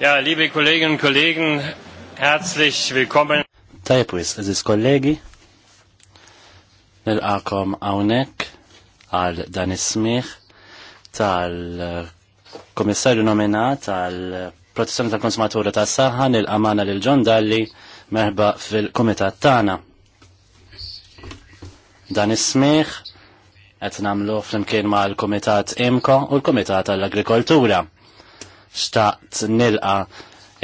Ja, liebe Kolleginnen und Kollegen, herzlich willkommen. Tajpwis, eżis kollegi, nil akom għawnek għal dan ismiħ tal-komissarju nominat tal-protezzjoni tal-konsumatura tas saħħa nil amana lil-ġon dalli merħba fil-komitat tana. Dan ismiħ qed nagħmlu flimkien ma' l-Kumitat IMCO u l-Kumitat tal-Agrikoltura. Xtaqt nilqa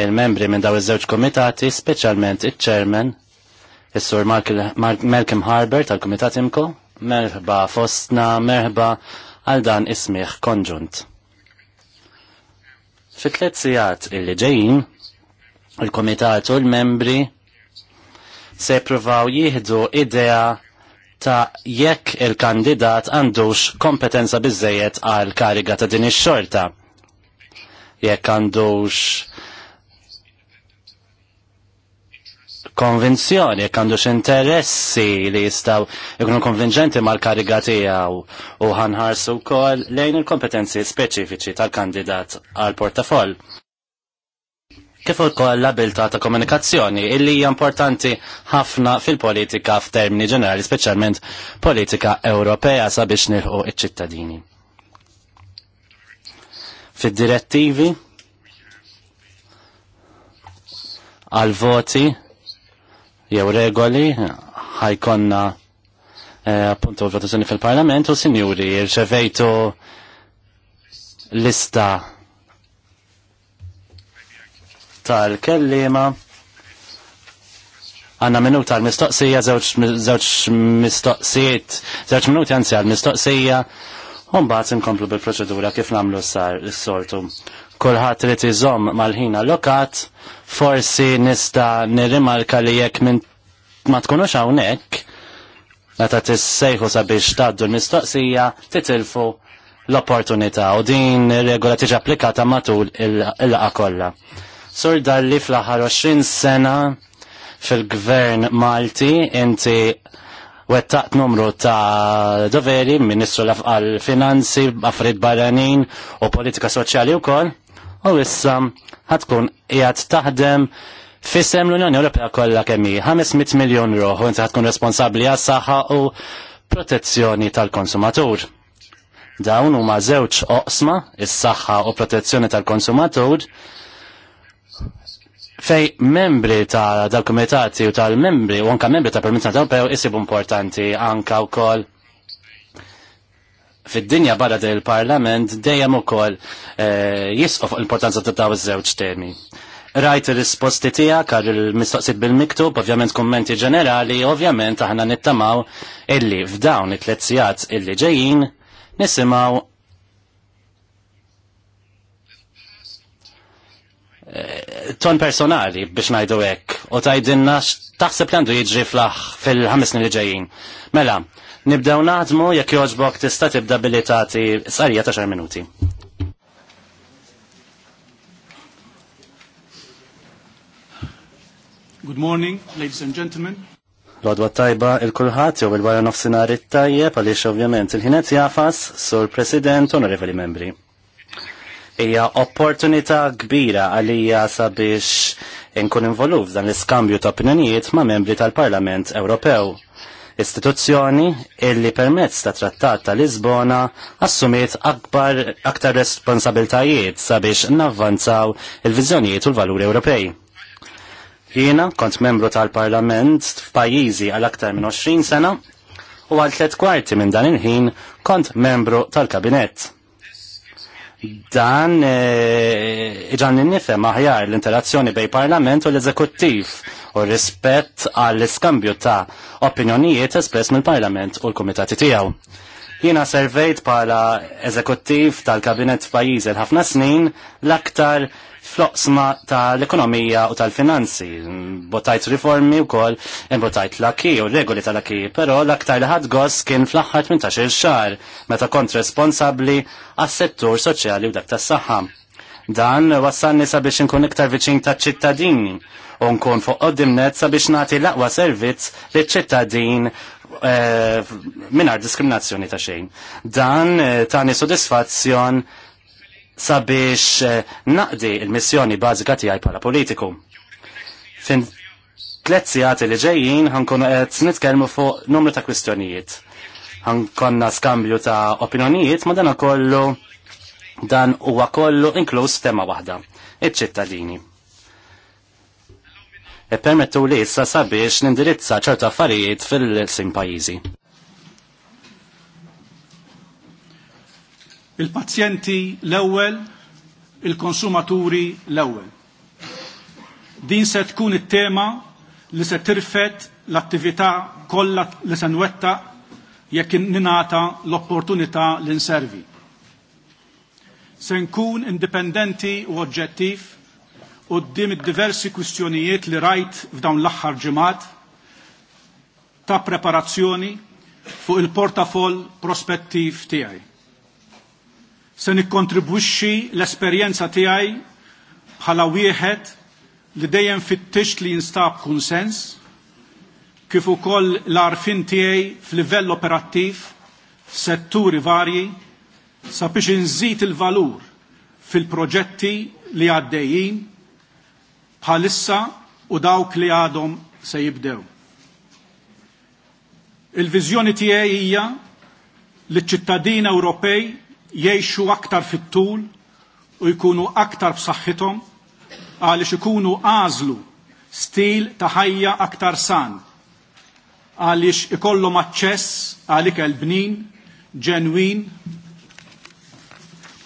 il-membri minn daw iż-żewġ komitati, speċjalment iċ-Chairman, is-Sur Malcolm Harber tal-Kumitat IMCO, merħba fostna, merħba għal dan ismiħ konġunt. Fit tliet sigħat illi ġejjin, il-komitat u l-membri se jippruvaw jieħdu idea ta' jekk il-kandidat għandux kompetenza bizzejiet għal kariga ta' din ix-xorta. Jekk għandux konvinzjoni, jekk għandux interessi li jistaw ikunu konvinġenti mal-kariga tiegħu u ħanħarsu wkoll lejn il-kompetenzi speċifiċi tal-kandidat għal portafoll kif ukoll l-abilità ta' komunikazzjoni illi hija importanti ħafna fil-politika f'termini ġenerali, speċjalment politika Ewropea sabiex nilħu iċ-ċittadini. Fid-direttivi għal voti jew regoli ħajkonna eh, appunto votazzjoni fil-Parlament u sinjuri rċevejtu lista tal-kellima. Għanna minuta tal mistoqsija zewċ mistoqsijiet, zewċ minuti għanzi għal-mistoqsija, unbat inkomplu bil-proċedura kif namlu s-sortu. Kolħat li tizom mal ħina allokat, forsi nista nirimarka li jekk minn ma tkunux hawnhekk, meta tissejħu sabiex taddu l-mistoqsija, titilfu l-opportunità u din regola tiġi applikata matul il-laqa kollha. Sur Dalli fl-aħħar 20 sena fil-gvern Malti inti wettaqt numru ta' doveri, ministru għal finanzi affarijiet barranin u politika soċjali wkoll, u issa ħatkun qiegħed taħdem Fissem l-Unjoni Ewropea kollha kemm hi 500 miljun ruħ u inti ħadkun responsabbli għas-saħħa u protezzjoni tal-konsumatur. Dawn huma żewġ oqsma, is-saħħa u protezzjoni tal-konsumatur, fej membri ta' dal-komitati u tal-membri u anka membri ta' permizz Ewropew isibu importanti anka wkoll fid-dinja barra del parlament dejjem ukoll e, eh, jisqof l-importanza ta' daw iż-żewġ temi. Rajt ir-risposti tiegħek għal il-mistoqsit bil-miktub, ovvjament kummenti ġenerali, ovvjament aħna nittamaw illi f'dawn it-tliet illi ġejjin nisimgħu Eh, ton personali biex najdu hekk u tajdinna taħseb li għandu jiġri fil-ħames snin li ġejjin. Mela, nibdew naħdmu jekk joġbok tista' tibda billi tagħti sarija ta' xar minuti. Good morning, ladies and gentlemen. Lodwa tajba il-kulħat jew il-wara nofsinhar it-tajjeb għaliex ovvjament il-ħinet jafas sur President Onorevoli Membri hija opportunità kbira għalija sabiex inkun involuv dan l-iskambju ta' opinjonijiet ma' membri tal-Parlament Ewropew. Istituzzjoni illi permezz ta' trattat ta' Lisbona assumiet akbar aktar responsabiltajiet sabiex navvanzaw il-viżjonijiet u l-valuri Ewropej. Jiena kont membru tal-Parlament f'pajjiżi għal aktar minn 20 sena u għal tliet kwarti minn dan il-ħin kont membru tal-Kabinett. Dan iġan e, e, nifhem aħjar l-interazzjoni bej parlament u l-eżekuttiv u rispett għall-iskambju ta' opinjonijiet espress mill-parlament u l-komitati tiegħu. Jiena servejt bħala eżekuttiv tal-kabinet f'pajjiż ħafna snin l-aktar floqsma tal-ekonomija u tal-finanzi. Botajt riformi u kol, botajt l-aki u regoli tal-aki, pero l-aktar li għos kien fl-axħar 18 xar, meta kont responsabli għas-settur soċjali u dak tas-saħħa. Dan wassalni sabiex nkun iktar viċin ta' ċittadini u nkun fuq qoddimnet sabiex nagħti l-aqwa servizz li ċittadin eh, minar diskriminazzjoni ta' xejn. Dan eh, tani sodisfazzjon sabiex eh, naqdi il-missjoni bażika tiegħi bħala politiku. Fin tliet li ġejjin ħankunu qed nitkellmu fuq numru ta' kwistjonijiet. Ħankonna skambju ta' opinjonijiet ma dan kollu dan huwa kollu inkluż tema waħda, iċ-ċittadini. E permettu li issa sabiex nindirizza ċertu affarijiet fil-sim pajjiżi. il-pazjenti l-ewwel, il-konsumaturi l-ewwel. Din se tkun it-tema li se tirfet l-attività kollha li se nwetta jekk ninata l-opportunità li nservi. Se nkun indipendenti u oġġettiv ddim id-diversi kwistjonijiet li rajt f'dawn l-aħħar ġimgħat ta' preparazzjoni fuq il portafoll prospettiv tiegħi se nikkontribwixxi l-esperjenza tiegħi bħala wieħed li dejjem fittix li jinstab kunsens kif ukoll l-arfin tiegħi f'livell operattiv f'setturi varji sabiex inżid il-valur fil-proġetti li għaddejjin bħalissa u dawk li għadhom se jibdew. Il-viżjoni tiegħi hija li ċ-ċittadin Ewropej jiexu aktar fit-tul u jkunu aktar b'saħħithom għaliex ikunu għażlu stil ta' ħajja aktar san għaliex ikollhom aċċess għal ikel bnin ġenwin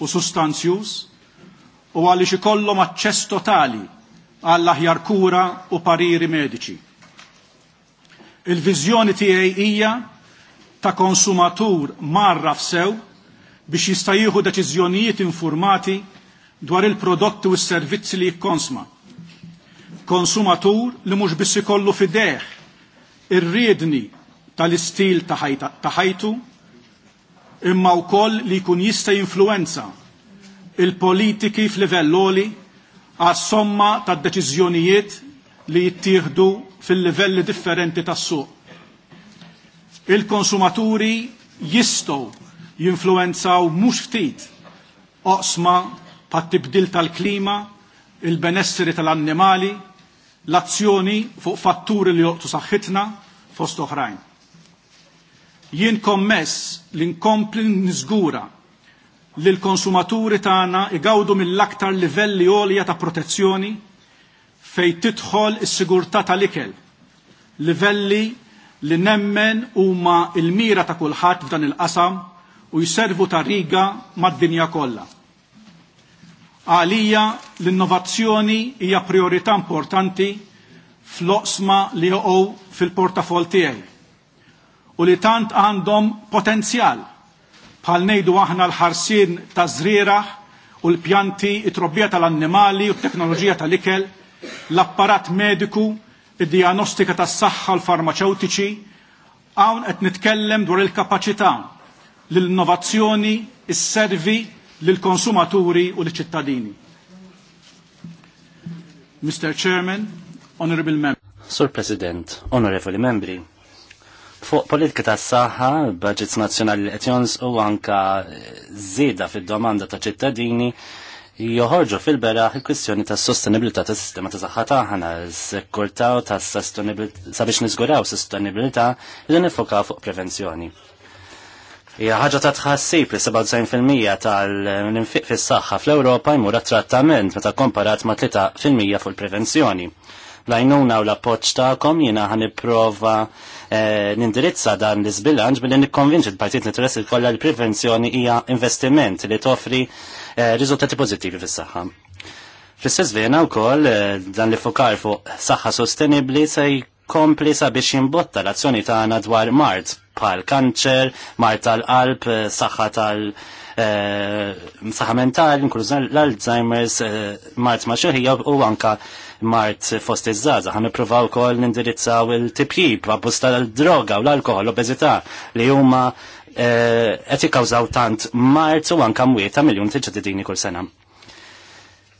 u sustanzjuż u għaliex ikollhom aċċess totali għall aħjar kura u pariri mediċi. Il-viżjoni tiegħi hija ta' konsumatur marra f'sew biex jista' jieħu deċiżjonijiet informati dwar il-prodotti u s-servizzi li jikkonsma. Konsumatur li mhux biss ikollu fideħ ir-riedni tal-istil ta' ħajtu imma wkoll li jkun jista' jinfluwenza il-politiki f'livell livelloli għas-somma tad-deċiżjonijiet li jittieħdu fil-livelli differenti tas-suq. Il-konsumaturi jistgħu jinfluenzaw mhux ftit oqsma pat-tibdil tal-klima, il-benessri tal-annimali, l-azzjoni fuq fatturi li joqtu saħħitna fost oħrajn. Jien kommess li nkompli nizgura li l-konsumaturi tagħna igawdu mill-aktar livelli għolja ta' protezzjoni fej titħol is-sigurtà tal-ikel. Livelli li nemmen huma il-mira ta' kulħadd f'dan il-qasam u jservu ta' riga mad-dinja kollha. Għalija l-innovazzjoni hija priorità importanti fl-oqsma li joqgħu fil-portafol tiegħi u li tant għandhom potenzjal bħal ngħidu aħna l-ħarsien ta' żrieraħ u l-pjanti, it-trobbija tal-annimali u t-teknoloġija tal-ikel, l-apparat mediku, id dijagnostika tas saħħa l-farmaceutiċi, hawn qed nitkellem dwar il kapaċità l-innovazzjoni, s servi lill-konsumaturi u l-ċittadini. Mr. Chairman, Honorable Member. Sur President, Honorable Membri, fuq politika ta' saħħa, budgets nazzjonali qed u anka żieda fid-domanda ta' ċittadini joħorġu fil-beraħ il-kwistjoni ta' sostenibilità ta' sistema ta' saħħa tagħna, s-sekkurtaw ta' sostenibilità sabiex niżguraw sostenibilità li nifokaw fuq prevenzjoni. Hija ħaġa ta' tħassib li 97% tal-infiq fis-saħħa fl-Ewropa jmur trattament meta komparat ma' 3% fuq il-prevenzjoni. Lajnuna u l-appoċ kom jina ħan prova eh, nindirizza dan l-izbilanċ billi nikkonvinċi l-partit l-interess kollha l-prevenzjoni hija investiment li toffri eh, riżultati pożittivi fis-saħħa. Fl-istess vena wkoll eh, dan li fukar fuq saħħa sostenibbli se jkompli sabiex jimbotta l-azzjoni tagħna dwar Mart bħal kanċer, mar tal-qalb, eh, saħħa tal- eh, saħħa mentali, inkluż l-Alzheimer's, eh, mart ma' xeħija u anka mart fost iż-żaza. Ħan nippruvaw ukoll nindirizzaw il-tipjib, abbuż tal-droga u l-alkohol, l-obeżità li huma qed jikkawżaw tant mart u anka mwiet ta' miljun ġedidini kull sena.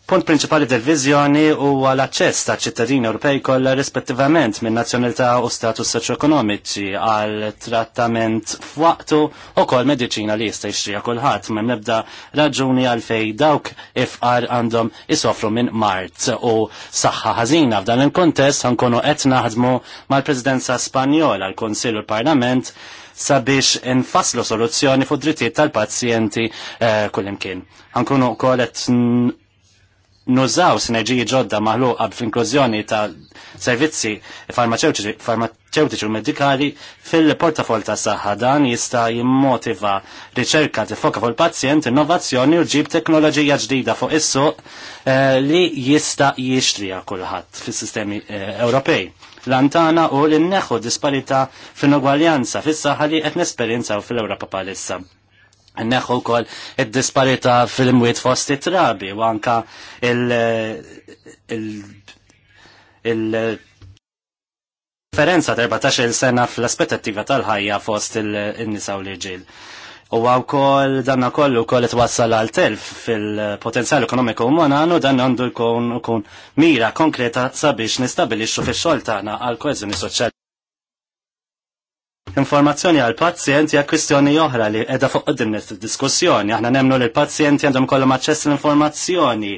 Punt prinċipali tal-vizjoni huwa l-aċċess ta' ċittadini Ewropej kollha rispettivament minn nazzjonalità u status soċjoekonomiċi għal trattament f'waqtu u kol mediċina li jista' jixtrija kulħadd minn nebda raġuni għal fej dawk ifqar għandhom isofru minn Mart u saħħa ħażina f'dan il-kontest ħankunu qed naħdmu mal-Presidenza Spanjola l-Kunsill u l-Parlament sabiex infaslu soluzzjoni fuq drittijiet tal-pazjenti eh, kullimkien. Ħankunu wkoll nużaw sinerġiji ġodda maħluqa f'inklużjoni ta' servizzi farmaceutiċi u medikali fil-portafol ta' saħħa dan jista' jimmotiva riċerka tifoka fuq il-pazjent, innovazzjoni u ġib teknoloġija ġdida fuq is-suq eh, li jista' jixtrija kulħadd fis-sistemi eh, Ewropej. Lantana u l-neħu disparita fin-ugwaljanza fis-saħħa li qed nesperjenzaw fil-Ewropa bħalissa. Neħu kol id-disparita fil-mwiet fost it-trabi u anka il- differenza ta' 14 sena fl-aspettattiva tal-ħajja fost il-nisa u l-ġil. U għaw kol danna kollu kol wassal għal telf fil-potenzjal ekonomiku monanu dan għandu jkun mira konkreta sabiex nistabilixxu fix-xogħol tagħna għal koeżjoni soċjali. Informazzjoni għal pazjent hija kwistjoni oħra li qiegħda fuq id-dinnet diskussjoni. Aħna nemmnu li l-pazjenti għandhom kollu aċċess l-informazzjoni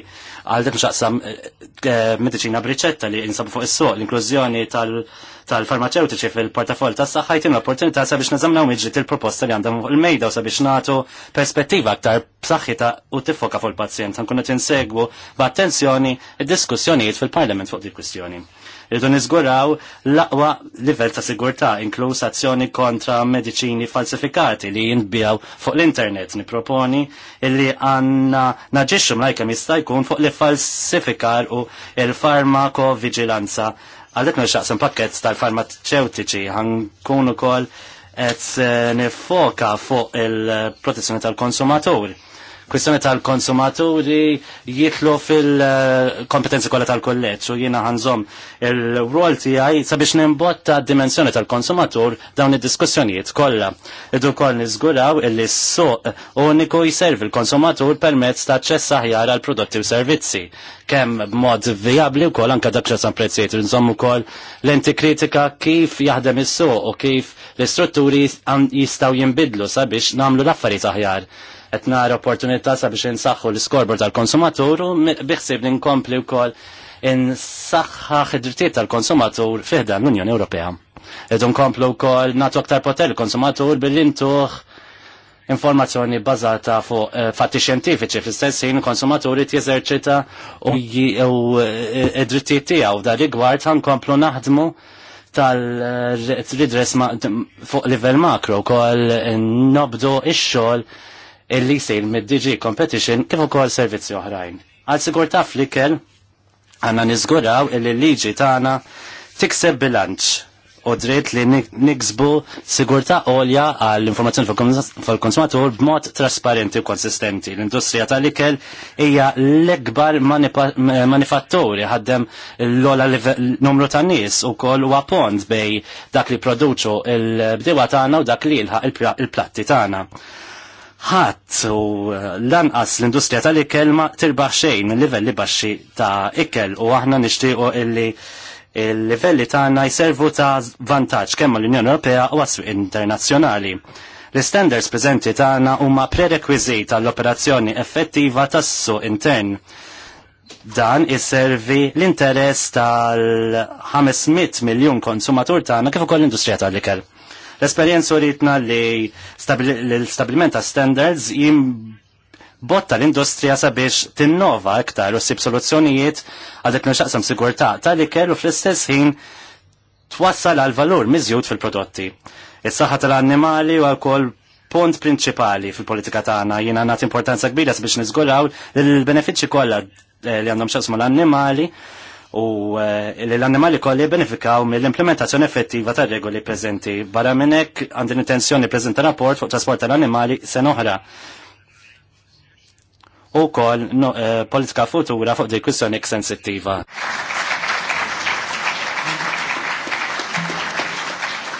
għal dik xaqsam eh, eh, mediċina briċetta li insabu fuq is-suq l-inklużjoni tal-farmaceutiċi fil-portafol tas saħħa jtim l-opportunità sabiex nażamnaw miġġi il-proposta li għandhom fuq il-mejda u sabiex nagħtu perspettiva aktar b'saħħitha u tiffoka fuq il-pazjent. Nkunu tinsegwu b'attenzjoni id-diskussjonijiet fil-Parlament fuq dik kwistjoni. Rridu niżguraw l-aqwa livell ta' sigurtà, inkluż azzjoni kontra mediċini falsifikati li jinbijaw fuq l-internet. Niproponi illi għanna naġixxu mlajka jista' jkun fuq li falsifikar u il-farmako vigilanza. Għalek nxaqsam pakket tal-farmaceutiċi ħankun ukoll et nifoka fuq il-protezzjoni tal-konsumatur kwistjoni tal-konsumaturi jitlu fil-kompetenzi kollha tal-kolleġġ u jiena ħanżom il-rol tiegħi sabiex nimbotta dimensjoni tal-konsumatur dawn id-diskussjonijiet kollha. Idu wkoll niżguraw illi s-suq uniku jservi l-konsumatur permezz ta' ċess aħjar għal prodotti u servizzi kemm b'mod viabli wkoll anke dak ċess prezzijiet inżommu l-enti kritika kif jaħdem is-suq u kif l-istrutturi jistaw jimbidlu sabiex namlu l-affarijiet aħjar qed nara opportunità sabiex insaħħu l-iskorbor tal-konsumatur u biħsib li nkompli wkoll insaħħaħ id-drittijiet tal-konsumatur fiħda l-Unjoni Ewropea. Edu nkomplu wkoll nagħtu aktar poter l-konsumatur billi ntuħ informazzjoni bazata fuq eh, fatti xjentifiċi fl-istess ħin konsumaturi tjeżerċita u eh, id-drittijiet tiegħu dar rigward ħankomplu naħdmu tal-ridress eh, fuq livell makro kol nobdu ix-xogħol illi jsir mid-DG Competition kif ukoll servizzi oħrajn. Għal sigurtà fl-ikel għandna niżguraw illi l-liġi tagħna tikseb bilanċ u dritt li niksbu sigurtà għolja għall informazzjoni fil-konsumatur b'mod trasparenti u konsistenti. L-industrija tal-ikel hija l-ekbar manifatturi ħaddem l-ola numru ta' nies u koll u bej dak li produċu il-bdewa tagħna u dak li il-platti tagħna ħadd u eh, lanqas l-industrija tal-ikel ma tirbaħ xejn mill-livelli baxxi ta' ikel u aħna nixtiequ illi il-livelli tagħna jservu ta' vantaġġ kemm l-Unjoni Ewropea u għaswi internazzjonali. L-standards preżenti tagħna huma prerekwiżit għall-operazzjoni effettiva tas-suq intern. Dan isservi l-interess tal-500 miljun konsumatur tagħna kif ukoll l-industrija tal-ikel. L-esperienza rritna li l-stabilment ta' standards jim botta l-industrija sabiex tinnova iktar u ssib soluzzjonijiet għadet nxaqsam sigurtà tal-li kellu fl-istess ħin twassal għal valur miżjud fil-prodotti. Is-saħħa tal-annimali u għal punt prinċipali fil-politika tagħna jiena nagħti importanza kbira sabiex niżguraw il-benefiċċji kollha eh, li għandhom xaqsmu l-annimali u li eh, l-annimali kolli benefikaw mill-implementazzjoni effettiva ta' regoli preżenti. Barra minnek għandin intenzjoni preżenta rapport fuq trasport tal-annimali sen oħra. U kol no, eh, politika futura fuq di kwistjoni sensittiva.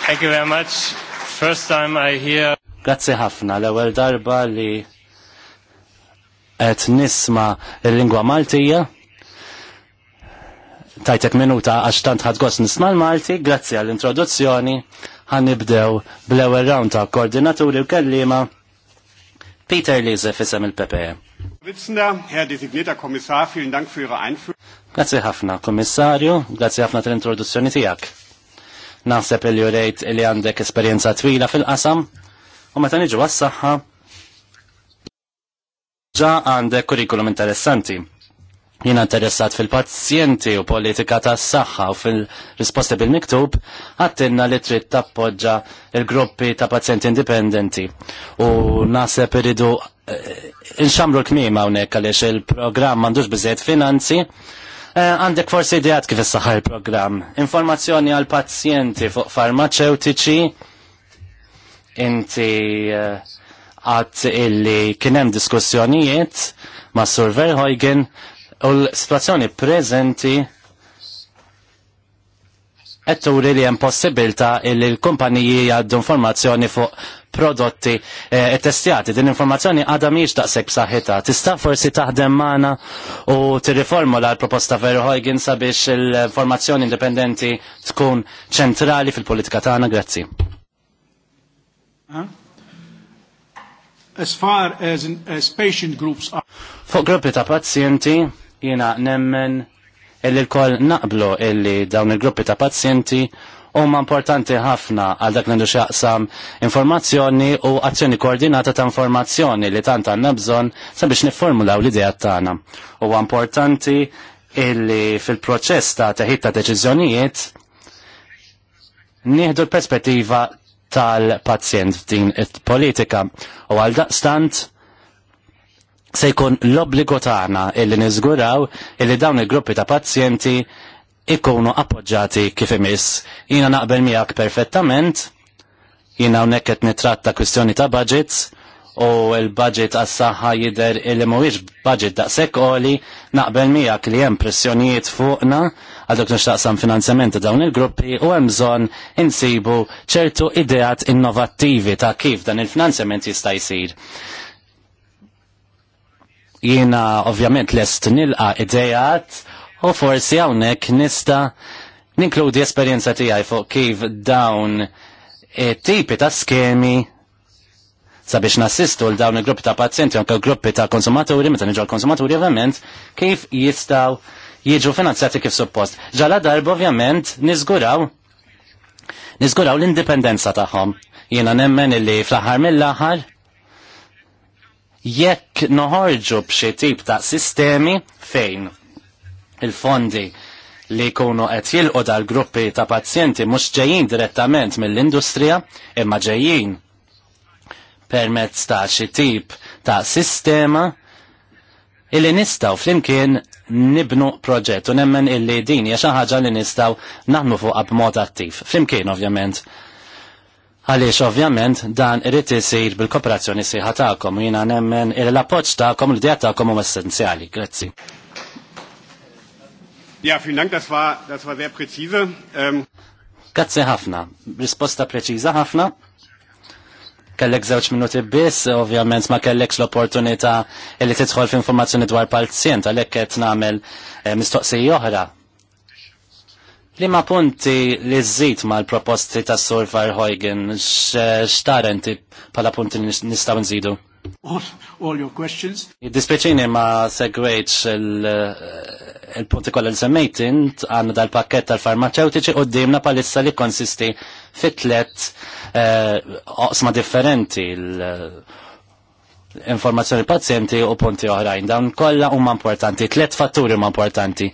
Thank you very much. First time I hear... Grazzi ħafna, l ewwel darba li qed nisma l-lingwa Maltija tajtek minuta għax tant ħadgos nisma l-Malti, grazzi għall-introduzzjoni, ħanibdew bl-ewel round ta' koordinaturi u kellima Peter Lise fissem il-PPE. Witzender, Herr designierter Kommissar, vielen Dank für Ihre Einführung. Grazie ħafna, Kommissarju, grazie ħafna tal-introduzzjoni tijak. Naħseb li jurejt li għandek esperienza twila fil-qasam, u meta niġu għas-saħħa, ġa għandek kurikulum interessanti jina interessat fil-pazzjenti u politika ta' s-saxħa u fil-risposti bil-miktub, għattinna li trid tappoġġa il-gruppi ta' pazzjenti indipendenti. U naħseb iridu eh, inxamru l-kmima unek għalix il-programm mandux bizzejt finanzi, eh, għandek forsi idejat kif s-saxħa il-programm. Informazzjoni għal pazzjenti fuq farmaceutiċi, inti eh, għat illi kienem diskussjonijiet ma' sur Huygen U l-situazzjoni preżenti qed turi li hemm possibilità li l-kumpaniji jgħaddu informazzjoni fuq prodotti e testjati. Din informazzjoni għadha mhijiex daqshekk b'saħħitha. Tista' forsi taħdem magħna u tirriformula l-proposta Verhoeven sabiex l-informazzjoni indipendenti tkun ċentrali fil-politika tagħna. Grazzi. As far as, as patient groups are... Fuq gruppi ta' pazjenti, Jena nemmen illi l-koll naqblu illi dawn il-gruppi ta' pazjenti huma importanti ħafna għal dak nendu xaqsam informazzjoni u azzjoni koordinata ta' informazzjoni li tant għandna bżonn sabiex nifformulaw l-idea tagħna. Huwa importanti illi fil-proċess ta' teħid ta' deċiżjonijiet nieħdu l-perspettiva tal-pazjent f'din it-politika u għal daqstant se jkun l-obbligo tagħna illi niżguraw illi dawn il-gruppi ta' pazjenti ikunu appoġġati kif imiss. Jiena naqbel miegħek perfettament, jiena hawnhekk qed nitratta kwistjoni ta' budgets u l-budget għas-saħħa jidher illi mhuwiex budget daqshekk oli naqbel miegħek li hemm pressjonijiet fuqna għal dak nixtaqsam finanzjament ta' dawn il-gruppi u hemm bżonn insibu ċertu ideat innovattivi ta' kif dan il-finanzjament jista' jsir. Jiena ovvjament lest nilqa idejat u forsi hawnhekk nista' ninkludi esperjenza tiegħi fuq kif dawn tipi ta' skemi sabiex nassistu l dawn il-gruppi ta' pazjenti anke gruppi ta' konsumaturi, meta nġol konsumaturi ovvjament, kif jistaw jiġu finanzjati kif suppost. Ġala darba ovvjament niżguraw niżguraw l-indipendenza tagħhom. Jiena nemmen illi fl-aħħar mill-aħħar jekk noħorġu b'xi tip ta' sistemi fejn il-fondi li jkunu qed jilqu dal-gruppi ta' pazjenti mhux ġejjin direttament mill-industrija imma ġejjin permezz ta' xi tip ta' sistema illi nistaw flimkien nibnu proġett u nemmen illi din hija xi ħaġa li nistaw naħnu fuqha b'mod attiv. Flimkien ovvjament Għaliex ovvjament dan irrid isir bil-kooperazzjoni siħa tagħkom jina jiena nemmen il-appoġġ ta'kom, l dijat ta'kom huwa essenzjali. Grazzi. Ja, vielen Dank, das war, das war sehr präzise. Ähm, Grazzi ħafna. Risposta preċiża ħafna kellek zewċ minuti biss, ovvjament ma kellek l-opportunità li tidħol f'informazzjoni dwar pal tsjent għalhekk qed nagħmel eh, mistoqsija oħra Li ma punti li zzit ma l-proposti ta' Sur Verhoeven, xtarenti pala punti nistaw nżidu? All, all your questions. Dispieċini ma segwejt eh, il-punti kolla l semmejtin, għanna dal-pakket tal-farmaceutiċi u dimna palissa li konsisti fitlet eh, osma differenti l- informazzjoni pazjenti u punti oħrajn. Dawn kollha huma importanti, tliet fatturi huma importanti.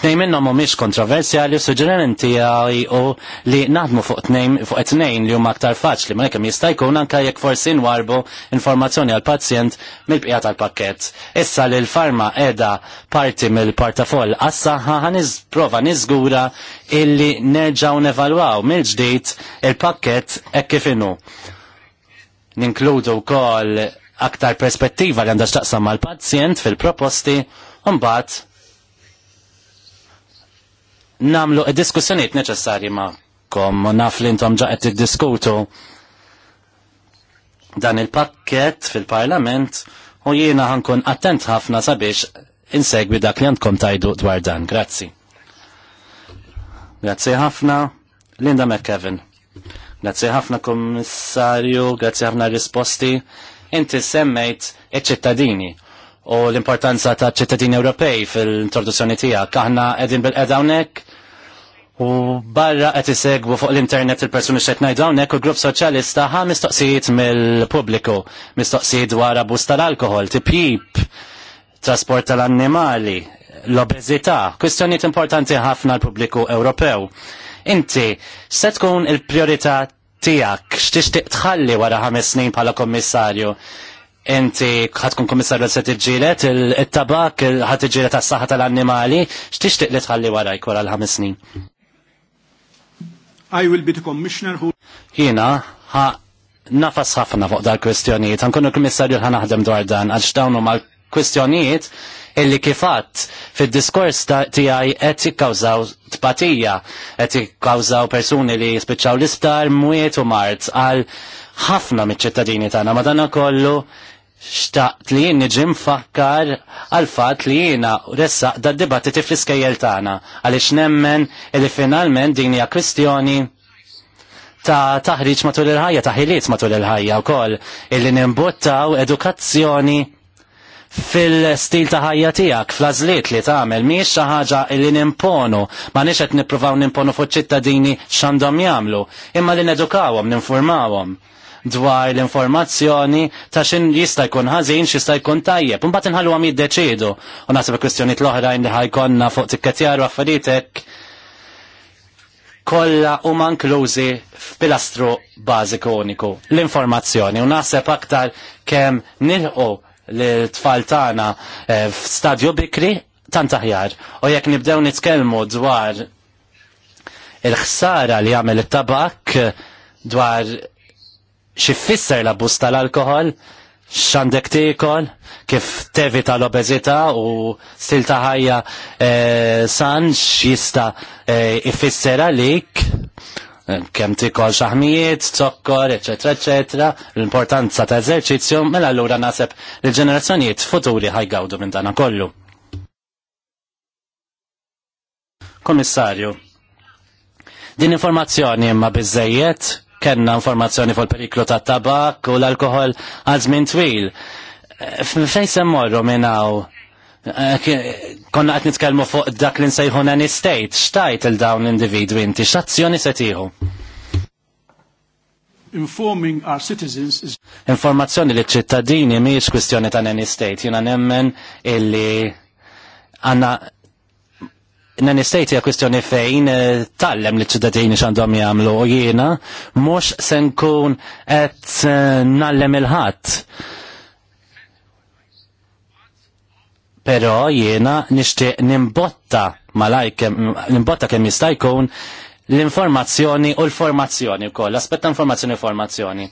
Tnejn minnhom mhumiex kontroversjali, suġġeriment tiegħi u li naħdmu fuq tnejn fuq tnejn li huma aktar faċli, ma kemm jista' jkun anke jekk forsi nwarbu informazzjoni għal pazjent mill-bqija tal-pakkett. Issa li l-farma qiegħda parti mill-portafoll għas-saħħa ħaniżprova niżgura illi nerġgħu nevalwaw mill-ġdid il-pakkett hekk kif inhu. Ninkludu wkoll aktar perspettiva li għandha x'taqsam mal-pazjent fil-proposti u mbagħad namlu id-diskussjonijiet neċessarji magħkom u naf li intom ġaqed qed tiddiskutu dan il-pakket fil-Parlament u jiena ħankun attent ħafna sabiex insegwi dak li għandkom tajdu dwar dan. Grazzi. Grazzi ħafna, Linda McKevin. Grazzi ħafna kommissarju, grazzi ħafna risposti. Inti semmejt iċ-ċittadini u l-importanza ta' ċittadini Ewropej fil-introduzzjoni tiegħek. Aħna qegħdin bil-qed hawnhekk u barra qed isegwu fuq l-internet il-persuni x'qed ngħid hawnhekk u grupp soċjalista ha mistoqsijiet mill-pubbliku, mistoqsijiet dwar abus tal-alkohol, tipjib, trasport tal-annimali, l-obeżità, kwistjonijiet importanti ħafna l-pubbliku Ewropew. Inti, se tkun il-priorità tijak, xtixtiq tħalli wara ħames snin bħala kommissarju. Inti ħatkun kommissarju se tiġġielet, il-tabak, ħat tiġġielet tas saħħa tal-annimali, xtixtiq li tħalli warajk wara l-ħames snin? I will be the commissioner who... Jina, ħa nafas ħafna fuq dal-kwestjonijiet, ħankunu kommissarju ħanaħdem dwar dan, għax dawnu mal kwistjoniet illi kifat fil-diskors tijaj qed jikkawżaw tpatija, qed jikkawżaw persuni li jispiċċaw l-isptar mwiet u mart għal ħafna miċ-ċittadini tagħna dana kollu xtaqt li jien niġi mfakkar għal fatt li jiena ressaq da dibattiti fl-iskejjel tagħna għaliex nemmen li finalment din hija kwistjoni ta' taħriġ matul il-ħajja, ta' matul il-ħajja wkoll illi nimbuttaw edukazzjoni fil-stil ta' ħajja tiegħek, fl azliet li tagħmel mhijiex xi ħaġa li nimponu, ma nix qed nippruvaw nimponu fuq ċittadini x'għandhom jagħmlu, imma li nedukawhom, ninformawhom dwar l-informazzjoni ta' xin jista' jkun ħażin, x'jista' jkun tajjeb. Imbagħad inħallu jiddeċiedu jiddeċidu. U naħseb kwistjonijiet l-oħrajn li ħajkonna fuq tikketjar u affaritek kollha huma inklużi f'pilastru bażiku uniku, l-informazzjoni. U naħseb aktar kemm nilħu l-tfal tagħna eh, f'stadju bikri tant aħjar. U jekk nibdew nitkellmu dwar il-ħsara li jagħmel it-tabak dwar xi fisser l-abbuż tal-alkohol, x'għandek tiekol, kif tevita l-obeżità u stil ta' ħajja eh, san x'jista' eh, ifisser għalik Eh, kem tikol xaħmijiet, zokkor, eccetera, eccetera, l-importanza ta' eżerċizzju, mela allura nasib li ġenerazzjonijiet futuri ħajgawdu minn dana kollu. Komissarju, din informazzjoni imma bizzejiet, kenna informazzjoni fuq periklu ta' tabak u l-alkohol għal żmien twil. Eh, fejn se minn minnaw Eh, konna qed nitkellmu fuq dak li nsejħu nani state, xtajt il-dawn individwi inti, x'azzjoni se tieħu? informing our citizens is... Informazzjoni li ċittadini miex kwistjoni ta' nani state, jina nemmen illi għanna nani state hija kwistjoni fejn eh, tallem li ċittadini x'għandhom jagħmlu jiena mhux se nkun qed eh, nallem il-ħadd pero jiena nixtieq nimbotta malajk nimbotta kemm jista' jkun l-informazzjoni u l-formazzjoni wkoll, aspetta informazzjoni u formazzjoni.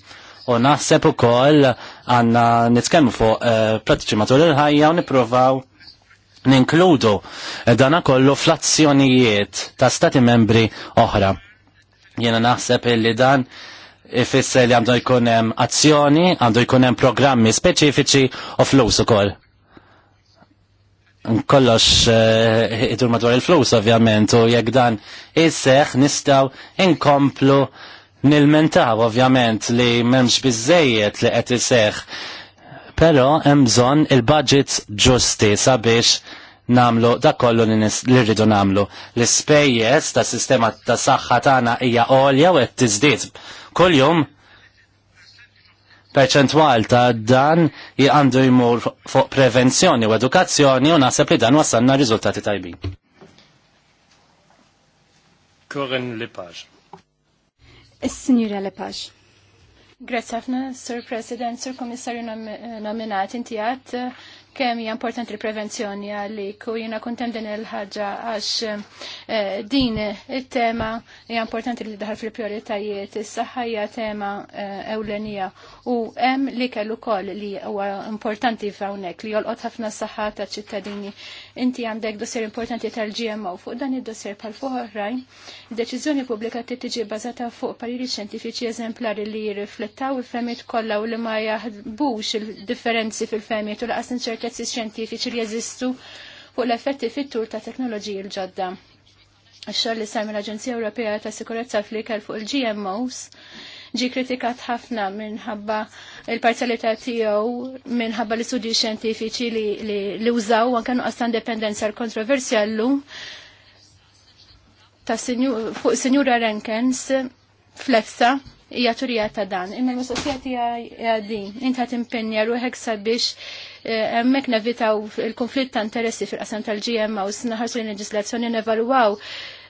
U naħseb ukoll għandna nitkemmu fuq uh, pratiċi matul il-ħajja u nippruvaw ninkludu eh, dana kollu fl-azzjonijiet ta' stati membri oħra. Jiena naħseb illi dan ifisser li għandu jkun hemm azzjoni, għandu jkun hemm programmi speċifiċi u flus ukoll nkollox eh, idur madwar il-flus ovvjament u jekk dan isseħ nistaw inkomplu nil-mentaw ovvjament li memx bizzejiet li qed iseħ. Però hemm bżonn il-budgets ġusti sabiex namlu da kollu li rridu namlu. L-ispejjeż ta' sistema ta' saħħa tagħna hija għolja u qed tiżdied. Kuljum perċentwal ta' dan għandu jmur fuq prevenzjoni u edukazzjoni u nasab li dan wasanna rizultati tajbin. Corinne Lepage. Is-Sinjura Lepage. Grazie Sir President, Sir Commissario eh, nominati inti għat eh, kemm hija importanti l-prevenzjoni għalik u jiena kontem din il-ħaġa għax eh, din it-tema hija importanti li daħal fil-prioritajiet is-saħħa hija tema eh, ewlenija u hemm li kellu ukoll li huwa importanti f'hawnhekk li jolqot ħafna s-saħħa taċ-ċittadini Inti għandek dossier importanti tal-GMO fuq dan id-dossier pal fuq oħrajn, deċiżjoni pubblika tiġi bbażata fuq pariri xjentifiċi eżemplari li jirriflettaw il-femiet kollha u li ma jaħbux il-differenzi fil-femiet u laqas inċertezzi xjentifiċi li jeżistu fuq l-effetti fit-tur ta' teknoloġiji l-ġodda. Ix-xogħol li sar mill-Aġenzija Ewropea ta' Sikurezza fl-ikel fuq il-GMOs ġi kritikat ħafna minħabba il-parzjalità tiegħu minħabba l-istudji xjentifiċi li, li, użaw anke nuqqas ta' indipendenza l-kontroversja llum ta' fuq Sinjura Renkens flefsa hija turija ta' dan. Imma l-mistoqsija tiegħi din, inta timpenja ruħek sabiex eh, hemmhekk nevitaw il-konflitt ta' interessi fil-qasam tal s naħarsu l-leġislazzjoni nevalwaw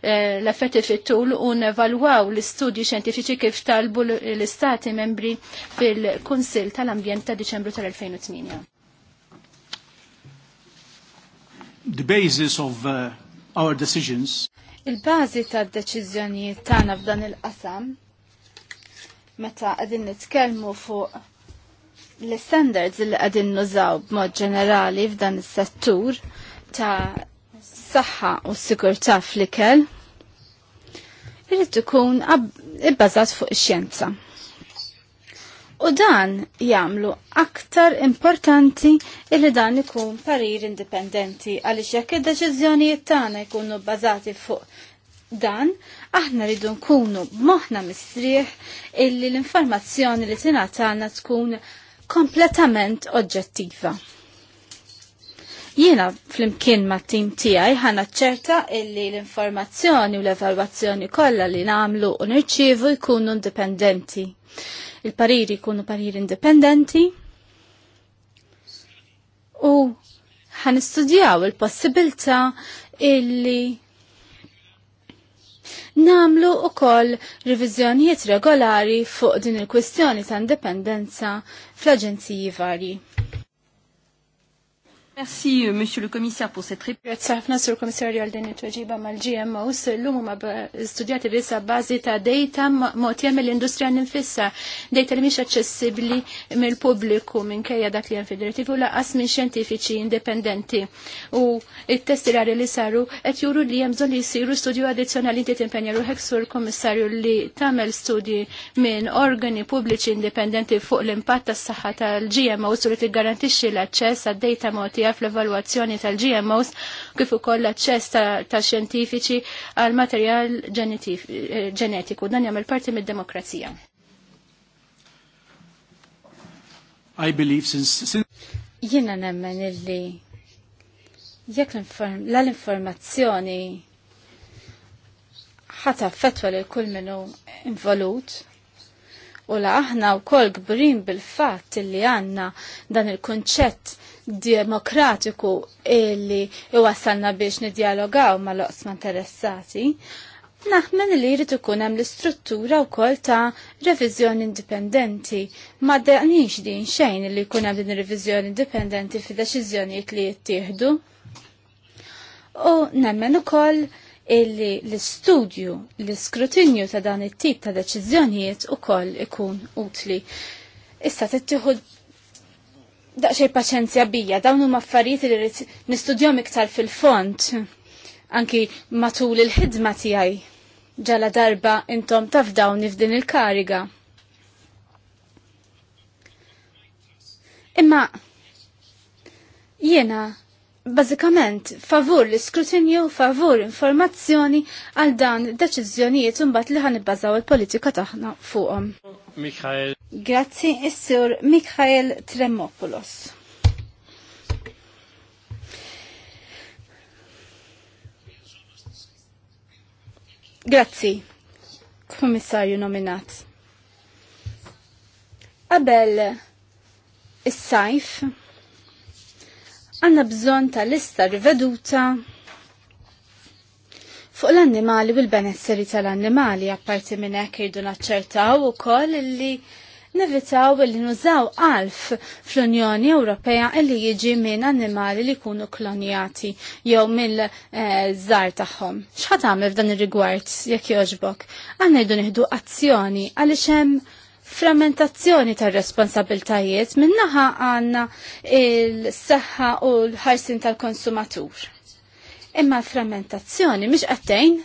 Eh, l-effetti fit-tul u nevalwaw l-istudji xjentifiċi kif talbu l-istati membri fil-Kunsil tal-Ambjent ta' Diċembru tal-2008. The basis of uh, our decisions Il-bazi ta' deċiżjonijiet tagħna f'dan il-qasam meta qegħdin nitkellmu fuq l-standards li għadin nużaw b'mod ġenerali f'dan is-settur ta' s-saħħa u s-sigurtà fl-ikel irid ikun ibbażat fuq ix-xjenza. U dan jagħmlu aktar importanti illi dan ikun parir indipendenti għaliex jekk id-deċiżjonijiet tagħna jkunu bbażati fuq dan, aħna rridu nkunu moħna mistrieħ illi l-informazzjoni li tingħatana tkun kompletament oġġettiva. Jiena fl-imkien ma' tim tiegħi ħana ċerta illi l-informazzjoni u l-evalwazzjoni kollha li nagħmlu u nirċievu jkunu indipendenti. Il-pariri jkunu pariri indipendenti u ħanistudjaw il-possibilità illi namlu u koll revizjonijiet regolari fuq din il kwestjoni ta' indipendenza fl-aġenziji varji. Merci, euh, Monsieur le Commissaire, pour cette réponse. Grazie ħafna sur Komissarju għal din it-tweġiba mal-GMOs. L-lum ma studjati bisa bażi ta' data motjem mill-industrija ninfissa. Data li mhix aċċessibbli mill-pubbliku minkejja dak li hemm fid u laqas minn xjentifiċi indipendenti. U it-testirari li saru qed juru li hemm bżonn li jsiru studju addizzjonali inti timpenja ruħek sur Kommissarju li tagħmel studji minn organi pubbliċi indipendenti fuq l-impatt tas-saħħa tal-GMOs u li tiggarantixxi l-aċċess għad-data motjem tiegħek fl-evalwazzjoni tal-GMOs kif ukoll l-aċċess ta' xjentifiċi għal materjal eh, ġenetiku. Dan jagħmel parti mid-demokrazija. I believe since, Jiena nemmen illi jekk l-informazzjoni ħata fetwa li kull minnu involut u la aħna u kol gburin bil-fat li għanna dan il-konċett demokratiku illi iwassalna biex nidjalogaw ma loqsma interessati, naħmen li jrid ikun hemm l-istruttura wkoll ta' reviżjoni indipendenti. Ma daqniex din xejn li jkun hemm din reviżjoni indipendenti fi deċiżjonijiet li jittieħdu. U nemmen ukoll illi l-istudju, l-iskrutinju ta' dan it-tip ta' deċiżjonijiet ukoll ikun utli. Issa tittieħu daċċej paċenzja bija, dawn huma affarijiet li rrid nistudjom iktar fil-font, anki matul il-ħidma tiegħi. Ġala darba intom taf dawni f'din il-kariga. Imma jiena bażikament favur l-iskrutinju, favur informazzjoni għal dan deċiżjonijiet imbagħad li ħanibbażaw il-politika taħna fuqhom. Mikhail Grazzi is-sur Mikhail Tremopoulos. Grazzi, komissarju nominat. Qabel is-sajf għanna bżon ta' lista riveduta fuq l-annimali u l-benesseri tal-annimali apparti minn hekk irdu naċċertaw ukoll li, li nevitaw li nużaw alf fl-Unjoni Ewropea li jiġi minn annimali li jkunu klonjati jew mill-żar eh, tagħhom. X'ħad għamel f'dan ir-rigward jekk jogħġbok? Għandna jdu nieħdu azzjoni għaliex hemm frammentazzjoni tar responsabiltajiet min-naħa għanna il-saħħa u l-ħarsin tal-konsumatur. Imma l-frammentazzjoni mhix qattejn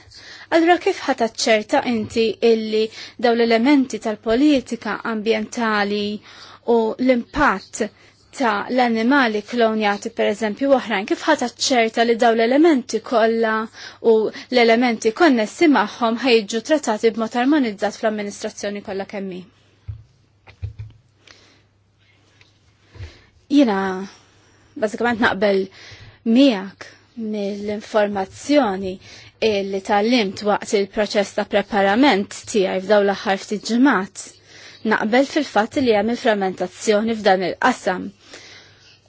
Allura kif ċerta inti illi daw l-elementi tal-politika ambientali u l-impatt ta' l-animali klonjati per eżempju oħrajn kif ċerta li daw l-elementi kollha u l-elementi konnessi magħhom ħajġu trattati b'mod armonizzat fl-amministrazzjoni kollha kemmi. Jina bażikament naqbel miegħek mill-informazzjoni illi tal-limt waqt il-proċess ta' preparament tiegħi f'daw l-aħħar ftit ġimgħat. Naqbel fil-fatt li hemm il-fermentazzjoni f'dan il-qasam.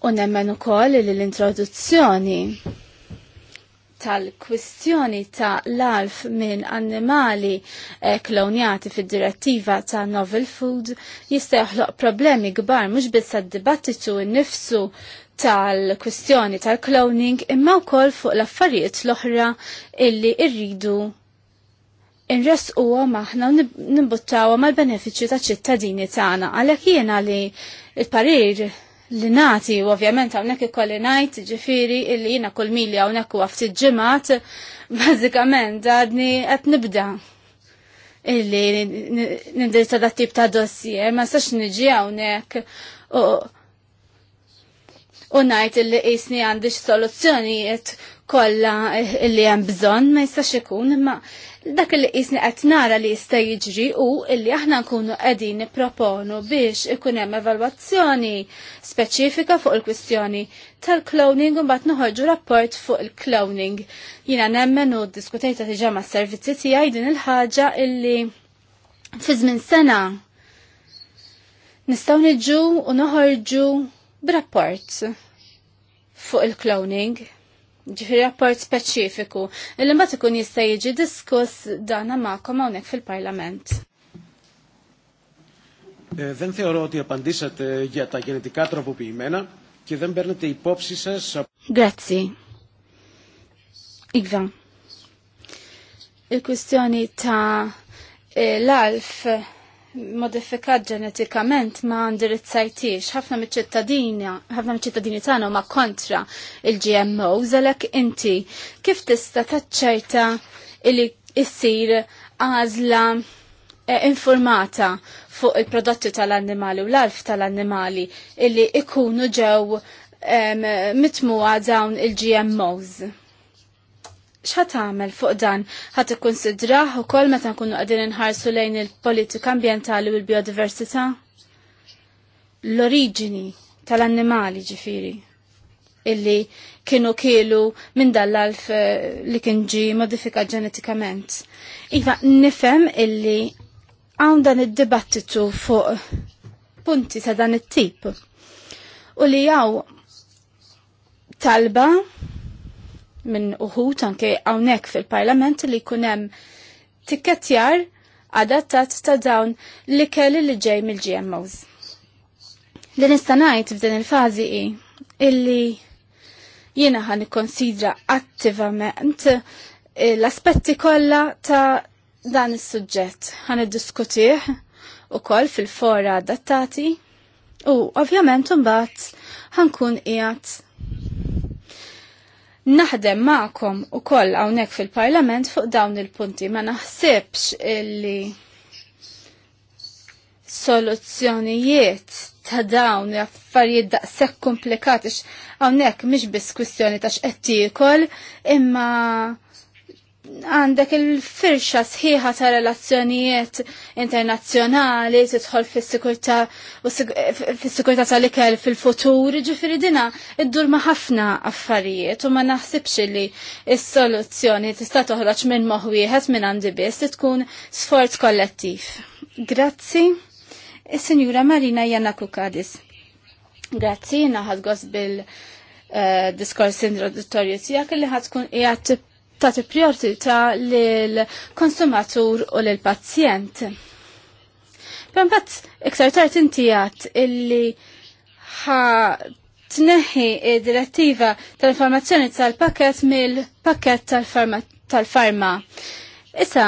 U nemmen ukoll li l-introduzzjoni tal-kwistjoni ta' l-alf minn annimali eh, klonjati fid-direttiva ta' novel food jista' joħloq problemi kbar mhux biss għad-dibattitu nnifsu tal-kwistjoni tal-cloning imma wkoll fuq l-affarijiet l-oħra illi rridu inres u maħna u nimbuttawa mal-benefiċċju ta' ċittadini tagħna għalhekk jiena li l-parir li nati, u ovvjament għawnek ikolli najt, ġifiri, illi jina kull mili għawnek u għafti ġemat, bazzikament għadni għat nibda. Illi nindirta da tip ta' dossier, ma sax nġi għawnek u najt illi jisni għandix soluzzjonijiet kolla eh, li hemm bżonn ma jistax ikun imma dak li qisni qed nara li jista' jiġri u illi aħna nkunu qegħdin nipproponu biex ikun hemm evalwazzjoni speċifika fuq il-kwistjoni tal-cloning u mbagħad noħorġu rapport fuq il-cloning. Jiena nemmen u ddiskutejta diġà mas-servizzi tiegħi din il-ħaġa illi fi żmien sena nistgħu niġu u noħorġu b'rapport fuq il-cloning ġifiri rapport speċifiku, illi mbagħad ikun jista' jiġi diskuss dana magħkom hawnhekk fil-Parlament. Δεν θεωρώ ότι απαντήσατε για τα γενετικά τροποποιημένα και δεν παίρνετε υπόψη σας... Grazie. Igva. Η kwistjoni τα λάλφ modifikat ġenetikament ma ndirizzajtix. ħafna miċ-ċittadini, ħafna miċ-ċittadini tagħna ma kontra il-GMO, zalek inti kif tista' taċċajta li issir għażla e, informata fuq il-prodotti tal-annimali u l-alf tal-annimali illi ikunu ġew mitmuwa dawn il-GMOs x'ħat tagħmel fuq dan ikkonsidraħ u ukoll meta nkunu għadin inħarsu lejn il-politika ambjentali u l-biodiversità? L-oriġini tal-annimali ġifiri illi kienu kielu minn dal-alf eh, li kien ġi modifikat ġenetikament. Iva, nifem illi għawn dan id-dibattitu fuq punti ta' dan it-tip. U li għaw talba minn uħut anke hawnhekk fil-Parlament li jkun hemm tikketjar adattat ta' dawn li kelli li ġej mill-GMOs. Li nista' ngħid f'din il-fażi hi illi jiena ħan ikkonsidra attivament eh, l-aspetti kollha ta' dan is-suġġett ħan iddiskutih ukoll fil-fora adattati u ovvjament mbagħad ħankun qiegħed naħdem ma'kom u koll għawnek fil-parlament fuq dawn il-punti. Ma naħsibx illi soluzzjonijiet ta' dawn affarijiet daqshekk komplikati għawnek mhix biss kwistjoni ta' x'qed imma għandek il-firxa sħiħa ta' relazzjonijiet internazzjonali, tidħol fis-sikurta fis-sikurta tal-ikel fil-futur, ġifieri dina iddur ma' ħafna affarijiet u ma naħsibx li s-soluzzjoni tista' toħroġ minn moħħ wieħed minn għandi biss tkun sforz kollettiv. Grazzi. il sinjura Marina Janna Kukadis. Grazzi, naħad bil- eh, diskors introduttorju tijak li ħatkun jgħat ta' priorità lil konsumatur u lil pazjent. Pempat iktar tard inti illi ħa tneħi direttiva tal-informazzjoni tal-pakket mill-pakket tal-farma. Issa,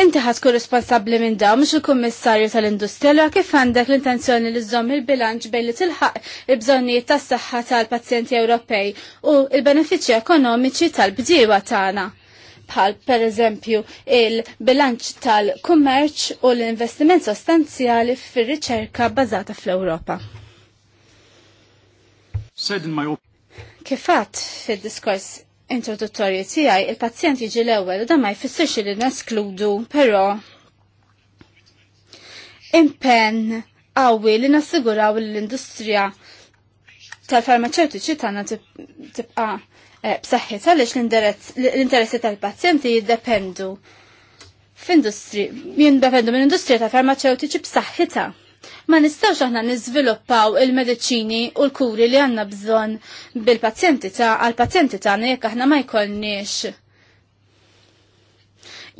Inti ħad tkun responsabbli minn daw mux il-Kummissarju tal-Industrija li kif għandek l-intenzjoni li żżomm il-bilanċ bejn li tilħaq il-bżonnijiet tas-saħħa tal-pazjenti Ewropej u l-benefiċċji ekonomiċi tal-bdiewa tagħna bħal per eżempju il-bilanċ tal-kummerċ u l-investiment sostanzjali fir-riċerka bazata fl-Ewropa. Kifat fid-diskors introduttorju tiegħi il-pazjent jiġi l-ewwel u dan ma jfissirx li neskludu, però impenn qawwi li nassiguraw l-industrija tal-farmaceutiċi tagħna tibqa' eh, b'saħħitha għaliex l-interessi tal-pazjenti jiddependu f'industri jindependu mill-industrija tal-farmaceutiċi b'saħħitha. Ma nistawx aħna niżviluppaw il-mediċini u l-kuri li għanna bżon bil-pazjenti ta' għal-pazjenti ta' jekk aħna ma jkollniex.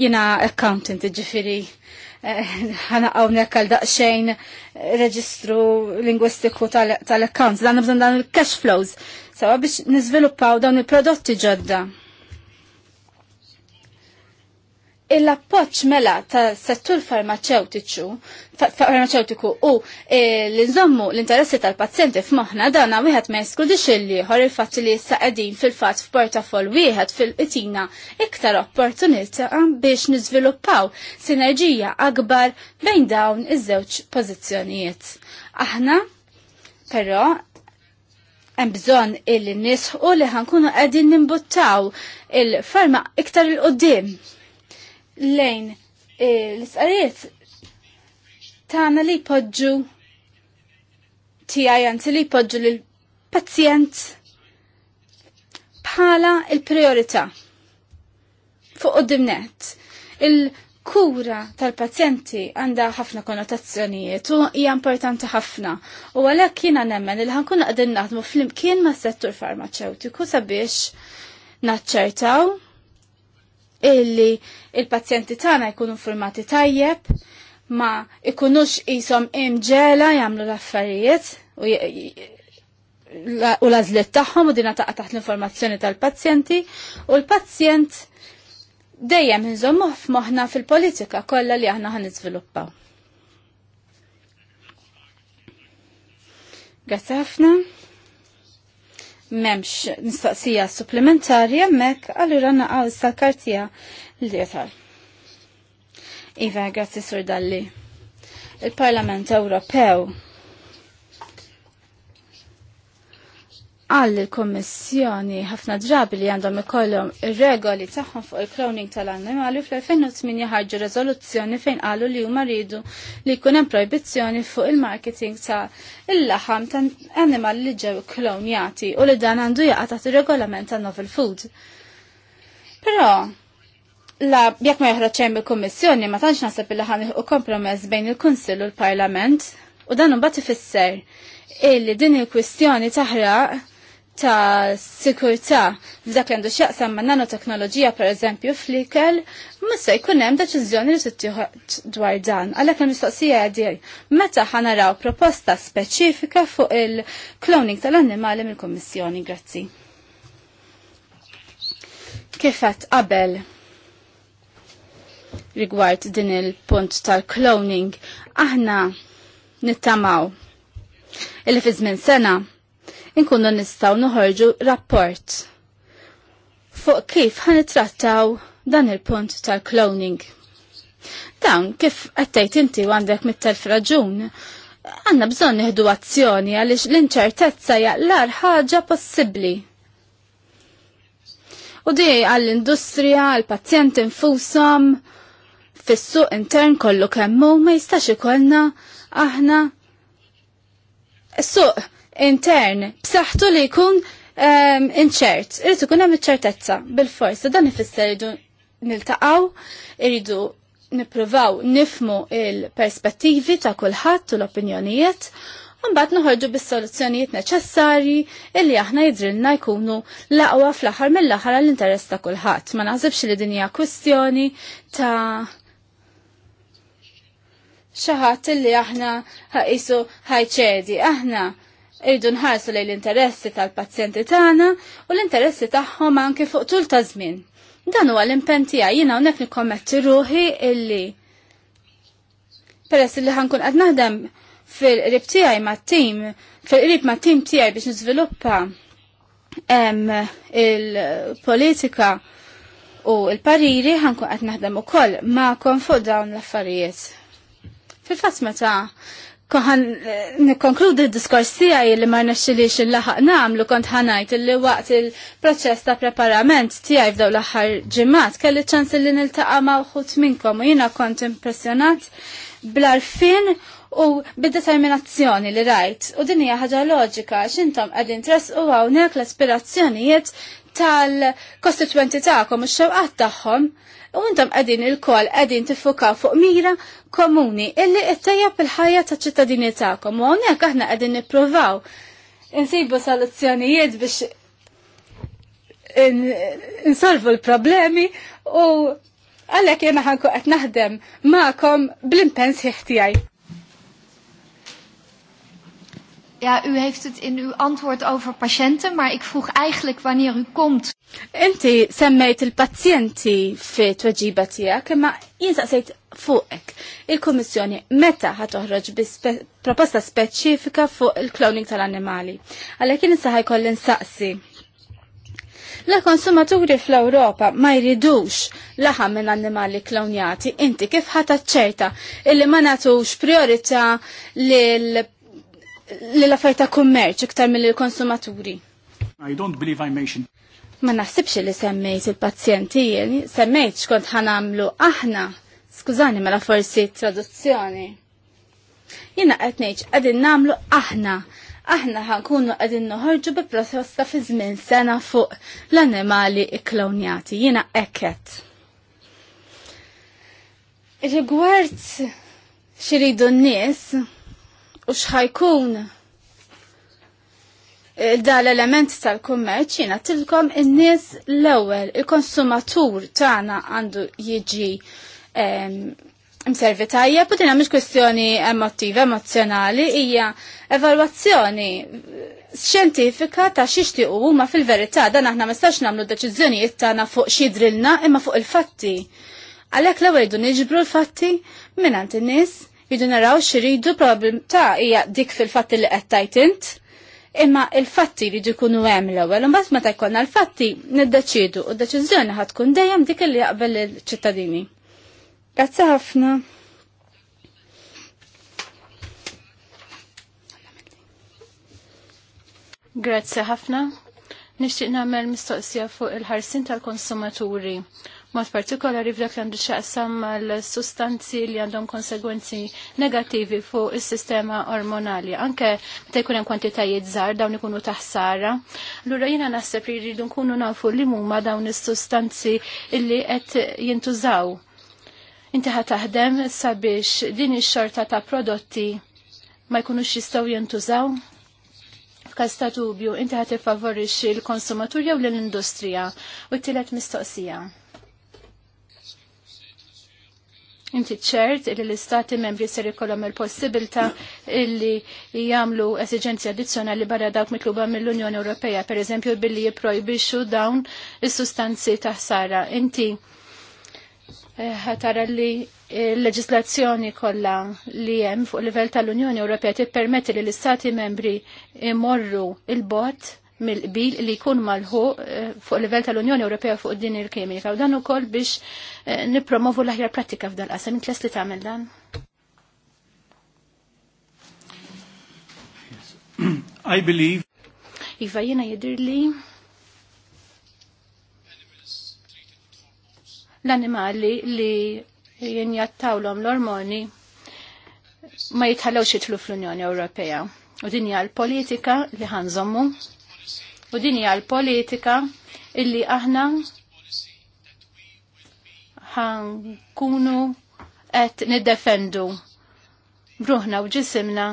Jina accountant ġifiri eh, għawni għal daqxejn reġistru lingwistiku tal-accounts, għanna bżon dan il-cash flows, sawa biex nizviluppaw dawn il-prodotti ġodda il-appoċ mela ta' settur farmaceutiċu, farmaceutiku u e, l-inżommu l-interessi tal-pazzjenti f'moħna dana wieħed ma jeskludix il-liħor il fatti li issa qegħdin fil-fatt f'portafol wieħed fil-qitina iktar opportunità biex niżviluppaw sinerġija akbar bejn dawn iż-żewġ pożizzjonijiet. Aħna però hemm bżonn il-nisħu li ħankunu qegħdin nimbuttaw il-farma iktar il-qudiem. il farma iktar il qudiem il lejn eh, l isqariet tagħna li jpoġġu tiegħi anzi li jpoġġu lill-pazjent bħala il-priorità fuq qudimnet. Il-kura tal-pazjenti għandha ħafna konnotazzjonijiet u hija importanti ħafna. U għalhekk jiena nemmen li ħankun qegħdin naħdmu flimkien mas-settur farmaceutiku sabiex naċċertaw illi il-pazjenti tagħna jkunu formati tajjeb, ma ikunux jisom imġela jagħmlu l-affarijiet u l tagħhom u dina taqa' taħt l-informazzjoni tal-pazjenti u l-pazjent dejjem inżommu f'moħħna fil-politika kollha li aħna ħan niżviluppaw. Grazzi ħafna memx nistaqsija supplementari jemmek, għallura naqaw sal-kartija l djetar Iva, grazzi sur dalli. Il-Parlament Ewropew għall kommissjoni ħafna drabi li għandhom ikollhom ir-regoli tagħhom fuq il-cloning tal-annimali fl-2008 ħarġu rezoluzzjoni fejn qalu li huma rridu li jkun hemm proibizzjoni fuq il-marketing ta' il-laħam ta' annimali li ġew klonjati u li dan għandu jaqa' taħt ir-regolament ta' novel food. Però la jekk ma joħroġ hemm il-Kummissjoni ma tantx naħseb li ħan kompromess bejn il-Kunsill u l-Parlament u dan imbagħad ifisser illi din il-kwistjoni taħraq ta' sikurta' f'dak li għandu xaqsam ma' nanoteknoloġija per eżempju fl-ikel, se jkun hemm deċiżjoni li dwar dan. Għalhekk il-mistoqsija għadir meta ħanaraw proposta speċifika fuq il-cloning tal-annimali mill-Kummissjoni. Grazzi. Kifat qabel rigward din il-punt tal-cloning, aħna nittamaw il fizmin sena inkunu nistaw noħorġu rapport fuq kif ħanitrattaw dan il-punt tal-cloning. Dan kif għattajt inti għandek mit-telf raġun, għanna bżon nieħdu azzjoni għaliex l-inċertezza jaqlar ħaġa possibbli. U di għall-industrija, għall pazzjent infusom, fis-suq intern kollu kemmu ma jistax ikollna aħna s-suq intern b'saħħtu li jkun ehm, inċert. Irid ikun hemm iċ-ċertezza bil-forsi dan ifisser irridu niltaqgħu, irridu nippruvaw nifmu il-perspettivi ta' kulħadd u l-opinjonijiet Mbagħad noħorġu bis-soluzzjonijiet neċessarji illi aħna jidrilna jkunu laqwa fl-aħħar mill-aħħar għall-interess ta' kulħadd. Ma naħsibx li din hija kwistjoni ta' xi ħadd illi aħna ħaqisu ħajċedi. Aħna irridu nħarsu lejn l-interessi tal-pazjenti tagħna u l-interessi tagħhom anke fuq tul ta' żmien. Dan huwa l-impenn tiegħi jiena hawnhekk nikkommetti ruħi illi peress li ħankun qed naħdem fil-qrib tiegħi mat-tim, fil-qrib mat-tim tiegħi biex niżviluppa il-politika u il-pariri ħankun qed naħdem ukoll ma' fuq dawn l-affarijiet. Fil-fatt meta Kuhan eh, nikonkludi d-diskors tiegħi li ma rnexxilix il-laħaq nagħmlu kont ħanajt li waqt il-proċess ta' preparament tiegħi f'daw l-aħħar ġimgħat kelli ċans li nil ma' wħud minnkom u jiena kont impressjonat bl-arfin u bid-determinazzjoni li rajt. U din hija ħaġa loġika x'intom qegħdin tresqu hawnhekk l-aspirazzjonijiet tal-kostituenti tagħkom u x-xewqat tagħhom u intom qegħdin il-kol qegħdin tiffukaw fuq mira komuni illi ittejjeb il-ħajja ta' ċittadini tagħkom u hawnhekk aħna qegħdin nippruvaw nsibu soluzzjonijiet biex insolvu l-problemi u għalhekk jiena ħanku qed naħdem magħkom bl-impens ħiħtijaj. Ja, u heeft het in uw antwoord over patiënten, maar ik vroeg eigenlijk wanneer u komt. Inti semmejt il-pazjenti fi tweġiba tiegħek, imma jien saqsejt fuqek. Il-Kummissjoni meta ħad toħroġ bi proposta speċifika fuq il-cloning tal-annimali. Għalhekk kien issa ħajkoll insaqsi. La konsumaturi fl-Europa ma jridux laħam minn annimali klonjati, inti kif ċerta illi ma natux priorità lil l-affarijiet ta' kummerċ iktar mill-konsumaturi. I don't believe I mentioned. Ma naħsibx li semmejt il-pazjenti, semmejt xkont ħanamlu aħna. Skużani mela forsi traduzzjoni. Jina qed ngħid qegħdin nagħmlu aħna. Aħna ħankunu qegħdin noħorġu bi proposta fi żmien sena fuq l-annimali ikklonjati. Jina ekket. Rigward xiridu n-nies, u xħajkun dal-element tal-kummerċ jina tilkom in-nies l-ewwel il-konsumatur tagħna għandu jiġi mservi tajjeb u dinha mhix kwestjoni emotiv, emozjonali, hija evalwazzjoni xjentifika ta' u huma fil-verità dan aħna mistax namlu nagħmlu deċiżjonijiet tagħna fuq xidrilna imma fuq il-fatti. Għalhekk l-ewwel du niġbru l-fatti mingħand in-nies Jidu naraw xiridu problem ta' hija dik fil-fatti li qed Imma il-fatti li jkunu hemm l-ewwel, ma meta jkollna l-fatti niddeċidu. u d-deċiżjoni ħad tkun dejjem dik li jaqbel il-ċittadini. Grazzi ħafna. Grazzi ħafna. Nixtieq nagħmel mistoqsija fuq il-ħarsin tal-konsumaturi mod partikolari f'dak li għandu xaqsam l sustanzi li għandhom konsegwenzi negativi fuq is-sistema ormonali. Anke meta jkun hemm kwantitajiet żgħar dawn ikunu taħsara. Allura jiena naħseb li jridu nkunu nafu li huma dawn is-sustanzi illi qed jintużaw. Inti ħa taħdem sabiex din ix-xorta ta' prodotti ma jkunux jistgħu jintużaw? f'każ ta' dubju inti ħad tiffavorixxi l-konsumatur jew l-industrija u t-tielet mistoqsija. Inti ċert li l-istati membri ser ikollhom il-possibilità li jagħmlu esiġenzi addizzjonali barra dawk mitluba mill-Unjoni Ewropea, pereżempju billi jipprojbixxu dawn is-sustanzi ta' ħsara. Inti eh, ħatara li l-leġislazzjoni kollha li hemm fuq livell tal-Unjoni Ewropea tippermetti li l-istati membri imorru il-bot mill-qbil li jkun malħu eh, fuq livell tal-Unjoni Ewropea fuq din il-kimika u dan ukoll biex eh, nippromovu l-aħjar pratika f'dal qasam. Intles li tagħmel dan? I believe. Iva jiena jidir li l-animali li jinjattawlhom l-ormoni ma jitħallewx jitlu fl-Unjoni Ewropea. U dinja l-politika li ħanżommu u din hija l-politika illi aħna ħankunu qed niddefendu bruħna u ġisimna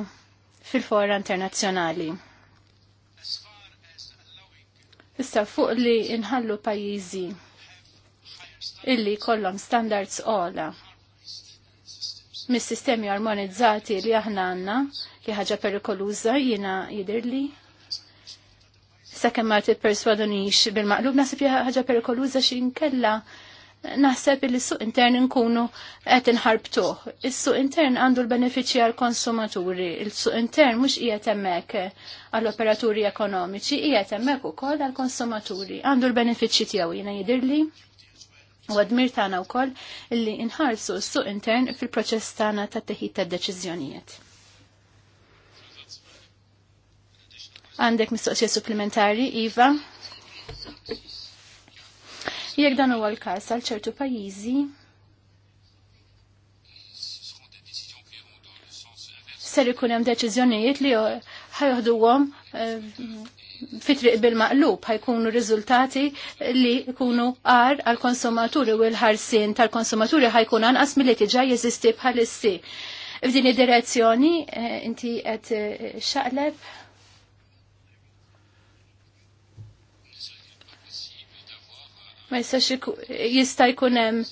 fil-fora internazzjonali. Issa fuq li inħallu pajjiżi illi kollhom standards ola mis-sistemi armonizzati li aħna għanna li ħaġa perikoluża jina jidirli sakemm ma tipperswadunix bil-maqlub nasib ħaġa perikoluża xi nkella naħseb li s-suq intern nkunu qed inħarbtuh. Is-suq intern għandu l-benefiċċji għall konsumaturi il-suq intern mhux qiegħed hemmhekk għall-operaturi ekonomiċi, qiegħed hemmhekk ukoll għall-konsumaturi. Għandu l-benefiċċji tiegħu jiena jidhirli u għadmir tagħna wkoll illi nħarsu s-suq intern fil-proċess tagħna tat-teħid tad-deċiżjonijiet. Għandek mistoqsija supplementari, Iva? Jek dan huwa l-każ għal ċertu pajjiżi ser ikun hemm deċiżjonijiet li għom eh, fitriq bil-maqlub ħajkunu riżultati li jkunu għar għal konsumaturi u l-ħarsin tal-konsumaturi ħajkun anqas mill-li tiġa jeżisti bħalissi. F'din id-direzzjoni eh, inti qed eh, xaqleb ma jistax jista' jkun hemm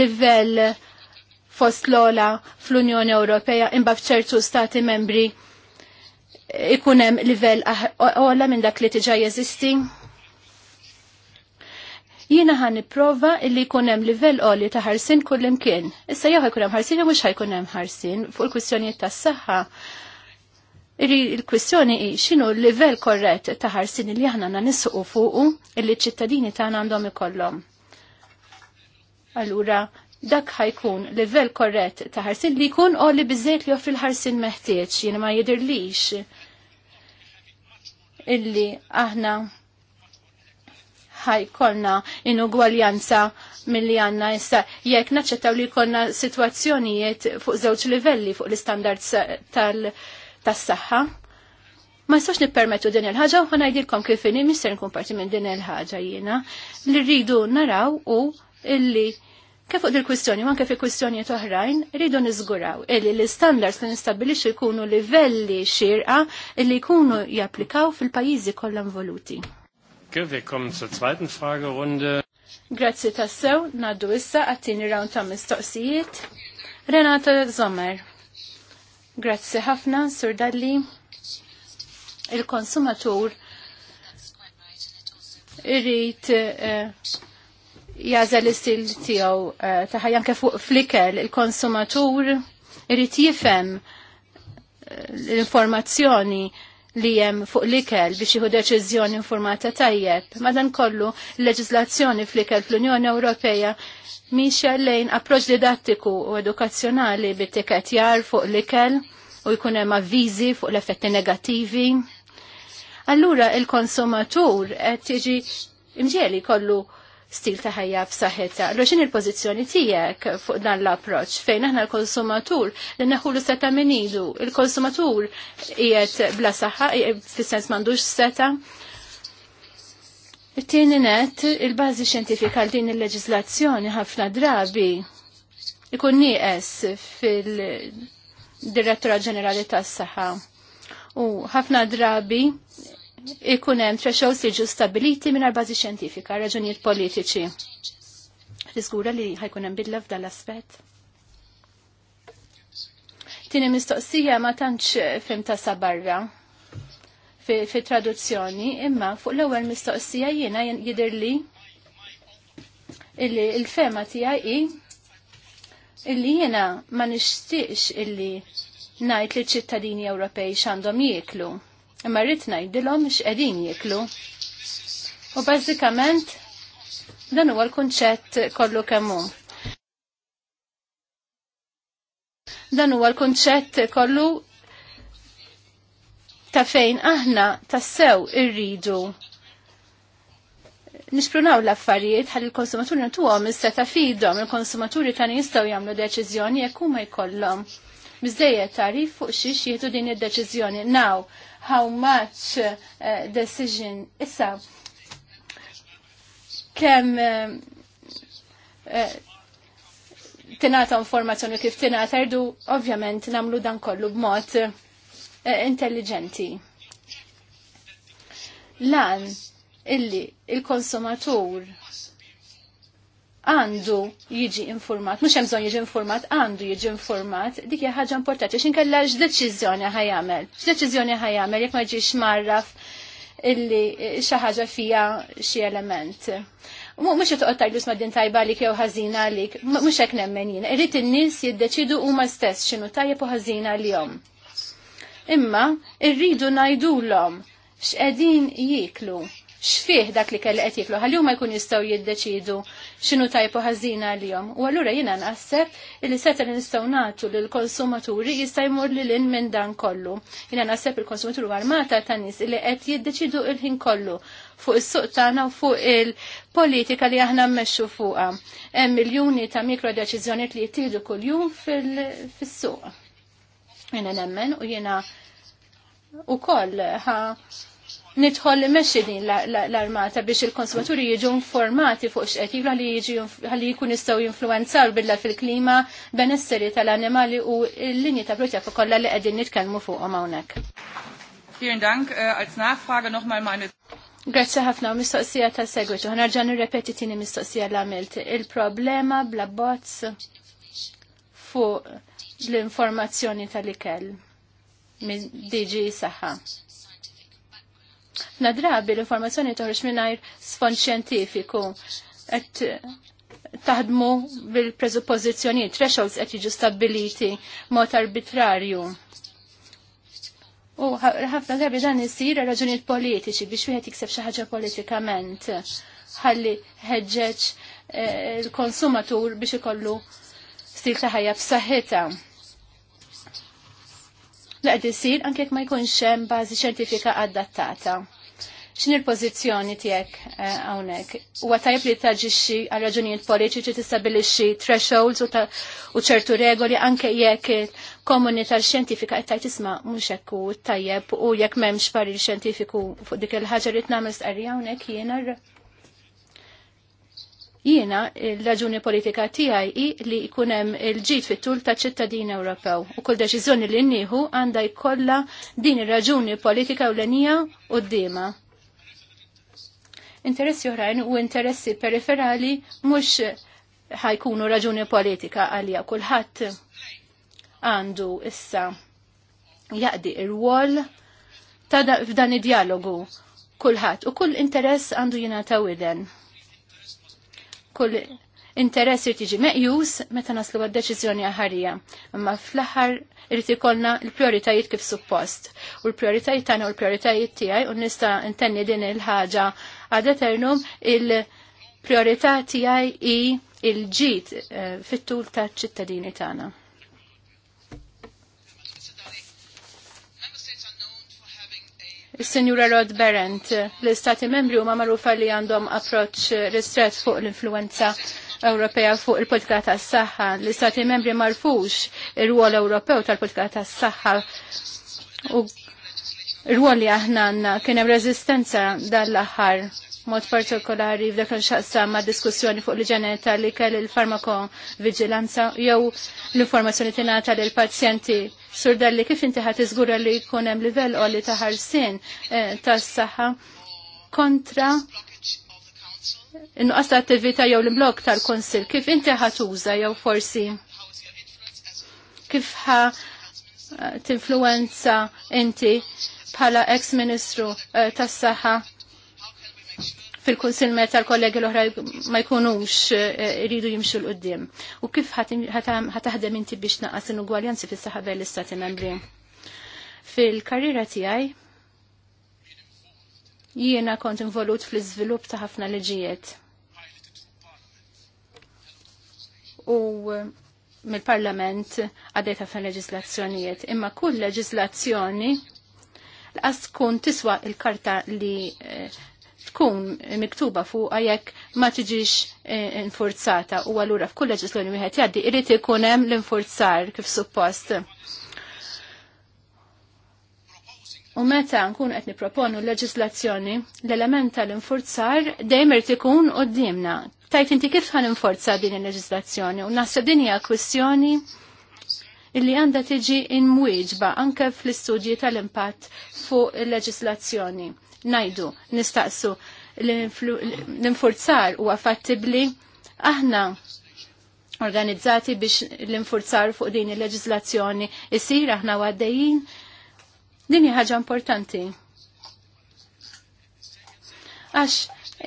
livell fost l-ola fl-Unjoni Ewropea imba f'ċertu stati membri ikun hemm livell ah- ola minn dak li tiġa jeżisti. Jiena ħan nipprova illi jkun hemm livell oli ta' ħarsin kullimkien. Issa jew ħajkun hemm ħarsin jew mhux ħajkun hemm ħarsin fuq il-kwistjonijiet tas-saħħa Il-kwistjoni i x'inhu l-livell korrett ta' ħarsin li aħna na nissuqu fuqu illi ċ-ċittadini tagħna għandhom ikollhom. Allura dak ħajkun livell korrett ta' ħarsin li kun o li bizzejt li joffri l-ħarsin meħtieġ jien ma jidirlix illi aħna ħajkolna inugwaljanza mill-li għanna issa jekk naċċettaw li konna situazzjonijiet fuq żewġ livelli fuq l-istandards tal- tas-saħħa. Ma jistax nippermettu din il-ħaġa u ħanajdilkom kif inni mister nkun parti minn din il-ħaġa jiena li rridu naraw u illi kif fuq il-kwistjoni u anke fi kwistjonijiet oħrajn rridu niżguraw illi l-istandards li nistabbilixxu jkunu livelli xirqa illi jkunu japplikaw fil-pajjiżi kollha involuti. Kif ikkom zur zweiten Fragerunde. Grazzi tassew, naddu issa għattini round ta' mistoqsijiet. Renata Zomer. Grazzi ħafna, Sur Dalli. Il-konsumatur irrit eh, l istil tijaw eh, taħajan kif fuq flikel il-konsumatur irrit jifem eh, l-informazzjoni li jem fuq l-ikel biex jieħu deċiżjoni informata tajjeb. Madan kollu, l-leġizlazzjoni fl-ikel fl-Unjoni Ewropeja miexja lejn approċ didattiku u edukazzjonali bit-tiket jar fuq l-ikel u jkun hemm avviżi fuq l-effetti negattivi. Allura il-konsumatur qed tiġi imġieli kollu stil ta' ħajja f'saħħitha. Allura x'in il-pożizzjoni tiegħek fuq dan l-approċċ fejn aħna l-konsumatur li naħulu seta' min ilu. Il-konsumatur qiegħed bla saħħa fis-sens m'għandux seta' Tieni net, il-bażi xjentifika għal din il-leġiżlazzjoni ħafna drabi ikun nieqes fil-Direttura Ġenerali tas-Saħħa. U ħafna drabi ikun hemm thresholds jiġu stabiliti minn bażi xjentifika, raġunijiet politiċi. Riżgura li ħajkun hemm bidla f'dan l-aspett. Tieni mistoqsija ma tantx fim ta' sabarra fi, fi traduzzjoni, imma fuq l-ewwel mistoqsija jiena jidher li illi il-fema tiegħi hi illi jiena ma nixtieqx illi ngħid li ċ ċittadini Ewropej x'għandhom jieklu imma rrit ngħidilhom x'qegħdin jiklu. U bażikament dan huwa l-kunċett kollu kemm hu. Dan huwa l-kunċett kollu ta' fejn aħna tassew irridu nisprunaw l-affarijiet ħalli l-konsumaturi natuhom is-seta fidhom, il-konsumaturi kan jistgħu jagħmlu deċiżjoni jekk huma jkollhom. Biżejjed tarif fuq xiex jieħdu din id-deċiżjoni. now how much uh, decision issa kemm uh, uh, tinata informazzjoni kif tinata erdu ovvjament namlu dan kollu b'mod uh, intelligenti. Lan illi il-konsumatur għandu jiġi informat, mux jemżon jiġi informat, għandu jiġi informat, dik hija ħaġa importanti, xin kalla x-deċizjoni ħajamel, x-deċizjoni ħajamel, jek ma ġiġ marraf illi xaħġa fija xie element. Mux jtuqqa tajlus ma din tajba li kjew ħazina li, mux jek nemmen jina, irrit il-nis jiddeċidu u ma stess xinu tajjeb u ħazina li jom. Imma, irridu najdu l-om, x'edin jiklu xfih dak li kelli qed jiklu ħalli ma jkun jistgħu jiddeċidu x'inhu tajpu ħażina għalihom. U allura jiena naħseb li seta li nistgħu nagħtu lil konsumaturi jista' jmur lil in minn dan kollu. Jiena naħseb il-konsumaturi armata ta' nies li qed jiddeċidu il-ħin kollu fuq is-suq tagħna u fuq il-politika li aħna mmexxu fuqha. Hemm miljuni ta' mikrodeċiżjonijiet li jittieħdu kuljum fis-suq. Jiena nemmen u jiena ukoll ha nidħol li meċi din l-armata biex il-konsumaturi jiġu informati fuq xqed jibla li jiġu għalli jkun jistgħu jinfluenzaw billa fil-klima benesseri tal-annimali u l-linji ta' fuq kollha li qegħdin nitkellmu fuqhom hawnhekk. Vielen Dank. Äh, als Nachfrage nochmal meine Grazie ħafna u mistoqsija ta' segwitu. Ħanarġa nirrepeti tini mistoqsija l-għamilt. Il-problema bla bots fuq l-informazzjoni tal-ikel minn saħħa. Nadrabi l-informazzjoni toħroġ mingħajr sfond xjentifiku. Qed eh, taħdmu bil-preżuppożizzjonijiet, thresholds qed jiġu stabiliti mod arbitrarju. U ħafna drabi dan isir raġunijiet politiċi biex wieħed jikseb xi ħaġa politikament. Ħalli ħeġġeġ eh, il-konsumatur biex ikollu stil ta' ħajja b'saħħitha li isir anke jekk ma jkunx hemm bażi xjentifika adattata. X'in il-pożizzjoni tiegħek eh, hawnhekk? Huwa tajb li taġixxi għal raġunijiet politiċi tistabilixxi thresholds u ċertu regoli anke jekk komunità xjentifika qed tajt isma' mhux hekk hu tajjeb u jekk m'hemmx parir xjentifiku fuq dik il-ħaġa li tnagħmel stqarrija hawnhekk jiena Jiena il-raġuni politika tiegħi hi li jkun hemm il-ġid fit-tul ta' ċittadin Ewropew u kull deċiżjoni li nnieħu għandha jkollha din ir-raġuni politika ewlenija qudiema. Interessi oħrajn u interessi periferali mhux ħajkunu raġuni politika għalija kulħadd għandu issa jaqdi ir-wol ta' f'dan id-dialogu kulħadd u kull interess għandu jingħataw widen kull interess irti ġi meqjus meta naslu għad-deċiżjoni aħarija. Imma fl-aħħar irid ikollna l-prijoritajiet kif suppost. U l-prijoritajiet tagħna u l-prijoritajiet tiegħi u nista' intenni din il-ħaġa għad il-prijorità tiegħi i il-ġid eh, fit-tul taċ-ċittadini tagħna. is Rod Berent, l-Istati membri huma magħrufa li għandhom approċċ ristret fuq l-influenza Ewropea fuq il-politika tas-saħħa. L-Istati membri marfux ir ruol Ewropew tal-politika tas-saħħa u r-rwol li aħna għandna kien hemm reżistenza dan l-aħħar mod partikolari f'dak xaqsa ma' diskussjoni fuq l-ġeneta li kell il-farmako vigilanza jew l-informazzjoni tingħata l pazjenti Sur kif inti ħat iżgura li jkun hemm livell qoli ta' ħarsien eh, tas-saħħa kontra inqas qasta attività jew l-imblok tal-Konsil, kif inti ħatuża jew forsi kif ħa eh, tinfluenza inti bħala ex-ministru eh, tas-saħħa fil-kunsil meta tal kollegi l-oħra ma jkunux eh, iridu jimxu l-qoddim. U kif ħataħdem inti biex naqas in-ugwaljanzi fis-saħħa l-istati membri? Fil-karriera tiegħi jiena kont involut fl-iżvilupp ta' ħafna liġijiet. U eh, mill-parlament għadejta fan leġislazzjonijiet. Imma kull leġislazzjoni l-qas tkun tiswa il-karta li eh, tkun miktuba fuqha jekk ma tiġix eh, infurzata u allura f'kull leġislazzjoni wieħed jgħaddi irid ikun hemm l-infurzar kif suppost. U meta nkun qed niproponu l-leġislazzjoni, l-element tal-infurzar dejjem irid ikun qudiemna. Tajt inti kif ħan inforza din il-leġislazzjoni u naħseb din hija kwistjoni illi għanda tiġi in mwieġba anke fl-istudji tal-impatt fuq il-leġislazzjoni. Najdu, nistaqsu, l-infurzar u għafattibli aħna organizzati biex l-infurzar fuq din il-leġislazzjoni isir aħna għaddejjin. Din hija ħaġa importanti. Għax,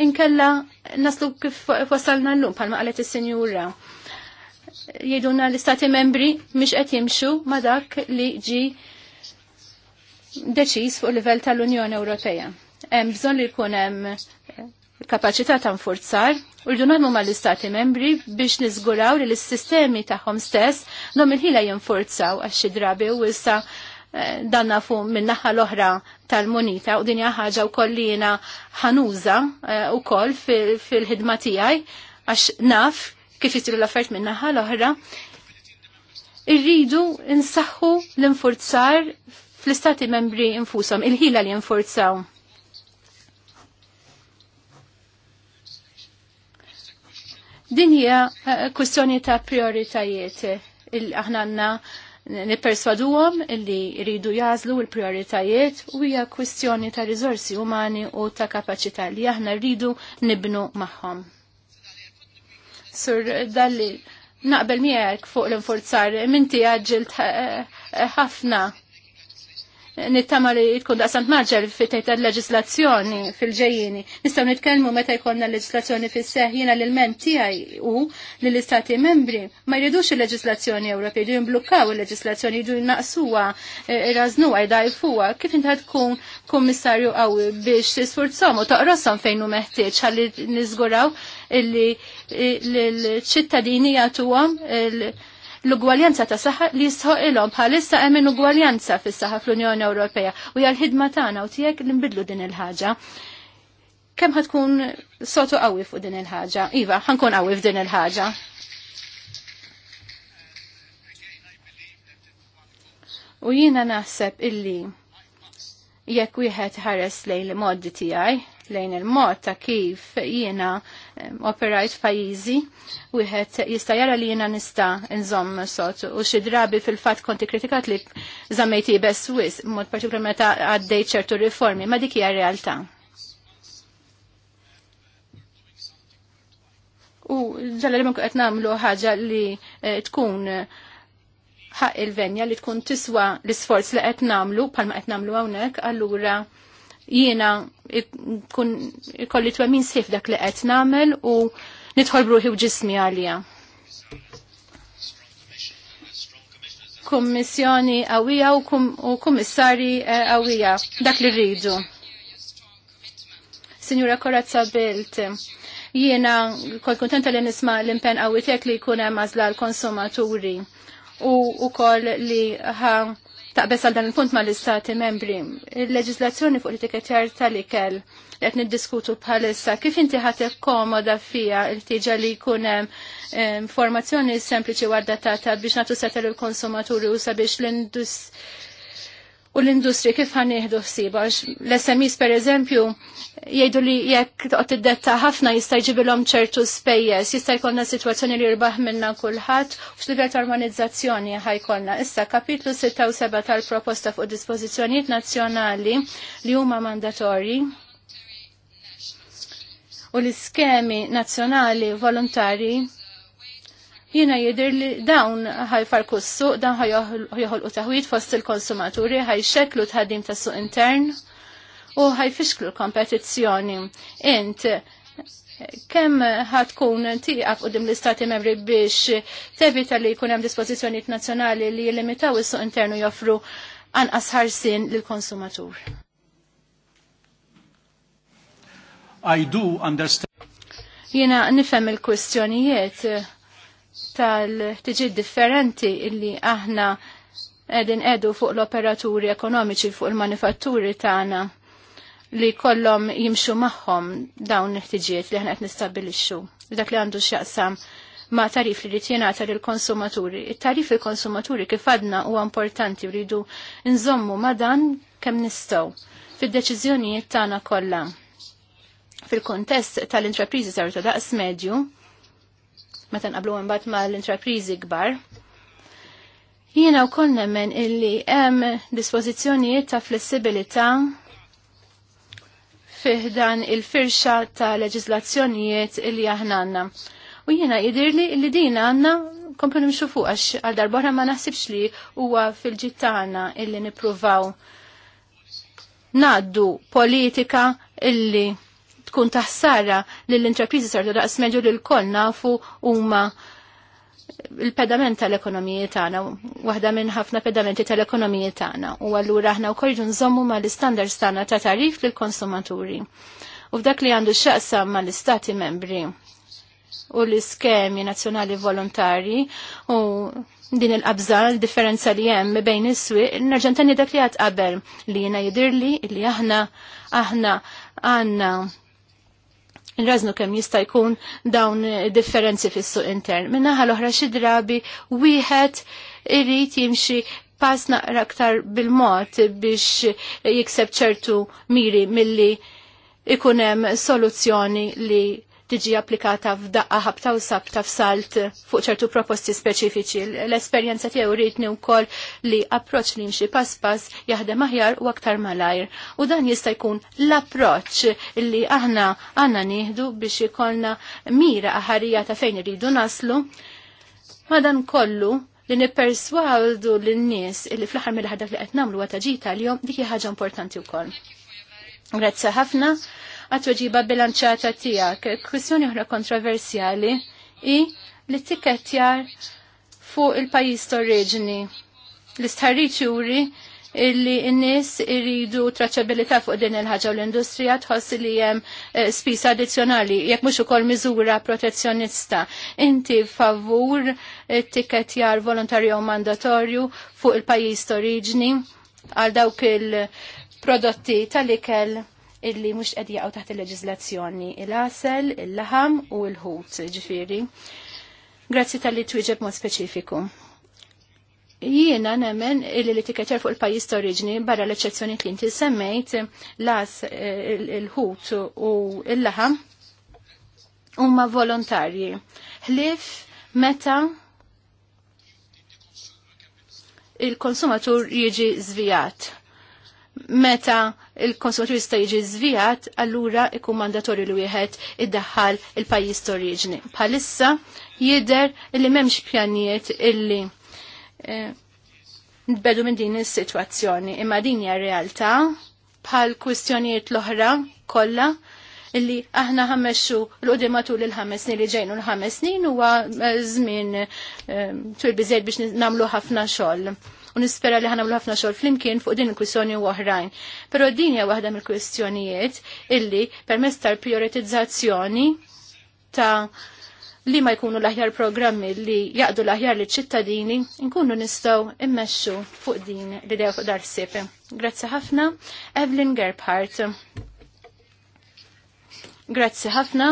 inkella naslu kif wasalna l-lum, palma għalet il-senjura jiduna l-istati membri miex qed jimxu ma dak li ġi deċiż fuq livell tal-Unjoni Ewropea. Hemm bżonn li jkun hemm kapaċità ta' nfurzar u rridu nagħmlu mal-istati membri biex niżguraw li l-sistemi tagħhom stess dom il-ħila jinfurzaw għax xi drabi u issa eh, danna fu minn naħa l-oħra tal-monita u dinja ħaġa u kollina ħanuża u eh, koll fil-ħidma tiegħi għax naf kif jisiru l-affert minnaħa l-oħra, irridu nsaħħu l-infurzar fl-istati membri infusom, il-ħila li infurzaw. Din hija eh, kwestjoni ta' prioritajiet il-aħna għanna niperswaduhom li jridu jażlu l-prioritajiet u hija kwistjoni ta' riżorsi umani u ta' kapaċità li aħna rridu nibnu magħhom sur dalli naqbel miegħek fuq l-infurzar minti għagġilt eh, eh, ħafna nittama li tkun daqsant maġġel fit-tejt leġislazzjoni fil-ġejjini. Nistgħu nitkellmu meta jkollna leġislazzjoni fis-seħ jiena l-ilment tiegħi u lill istati membri ma jridux il-leġislazzjoni Ewropej jdu jimblukkaw il-leġislazzjoni jridu jnaqsuha eh, irrażnuha jdajfuha. Kif inta tkun kummissarju qawwi biex tisfurzhom u toqroshom fejn hu meħtieġ ħalli niżguraw illi eh, l-ċittadini jagħtuhom il- l-ugwaljanza ta' saħħa li jisħoq ilhom bħalissa hemm ugwaljanza fis-saħħa fl-Unjoni Ewropea u hija l-ħidma tagħna u tiegħek li nbidlu din il-ħaġa. Kemm ħatkun sotu qawwi fuq din il-ħaġa? Iva, ħankun qawwi f'din il-ħaġa. U jiena naħseb illi jekk wieħed ħares lejn il-modi tiegħi lejn il-mod ta' kif jiena operajt f'pajjiżi, wieħed jista' jara li jiena nista' nżomm sot u xi drabi fil-fatt konti kritikat li żammejt ibes wis mod partikolar meta għaddej ċertu riformi, ma dik hija realtà. U ġalla li mkun qed nagħmlu ħaġa li e, tkun ħaq il-venja li tkun tiswa l-isforz li qed nagħmlu bħalma qed nagħmlu hawnhekk allura jiena kun ikolli twemmin sif dak li qed nagħmel u nidħol bruħi u ġismi għalija. Kummissjoni għawija u kummissari eh, għawija, dak li rridu. Signora Korazza Belt, jiena kol kontenta li nisma l-impen għawitek li jkun hemm għażla l-konsumaturi u kol li ha' taqbes għal dan il-punt ma l-istati membri. Il-leġislazzjoni fuq l-etikettjar tal-ikel li qed niddiskutu bħalissa, kif inti ħat komoda fija il tiġa li jkun hemm informazzjoni sempliċi warda tata biex nagħtu setel il-konsumaturi u sabiex l-industri u l-industri kif ħan jihdu s-siba. L-SMIs per eżempju jgħidu li jekk toqgħod id-detta ħafna jista' jġibilhom ċertu spejjeż, jista' jkollna sitwazzjoni li jirbaħ minna kulħadd u x'livell armonizzazzjoni ħajkollna. Issa kapitlu 67 tal-proposta fuq dispożizzjonijiet nazzjonali li huma mandatorji u l-iskemi nazzjonali volontari Jiena jidher li dawn ħajfarku s-suq, dawn u taħwit fost il-konsumaturi, xeklu tħaddim tas suq intern u ħajfixklu l-kompetizzjoni. Int, kemm ħatkun tiqaf u dim l-istati membri biex tevita li jkun hemm dispożizzjonijiet nazzjonali li jilimitaw is-suq internu joffru anqas ħarsin lill-konsumatur. I do understand. Jena nifem il-kwestjonijiet tal-ħtiġiet differenti illi aħna edin edu fuq l-operaturi ekonomiċi fuq il-manifatturi tagħna li kollom jimxu maħħom dawn il ħtiġiet li ħna qed nistabilixxu. Dak li għandu x'jaqsam ma' tarif li jingħata lill konsumaturi Il-tarif il-konsumaturi kif għadna huwa importanti rridu nżommu ma' dan kemm nistgħu fid-deċiżjonijiet tagħna kollha. Fil-kontest tal-intrapriżi ta' daqs medju, meta nqablu mbagħad ma l-intrapriżi kbar. Jiena wkoll nemmen illi hemm dispożizzjonijiet ta' flessibilità fih dan il-firxa ta' leġizlazzjonijiet illi aħna għandna. U jiena jidirli li din għandna komplu nimxu fuq għax għal darbora ma naħsibx li huwa fil-ġittana illi nippruvaw naddu politika illi tkun taħsara li l-intrapriżi sartu daqs medju li l-koll nafu huma il-pedament tal-ekonomiji tagħna, waħda minn ħafna pedamenti tal-ekonomiji tagħna. U allura aħna wkoll nżommu mal-istandards tagħna ta' tarif lill-konsumaturi. U f'dak li għandu x'aqsam mal-istati membri u l-iskemi nazzjonali volontari u din il-qabża differenza li hemm bejn is-swieq nerġa' dak li għad qabel li jiena jidirli li aħna aħna għandna nraznu kemm jista' jkun dawn differenzi fis-suq intern. Minna l-oħra xi drabi wieħed irrit jimxi pass naqra aktar bil-mod biex jikseb ċertu miri milli ikun hemm soluzzjoni li tiġi applikata f'daqqa ħabta u sabta f'salt fuq ċertu proposti speċifiċi. L-esperjenza tiegħu rritni wkoll li approċċ li jimxi pass pass jaħdem aħjar u aktar malajr. U dan jista' jkun l-approċċ li aħna għandna nieħdu biex ikollna mira aħarija ta' fejn iridu naslu. Madan kollu li nipperswaldu lin-nies li fl-aħħar mill-ħadak li qed nagħmlu għata ġita l-jom dik ħaġa importanti wkoll. Grazzi ħafna għatweġiba bilanċata tijak. Kwistjoni uħra kontroversjali i li t-tikketjar fuq il-pajis t-origini. L-istħarriċ juri illi n-nis irridu traċabilita fuq din il-ħagġa u l-industrija tħoss li jem eh, spisa addizjonali, jekk mux ukoll miżura protezzjonista. Inti favur eh, t jar volontarju u mandatorju fuq il-pajis t-origini għal dawk il- prodotti tal-ikel illi mhux qed jaqgħu taħt il-leġiżlazzjoni il-asel, il-laħam u l-ħut ġifieri. Grazzi tal-li twieġeb mod speċifiku. Jiena nemmen illi li fuq il-pajjiż ta' oriġni barra l-eċċezzjoni li inti semmejt las il-ħut u l-laħam huma volontarji. Ħlif meta il-konsumatur jiġi zvijat meta il-konsumatur jista' jiġi żvijat, allura ikun mandatorju li wieħed iddaħħal il-pajjiż t-oriġni. Bħalissa jidher li m'hemmx pjanijiet illi e, nbedu minn din is-sitwazzjoni, imma din hija realtà bħal kwistjonijiet l-oħra kollha illi aħna ħammexxu l-qudiem matul il-ħames snin li ġejnu l-ħames snin huwa e, żmien e, twil biżejjed biex nagħmlu ħafna xogħol u nispera li ħanamlu ħafna xogħol flimkien fuq din il-kwistjoni u oħrajn. Però din hija waħda mill-kwistjonijiet illi permezz tal-prioritizzazzjoni ta' li ma jkunu l-aħjar programmi li jaqdu l-aħjar li ċittadini, nkunu nistaw immexxu fuq din li dew fuq dar sip. Grazzi ħafna, Evelyn Gerbhardt. Grazzi ħafna,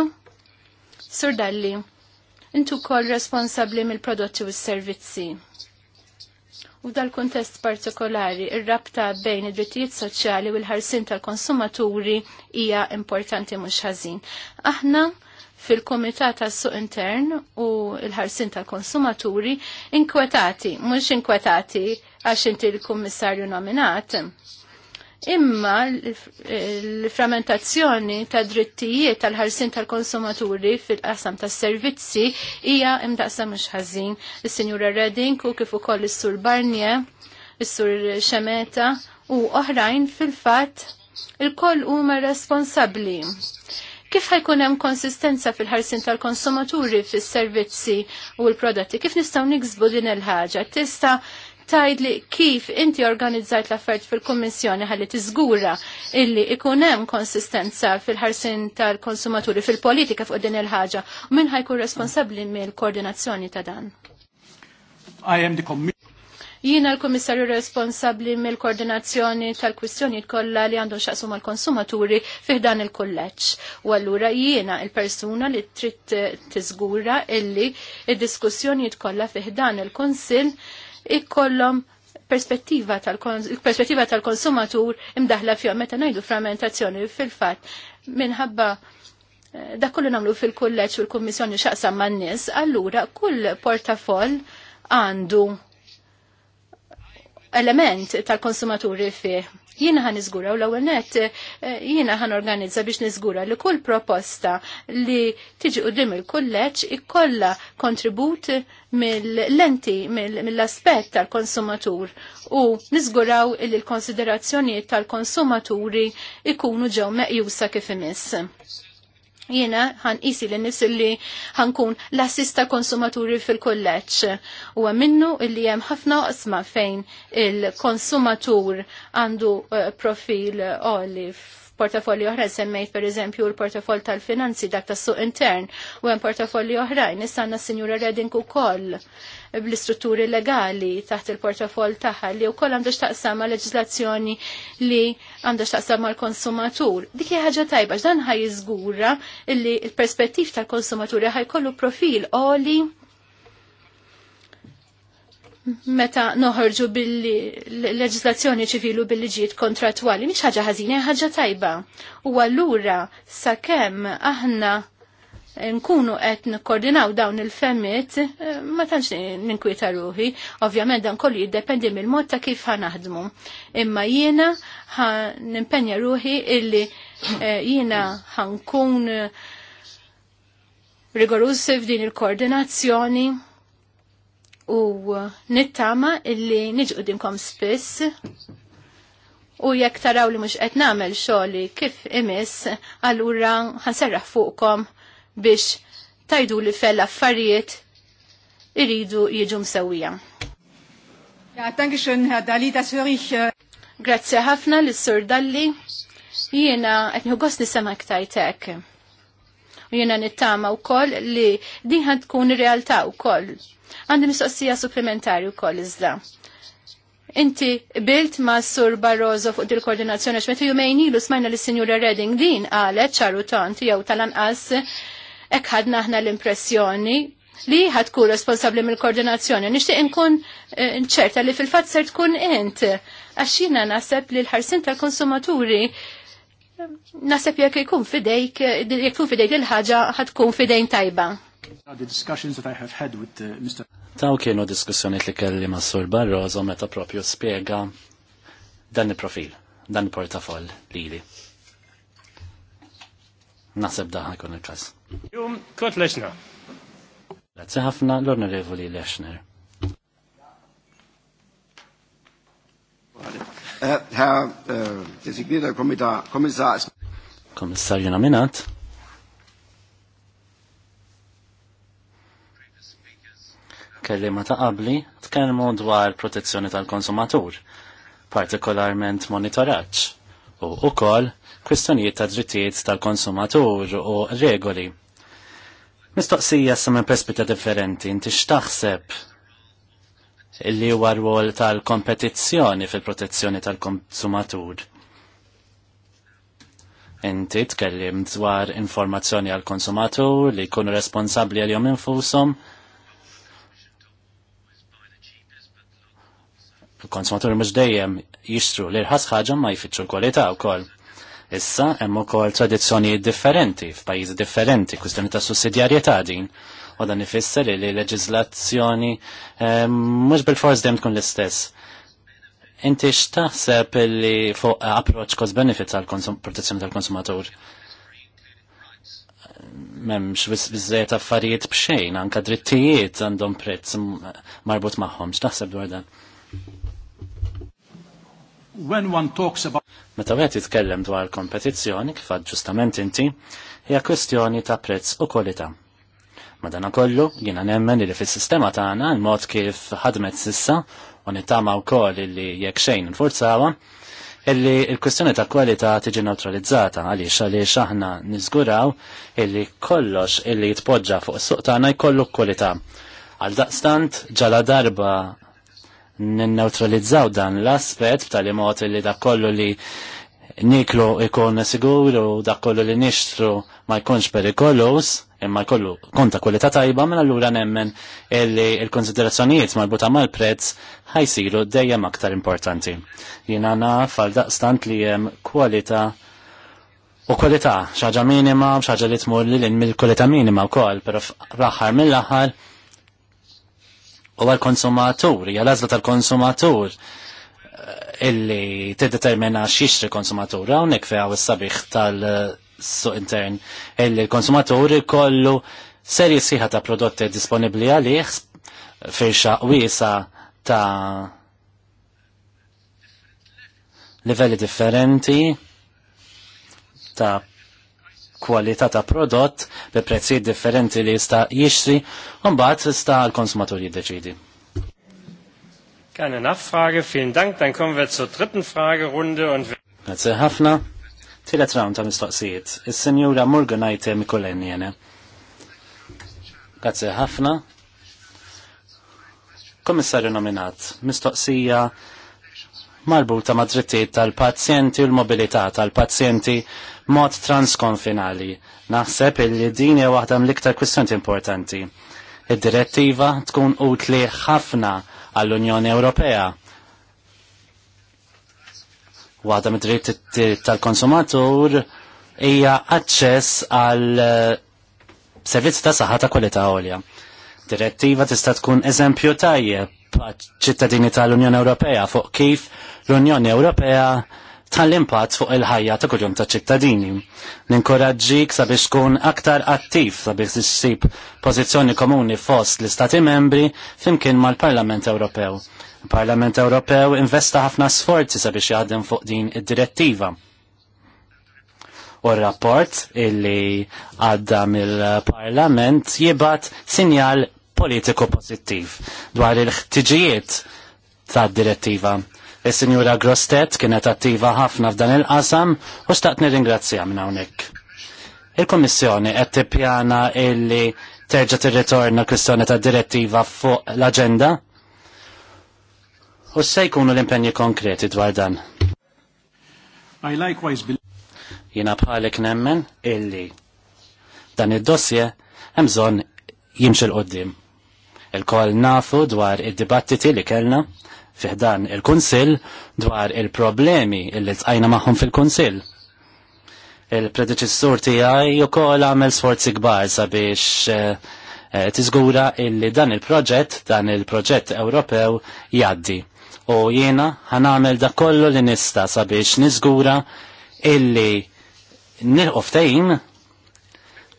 Sur Dalli. Intu kol responsabli mill-prodotti u s-servizzi. U dal-kontest partikolari, ir-rabta bejn id-drittijiet soċjali u l-ħarsin tal-konsumaturi hija importanti mhux ħażin. Aħna fil-Komitat tas suq Intern u l-ħarsin tal-konsumaturi inkwetati, mhux inkwetati għax inti l-kummissarju nominat imma l-frammentazzjoni ta' drittijiet tal-ħarsin tal-konsumaturi fil-qasam tas servizzi hija imdaqsa mhux ħażin. Is-Sinjura Redding u kif ukoll is-Sur Barnier, is-Sur Xemeta u oħrajn fil-fatt il-koll huma responsabbli. Kif ħajkun hemm konsistenza fil-ħarsin tal-konsumaturi fis-servizzi u l-prodotti? Kif nistgħu niksbu din il-ħaġa? Tista' tajd li kif inti organizzajt l-affert fil-Kommissjoni ħalli tiżgura illi ikun hemm konsistenza fil-ħarsin tal-konsumaturi fil-politika fuq din il-ħaġa u min ħajkun responsabbli mill-koordinazzjoni ta' dan. I am the Jiena l-Komissarju responsabbli mill-koordinazzjoni tal-kwistjoni kollha li għandhom xaqsu mal-konsumaturi fih dan il-kulleġġ. U allura jiena il-persuna li trid tiżgura illi id-diskussjoni kollha fih dan il-Kunsill ikollhom perspettiva tal-konsumatur tal imdaħla fjom meta ngħidu frammentazzjoni fil-fatt minħabba eh, dak kollu nagħmlu fil-kulleġġ u l-kummissjoni x'aqsam man-nies, allura kull portafoll għandu element tal-konsumaturi fih Jiena ħan iżgura u l-ewwel net eh, jiena ħan organizza biex niżgura li kull proposta li tiġi qudiem il-kulleġġ ikollha kontribut mill-lenti, mill-aspett tal-konsumatur u niżguraw li l-konsiderazzjonijiet tal-konsumaturi ikunu ġew meqjusa kif imiss. Jiena ħan isi li nis li ħankun l-assista konsumaturi fil-kolleċ. U minnu li jem ħafna osma fejn il-konsumatur għandu eh, profil oli oh, portafolli oħra semmejt per eżempju l-portafoll tal-finanzi dak tas suq intern u hemm portafolli oħrajn issa għandna s-Sinjura Reding ukoll bl-istrutturi legali taħt il-portafol taħħa li wkoll koll x'taqsam ma' leġislazzjoni li għandux taqsam mal-konsumatur. Dik hija ħaġa tajba x'dan ħaj jiżgura li l-perspettiv tal-konsumaturi ħajkollu profil oli meta noħorġu billi leġislazzjoni ċivilu billi ġiet kontratwali, mhix ħaġa ħazina, ħaġa tajba. U allura sakemm aħna nkunu qed nikkoordinaw dawn il-femmit, eh, ma tantx ninkwieta ruħi, ovvjament dan kollu jiddependi mill-mod ta' kif ħanaħdmu. Imma jiena nimpenja ruħi illi eh, jiena ħankun eh, rigorużi f'din il-koordinazzjoni u nittama illi niġu dinkom spiss U jekk taraw li mhux qed nagħmel xogħli kif imiss, allura ħanserraħ fuqkom biex tajdu li fell affarijiet iridu jiġu msewija. Dalli, äh, Grazie ħafna l sur Dalli. Jiena qed nħogost nisema' ktajtek. U jiena nittama wkoll li diħa tkun realtà wkoll. Għandi mistoqsija supplementari wkoll iżda. Inti bilt ma Sur Barroso fuq dil-koordinazzjoni x'meta jumejn ilu smajna lis-Sinjura Redding din qalet ċaru tonti jew tal-anqas Ek ħadna aħna l-impressjoni li ħatkun responsabli mill-koordinazzjoni. Nixtieq nkun eh, ċerta li fil-fatt ser tkun int. Għax jiena naħseb li l-ħarsin tal-konsumaturi naħseb jekk ikun fidejk, jekk jkun fidejk il-ħaġa ħatkun fidejn tajba. Uh, Taw kienu diskussjoni li kelli ma' Sur Barroso meta propju spiega dan il-profil, dan il-portafoll lili. Naħseb daħna kun il-kas. Jum, kot leċna. Grazie ħafna l-onorevoli Lechner. Eh, Herr eh, designierter Kommissar. Kommissarju nominat. Kellima ta' qabli tkellmu dwar protezzjoni tal-konsumatur, partikolarment monitoraġġ u ukoll kwistjonijiet ta' drittijiet tal-konsumatur u regoli. Mistoqsija sa' minn perspita differenti, inti x'taħseb li huwa rwol tal-kompetizzjoni fil-protezzjoni tal-konsumatur. Inti tkellim dwar informazzjoni għal konsumatur li jkunu responsabli għal-jom infusom. Il-konsumatur mhux dejjem jixtru l rħas ħaġa ma jfittxu l u wkoll. Issa hemm ukoll tradizzjonijiet differenti f'pajjiżi differenti, kwistjoni ta' sussidjarjetà din. U dan ifisser li l-leġiżlazzjoni ehm, mhux bil-fors dejjem tkun l-istess. Inti x'taħseb li fuq approċċ cost benefit tal-protezzjoni tal-konsumatur? memx biżżejjed affarijiet bxejn, anka drittijiet għandhom prezz marbut magħhom. X'taħseb dwar dan? when one talks about Meta wieħed jitkellem dwar kompetizzjoni kif ġustament inti, hija kwestjoni ta' prezz u kwalità. Madanakollu, jiena nemmen li fis-sistema tagħna l-mod kif ħadmet sissa u nittama wkoll li jekk xejn nfurzawa, illi l kwestjoni ta' kwalità tiġi neutralizzata għaliex għaliex aħna niżguraw illi kollox illi jitpoġġa fuq is-suq tagħna jkollu kwalità. Għal daqstant ġala darba n-neutralizzaw dan l-aspet b'tali mod li dak kollu li niklu ikun siguru, dak kollu li nixtru ma jkunx perikolus, imma jkollu konta kwalità tajba, minn mela allura nemmen illi il-konsiderazzjonijiet marbuta l prezz ħajsiru dejjem aktar importanti. Jina naf għal daqstant li jem kwalità u kwalità xaġa minima, xaġa li tmur li l-in mill-kwalità minima u kol, pero fl-axar mill aħħar u għal-konsumatur, hija l-għażla tal-konsumatur eh, illi tiddetermina x'jixtri konsumatur hawnhekk fejn għaw is-sabiħ tal-suq intern illi l-konsumatur ikollu serji siħa ta' prodotti disponibbli għalih firxa wiesa ta' livelli differenti ta' kwalità ta' prodott bi prezzijiet differenti li jista' jixtri u mbagħad jista' l-konsumatur jiddeċidi. Keine Nachfrage, vielen Dank. Dann kommen wir zur dritten Fragerunde und Grazie ħafna. Tilet round ta' mistoqsijiet. Is-Sinjura Morgan Ajte Mikolenni jene. Grazie ħafna. Komissarju nominat, mistoqsija marbuta ma' drittijiet tal-pazjenti u l-mobilità tal-pazjenti mod transkonfinali. Naħseb illi din hija waħda mill-iktar kwistjoni importanti. Id-direttiva tkun utli ħafna għall-Unjoni Ewropea. Waħda mid-dritt tal-konsumatur hija aċċess għal eh, servizzi ta' saħħa ta' kwalità għolja. Direttiva tista' tkun eżempju tajjeb ċittadini tal-Unjoni Ewropea fuq kif l-Unjoni Ewropea tal impat fuq il-ħajja ta' kuljum ta' ċittadini. Ninkoraġġik sabiex tkun aktar attiv sabiex issib pożizzjoni komuni fost l-Istati membri fimkien mal-Parlament Ewropew. Il-Parlament Ewropew investa ħafna sforzi sabiex jaħdem fuq din id-direttiva. U r-rapport illi għadda mill-Parlament jibat sinjal politiku pozittiv dwar il-ħtiġijiet ta' direttiva Is-Sinjura Grostet kienet attiva ħafna f'dan il-qasam u staqt nirringrazzja minn hawnhekk. il kummissjoni qed tippjana illi terġa' tirritorna kwistjoni ta' direttiva fuq l-aġenda u se jkunu l-impenji konkreti dwar dan. I likewise believe jina bħalek nemmen illi dan id-dossje bżonn jimxi l qoddim Il-koll nafu dwar id-dibattiti li kellna fiħdan il-Kunsill dwar il-problemi illi tqajna magħhom fil-Kunsill. Il-predeċessur tiegħi ukoll għamel sforzi kbar sabiex eh, eh, tiżgura illi dan il-proġett, dan il-proġett Ewropew jaddi. U jiena għamel da kollu li nista sabiex niżgura illi nil ftehim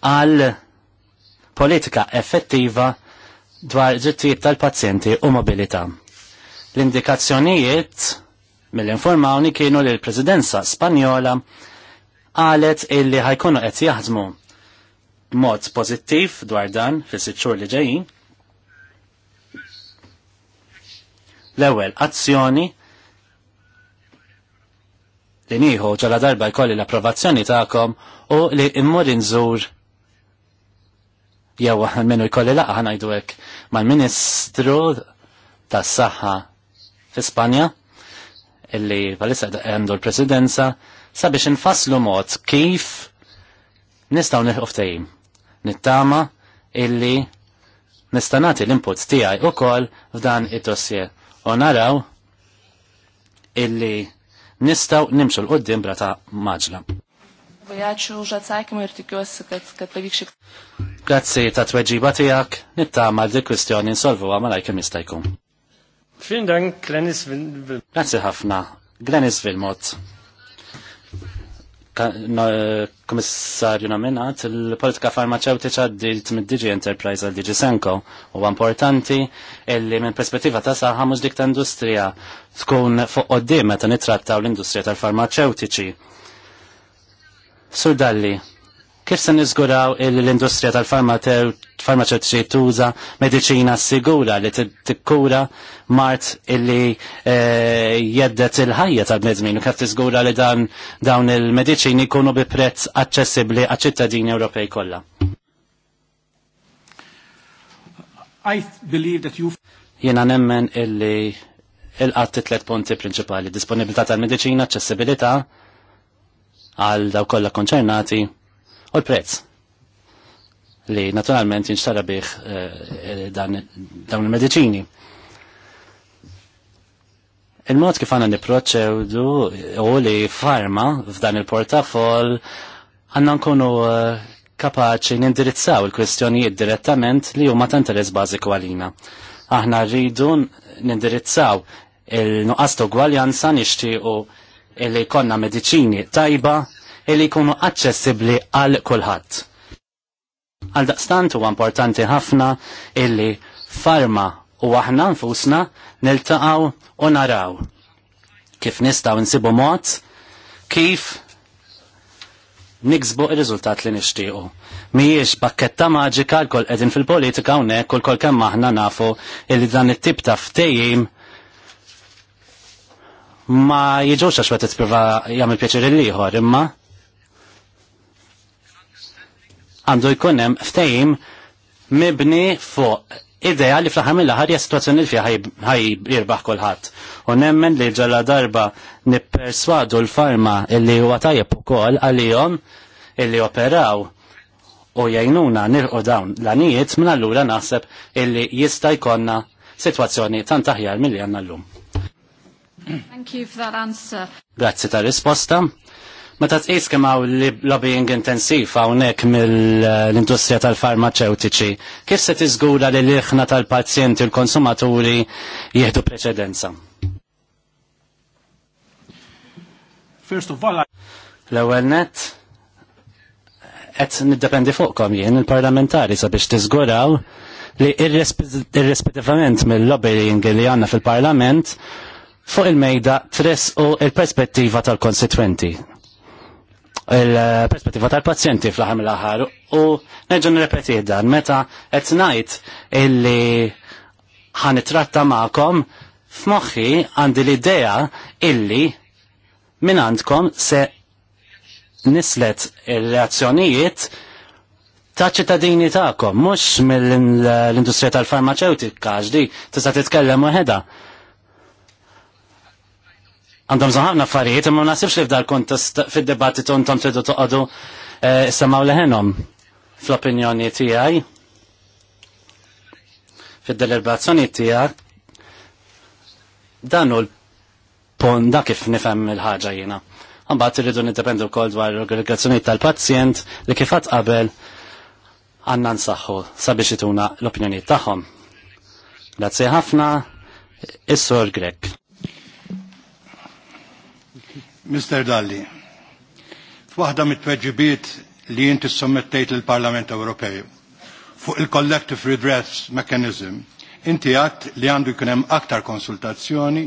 għal politika effettiva dwar drittijiet tal-pazjenti u mobilità. L-indikazzjonijiet mill-informawni kienu li l-Presidenza Spanjola qalet illi ħajkunu qed jaħdmu mod pozittiv dwar dan fis-sitxur li ġejjin. L-ewwel azzjoni li nieħu ġala darba jkolli l-approvazzjoni tagħkom u li immur inżur jew minnu jkolli laqgħa ngħidu hekk mal-Ministru tas-Saħħa fi Spanja illi palissa għandu l-presidenza sabiex nfasslu mod kif nistaw nilħu Nittama illi nistanati l-input tiegħi kol f'dan id-dossier u naraw illi nistaw nimxu l-qoddim brata maġla. Grazie Grazzi ta' tweġiba tijak, nittama l-di kwistjoni nsolvu għamalajkim jistajkum. Vielen Dank, Glenis Wilmot. Grazie ħafna, Glenis Wilmot. Komissarju eh, nominat, il-politika farmaceutiċa dilt mid digi Enterprise għal Digi Senko u importanti illi minn perspettiva ta' saħħa mux dik ta' industrija tkun fuq qoddim meta nitrattaw l-industrija tal-farmaceutiċi. Sur Dalli, Kif se niżguraw l-industrija tal-farmaceutiċi tuża medicina sigura li tikkura mart illi eh, jeddet il-ħajja tal-bnedmin u kif tiżgura li dawn il-mediċini jkunu bi prezz aċċessibbli għaċ-ċittadini Ewropej kollha. I believe that you Jena nemmen illi il-qatt tlet punti prinċipali, disponibilità tal-medicina, accessibilità għal daw kollha konċernati U l-prezz li naturalment jinxtara bih eh, eh, dawn il-medicini. Il-mod kif għanna niproċewdu u li farma f'dan il-portafol għanna nkunu eh, kapaċi nindirizzaw il-kwestjonijiet direttament li huma ta' interess bażiku għalina. Aħna rridu nindirizzaw il-nuqqas ta' gwaljanza nixtiequ li konna mediċini tajba Illi jkunu aċċessibbli għal kulħadd. Għal daqstant huwa importanti ħafna illi farma u aħna nfusna niltaqgħu u naraw kif nistgħu nsibu mod kif niksbu r riżultat li nixtiequ. Mhijiex bakketta maġika l-kol fil-politika hawnhekk u kol kemm aħna nafu illi dan it-tip ta' ftejjim ma jiġux għax wet tipprova jagħmel pjaċir il ieħor imma għandu jkun hemm mibni fuq idea li fl-ħar mill-ħar jessituazzjoni li ħaj jirbaħ kulħadd. U nemmen li ġalla darba nipperswadu l-farma illi huwa tajjeb ukoll għalihom illi operaw u jajnuna nirqu dawn l għanijiet minn allura naħseb illi jista' jkollna situazzjoni tant aħjar milli għandna llum. Thank you for that answer. Grazzi ta' risposta. Meta tqis kemm hawn lobbying intensiv hawnhekk mill-industrija tal-farmaceutiċi, kif se tiżgura li l-ħna tal-pazjenti u l-konsumaturi jieħdu preċedenza? First of all, l-ewwel net qed niddependi fuqkom jien il-parlamentari sabiex tiżguraw li irrespettivament mill-lobbying li għanna fil-parlament fuq il-mejda tres u il-perspettiva tal konsitwenti il-perspettiva tal-pazjenti fl-ħar mill-ħar u neġun repetih dan meta qed ngħid illi ħanitratta magħkom f'moħħi għandi l-idea illi minn għandkom se nislet il-reazzjonijiet ta' ċittadini ta'kom, mux mill-industrija tal-farmaceutika, ġdi, tista' titkellem weħeda għandhom zaħna affarijiet, imma nasibx li f'dar kontest fil-debattitu intom tridu toqgħodu eh, semaw leħenhom fl-opinjoni tiegħi. Fid-deliberazzjoni tiegħek dan hu l-ponda kif nifhem il-ħaġa jiena. Mbagħad irridu niddependu wkoll dwar l-organizzazzjoni tal-pazjent li kif qabel għandna nsaħħu sabiex ituna l-opinjonijiet tagħhom. Grazzi ħafna, is-sor Grek. Mr. Dalli, f'waħda mit-tweġibiet li inti sommettejt l parlament Ewropej fuq il-Collective Redress Mechanism, inti għat li għandu jkunem aktar konsultazzjoni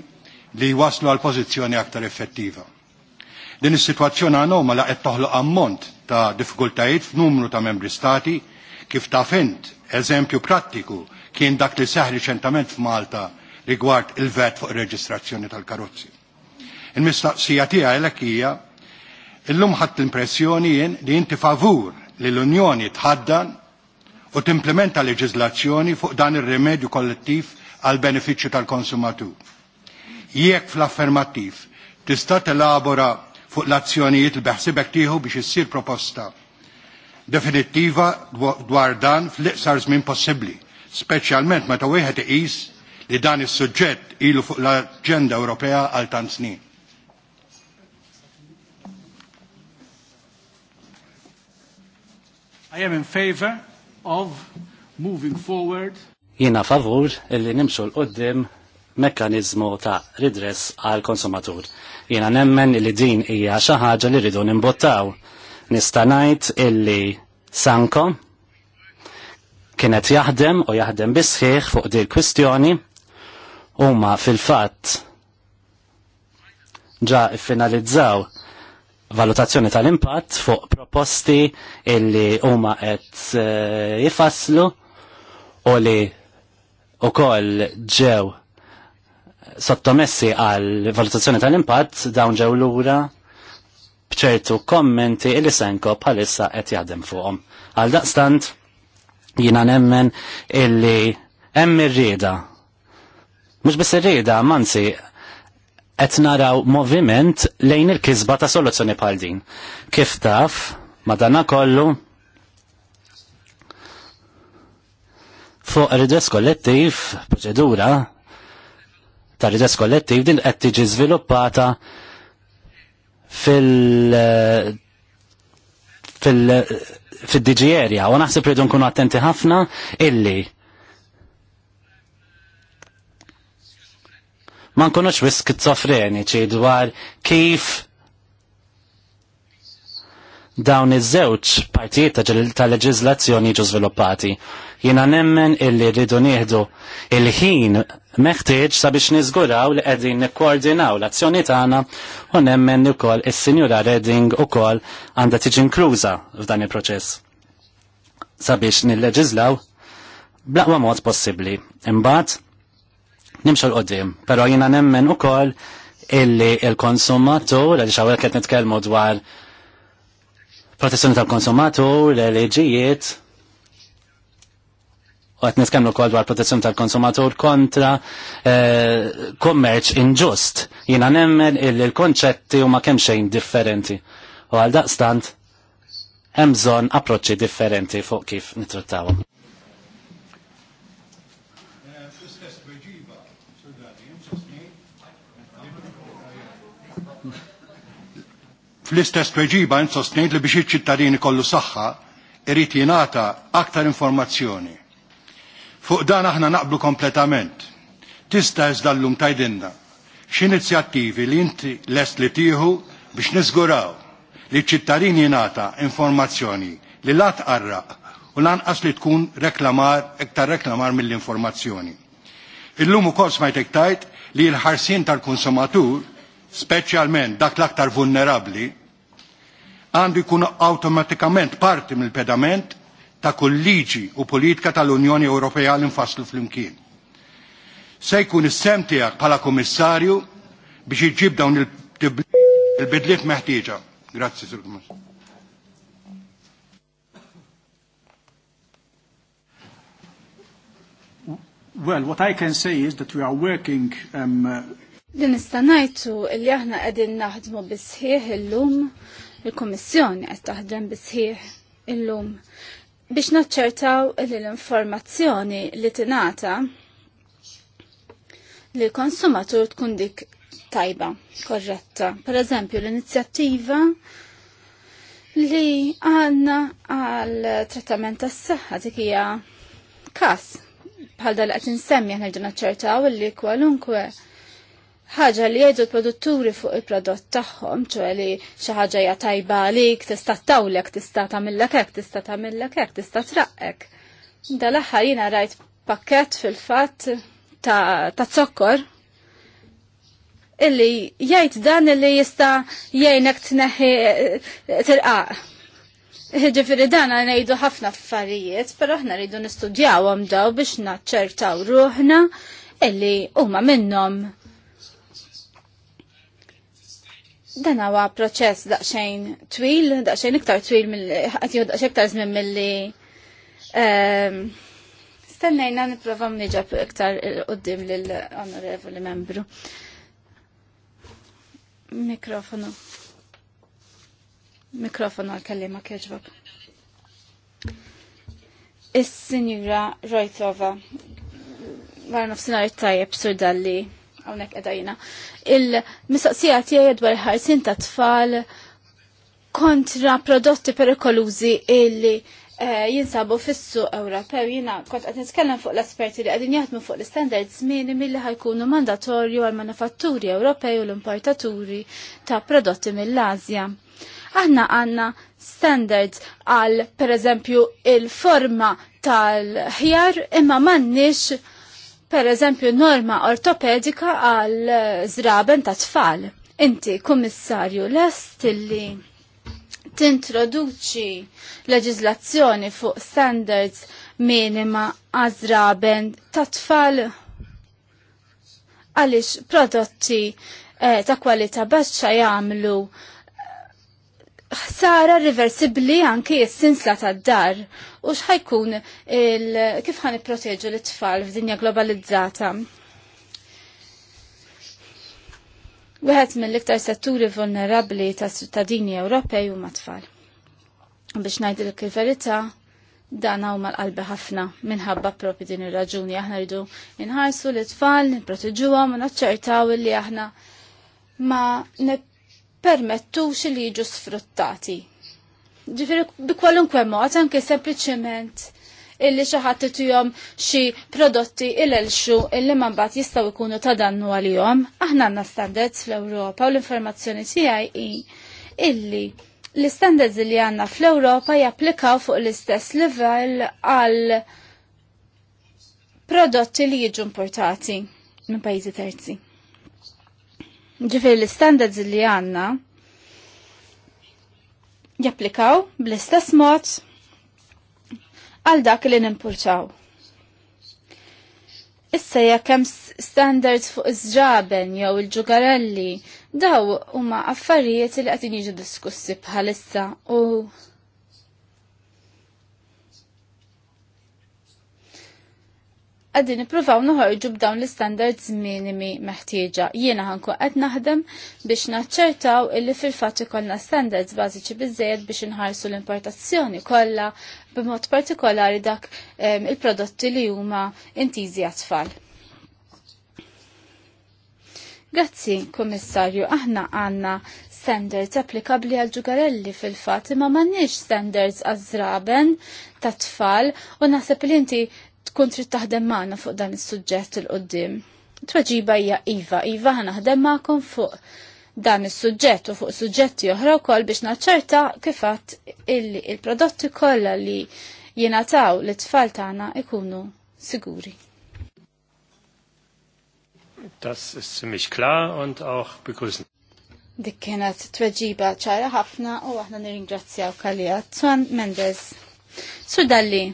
li jwaslu għal pożizzjoni aktar effettiva. Din is-sitwazzjoni anomala qed toħloq ammont ta' diffikultajiet f'numru ta' membri stati kif ta' fint eżempju prattiku kien dak li seħ riċentament f'Malta rigward il-vet fuq reġistrazzjoni tal-karozzi. Il-mistaqsija tiegħi lek hija illum ħadd l-impressjoni jien li inti favur li l-Unjoni tħaddan u timplementa leġiżlazzjoni fuq dan ir-remedju kollettiv għal benefiċċju tal-konsumatur. Jekk fl-affermattiv tista' telabora fuq l-azzjonijiet li beħsibek tieħu biex issir proposta definittiva dwar dan fl-iqsar żmien possibbli, speċjalment meta wieħed iqis li dan is-suġġett ilu fuq l-Aġenda Ewropea għal tant snin. I am in favor of moving forward. Jina favur illi nimxu l-qoddim mekkanizmu ta' ridress għal konsumatur. Jina nemmen illi din hija xi ħaġa li rridu nimbottaw. Nista' ngħid illi Sanko kienet jaħdem u jaħdem bisħiħ fuq dil kwistjoni huma fil-fatt ġa finalizzaw valutazzjoni tal-impatt fuq proposti illi huma qed eh, jifasslu u li wkoll ġew sottomessi għal valutazzjoni tal-impatt dawn ġew lura bċertu kommenti illi senko bħalissa qed jaħdem fuqhom. Għal daqstant jiena nemmen illi hemm ir-rieda. Mhux biss ir-rieda, mansi qed naraw moviment lejn il-kisba ta' soluzzjoni bħal din. Kif taf, madana kollu fuq ridress kollettiv, proċedura ta' ridress kollettiv din qed tiġi żviluppata fil fil fil-DG area u naħseb rridu nkunu attenti ħafna illi ma nkunux wis skizofreniċi dwar kif dawn iż-żewġ partijiet tal leġiżlazzjoni ġu żviluppati. Jiena nemmen illi rridu nieħdu il-ħin meħtieġ sabiex niżguraw li qegħdin nikkoordinaw l-azzjoni tagħna u nemmen ukoll is-Sinjura Redding ukoll għandha tiġi inkluża f'dan il-proċess sabiex bl blaqwa mod possibbli. Imbagħad nimxu l-qoddim, pero jina nemmen u koll illi il-konsumatur, għalli xawel kħet nitkelmu dwar protezzjoni tal-konsumatur, l-leġijiet, u għet nitkellmu koll dwar protezzjoni tal-konsumatur kontra eh, kummerċ inġust. Jina nemmen illi l-konċetti huma kemm xejn differenti. U għal daqstant, hemm bżonn approċċi differenti fuq kif nittrattawhom. fl-istess tweġiba nsostnejt li biex iċ-ċittadini kollu saħħa irid jingħata aktar informazzjoni. Fuq dan aħna naqblu kompletament. Tista' iżda llum tajdinna x'inizjattivi li inti lest li tieħu biex niżguraw li ċ-ċittadini jingħata informazzjoni li lat tqarraq u lanqas li tkun reklamar, iktar reklamar mill-informazzjoni. Illum ukoll smajt iktajt li l-ħarsien tal-konsumatur, speċjalment dak l-aktar vulnerabli, għandu jkunu awtomatikament parti mill-pedament ta' kolliġi u politika tal-Unjoni Ewropea li nfasslu flimkien. Se jkun is-sem tiegħek bħala kummissarju biex iġib dawn il-bidliet meħtieġa. Grazzi, Sir Well, what I can say is that we are working um, Din istanajtu li aħna qegħdin naħdmu bisħieħ illum Il-Kummissjoni qed taħdem bisħieħ illum biex naċċertaw l-informazzjoni li tingħata li l-konsumatur tkun dik tajba, korretta. Per eżempju, l-inizjattiva li għanna għal trattament tas saħħa dik hija kas bħal dal qed insemmi ħnerġa naċċertaw li kwalunkwe ħaġa li jgħidu l-produtturi fuq il-prodott tagħhom, ċoħe li xi ħaġa hija tajba għalik, tista' tawlek, tista' tagħmilek hekk, tista' tagħmilek hekk, tista' traqek. Dal-aħħar jina rajt pakkett fil-fatt ta' zokkor illi jgħid dan illi jista' jgħinek tneħħi tilqaq. Ġifiri dan għanajdu ħafna affarijiet, pero ħna rridu nistudjawhom daw biex naċċertaw ruħna illi huma minnhom Dan huwa proċess daqsxejn twil, daqsxejn iktar twil mill qed jieħu daqsxejn iktar żmien milli ehm, stennejna nipprova niġab iktar qudiem lill-onorevoli membru. Mikrofonu. Mikrofonu għal-kellima kieġbok. Is-Sinjura Rojtova, għarna f-sinar tajjeb surdalli għonek edajna. Il-mistoqsija tiegħi dwar ħarsin ta' tfal kontra prodotti perikolużi illi eh, jinsabu fissu Ewropew jina kont qed nitkellem fuq l-esperti li qegħdin jaħdmu fuq l-standards minimi li ħajkunu mandatorju għal manufatturi Ewropej u l-importaturi ta' prodotti mill azja Aħna għanna standards għal per eżempju il-forma tal-ħjar imma m'għandniex per eżempju norma ortopedika għal zraben ta' tfal. Inti, kummissarju, lest li tintroduċi leġizlazzjoni fuq standards minima għazraben ta' tfal għalix prodotti eh, ta' kwalità baxxa jagħmlu eh, ħsara riversibbli anki s-sinsla tad-dar u xħajkun kif ħan proteġu l-tfal f'dinja globalizzata. Wieħed mill-iktar setturi vulnerabbli ta' ċittadini Ewropej huma tfal. Biex najdil il-verità, dan huma l-qalbi ħafna minħabba propri din ir-raġuni aħna rridu inħarsu l-tfal, nipproteġuhom u naċċertaw li aħna ma nippermettux li jiġu sfruttati Ġifiri bi kwalunkwe mod anke sempliċement illi xi t xi prodotti il-elxu illi man bat jistgħu jkunu ta' dannu għalihom. Aħna għandna standards fl-Ewropa u l-informazzjoni tiegħi hi illi l-standards li għandna fl-Ewropa japplikaw fuq l-istess livell għal prodotti li jiġu importati minn pajjiżi terzi. Ġifiri l-standards li għandna japplikaw bl-istess mod għal dak li nimpurċaw. Issa jekk hemm standards fuq iż-ġraben jew il-ġugarelli, daw huma affarijiet li qed jiġu diskussi bħalissa u għadin niprufaw noħorġu b'dawn l-standards minimi meħtieġa. Jiena ħanku qed naħdem biex naċċertaw illi fil-fatt jkollna standards bażiċi bizzejed biex inħarsu l-importazzjoni kollha b'mod partikolari dak il-prodotti li huma intiżi għat-tfal. Grazzi, Komissarju, aħna għanna standards applikabli għal ġugarelli fil-fat, imma m'għandniex standards għaż-żraben ta' tfal u naħseb li inti tkun trid taħdem magħna fuq dan is-suġġett il-qoddim. Tweġiba hija Iva, Iva ħanaħdem magħkom fuq dan is-suġġett u fuq suġġetti oħra wkoll biex naċċerta kif għadd il-prodotti kollha li jingħataw l tfal tagħna ikunu siguri. Das ist ziemlich klar und auch begrüßen. Dik kienet tweġiba ċara ħafna u aħna nirringrazzjaw kalija Twan Mendes. Sudalli,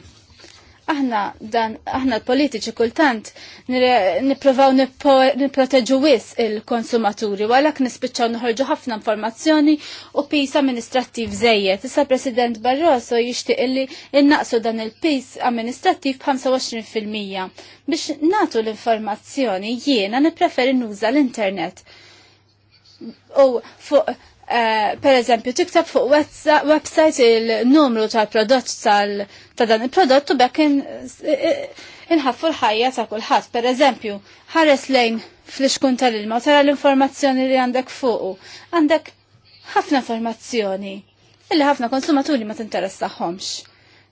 aħna dan aħna l-politiċi kultant nippruvaw nipproteġu wis il-konsumaturi u għalhekk nispiċċaw noħorġu ħafna informazzjoni u pis amministrattiv żejjed. Issa President Barroso jixtieq illi innaqsu dan il-pis amministrattiv b'25% biex nagħtu l-informazzjoni jiena nippreferi nuża l-internet. U fuq Eh, per eżempju tiktab fuq website il-numru tal-prodott tal ta' dan il-prodott u bekk inħaffu l-ħajja ta' kulħadd. Per eżempju, ħares lejn fl iskun tal-ilma u tara l-informazzjoni li għandek fuq. Għandek ħafna informazzjoni illi ħafna konsumaturi ma tinteressaħomx.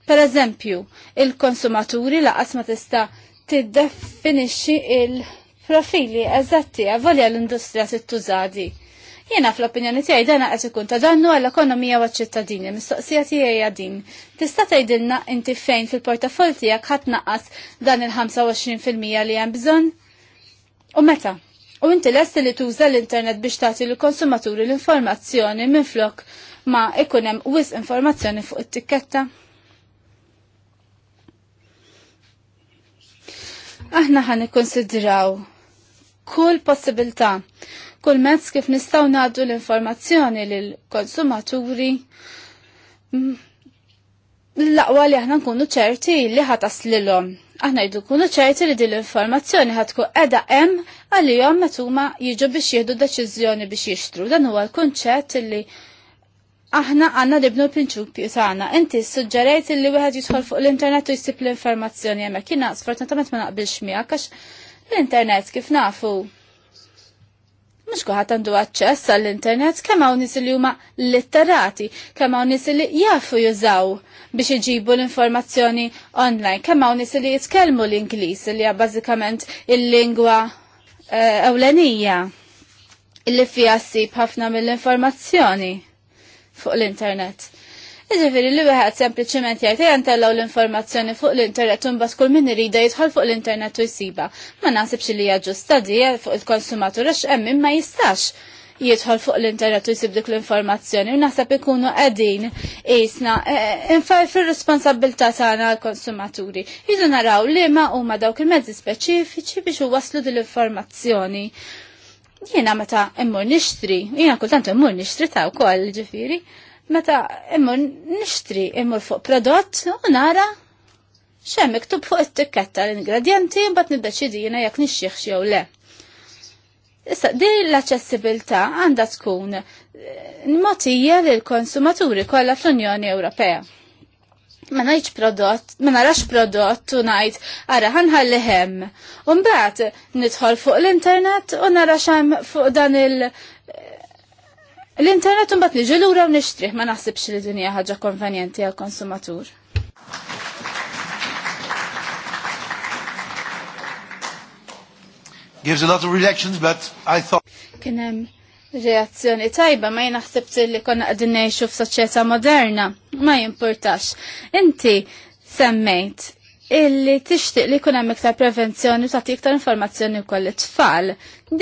Per eżempju, il-konsumaturi laqas ma tista' tiddefinixxi il-profili eżatti għavolja l-industrija tittużadi. tużadi Jena fl-opinjoni tiegħi dana qed ikun ta' dannu għall-ekonomija u ċ-ċittadini. Mistoqsija tiegħi għadin. Tista' tgħidilna inti fejn fil portafol tiegħek ħat naqqas dan il-25% li hemm bżonn? U meta? U inti lest li tuża l-internet biex tagħti lill-konsumaturi l-informazzjoni minflok ma ikunem hemm wisq informazzjoni fuq it-tikketta? Aħna ħan ikkonsidraw kull possibilità kull mezz kif nistaw naddu l-informazzjoni lill-konsumaturi l-laqwa mm, li aħna nkunu ċerti li ħataslilhom. Aħna jdu kunu ċerti li din l-informazzjoni ħatkun qiegħda hemm għalihom meta huma jiġu biex jieħdu deċiżjoni biex jixtru. Dan huwa l-kunċett li aħna għanna nibnu l-prinċipju tagħna. Inti suġġerejt li wieħed jidħol fuq l-internet u jsib l-informazzjoni hemmhekk. Jiena sfortunatament ma naqbilx miegħek għax l-internet kif nafu mux kuħat għandu għacċess għall-internet, kemm hawn nis li huma litterati, kemm hawn nis li jafu jużaw biex iġibu l-informazzjoni online, kemm hawn nis li jitkellmu l-Ingliż li hija bażikament il-lingwa eh, ewlenija illi fija ssib ħafna mill-informazzjoni fuq l-internet. Iġifiri li wieħed sempliċement jgħid ejja l-informazzjoni fuq l-internet u mbagħad kull min irida jidħol fuq l-internet u jsiba. Ma naħsibx li hija ġusta eh, fuq il-konsumatur għax hemm ma jistax jidħol fuq l-internet u jisib dik l-informazzjoni u naħseb ikunu qegħdin isna eh, infaj fir-responsabilità tagħna għall-konsumaturi. Jidu naraw li ma huma dawk il-mezzi speċifiċi biex waslu din l-informazzjoni. Jiena meta immur nixtri, jiena kultant immur nixtri ta' wkoll ġifieri. Meta immur nixtri immur fuq prodott u nara xem iktub fuq it-tikketta l-ingredienti mbagħad niddeċidi jiena jekk nixxieħx jew le. Issa di l-aċċessibilità għandha tkun eh, motija lil konsumaturi kollha fl-Unjoni Ewropea. Ma ngħidx prodott, ma narax prodott u ngħid ara ħanħalli hemm. U mbagħad nidħol fuq l-internet u nara xem fuq dan il- L-internet un bat li ġelura u nishtriħ ma naħsibx li dinja ħagġa konvenjenti għal konsumatur. Gives a lot of reactions, but I thought... Kinem reazzjoni tajba ma jinaħsibx li konna għadin jxuf f-soċieta moderna. Ma jimportax. Inti semmejt illi tixtieq li jkun hemm iktar prevenzjoni u tagħti iktar informazzjoni wkoll it-tfal.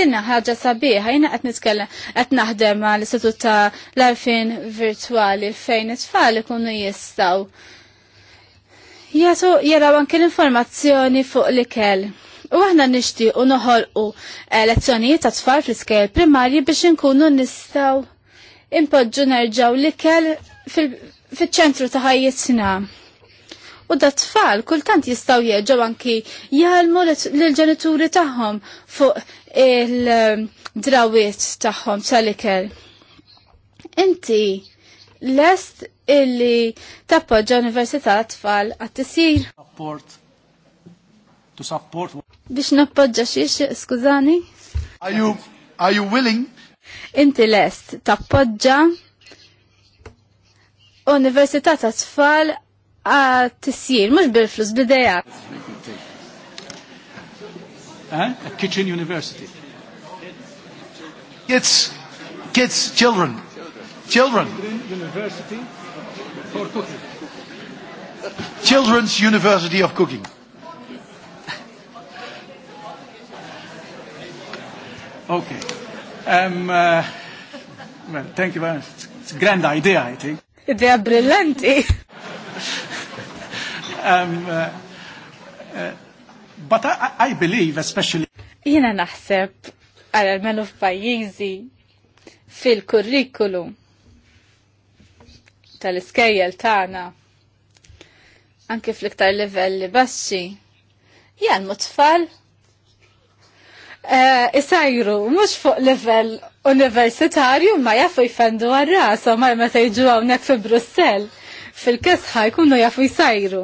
Dinna ħaġa sabiħa, jiena qed nitkellem qed naħdem mal istitut ta' l-arfin virtwali fejn it-tfal ikunu jistgħu. Jasu jaraw anke l-informazzjoni fuq l-ikel. U aħna nishti u noħolqu lezzjonijiet ta' tfal fl-iskejl primarji biex nkunu nistaw impoġġu nerġaw l-ikel fil-ċentru ta' ħajjitna u da tfal kultant jistaw jieġaw anki jgħalmu l-ġenituri tagħhom fuq il-drawiet tagħhom tal-ikel. Inti lest illi tappoġġa Università tfal għat-tisir. Biex nappoġġa xiex, skużani? Are you, are you willing? Inti lest tappoġġa Università tfal għat-tissir, mux bil-flus, bideja. At Kitchen University. Kids, kids, children. Children. University for cooking. Children's University of Cooking. Okay. Um, uh, well, thank you very much. It's a grand idea, I think. Idea brillanti um, uh, uh, but I, I believe especially... jina naħseb għal-menu f'pajjiżi fil-kurrikulum tal-iskejjel tagħna anke fl-iktar livelli baxxi jgħalmu tfal uh, isajru mhux fuq livell universitarju ma jafu jfendu għar-ras ma meta jiġu hawnhekk fi Brussell fil-kesħa jkunu jafu jsajru.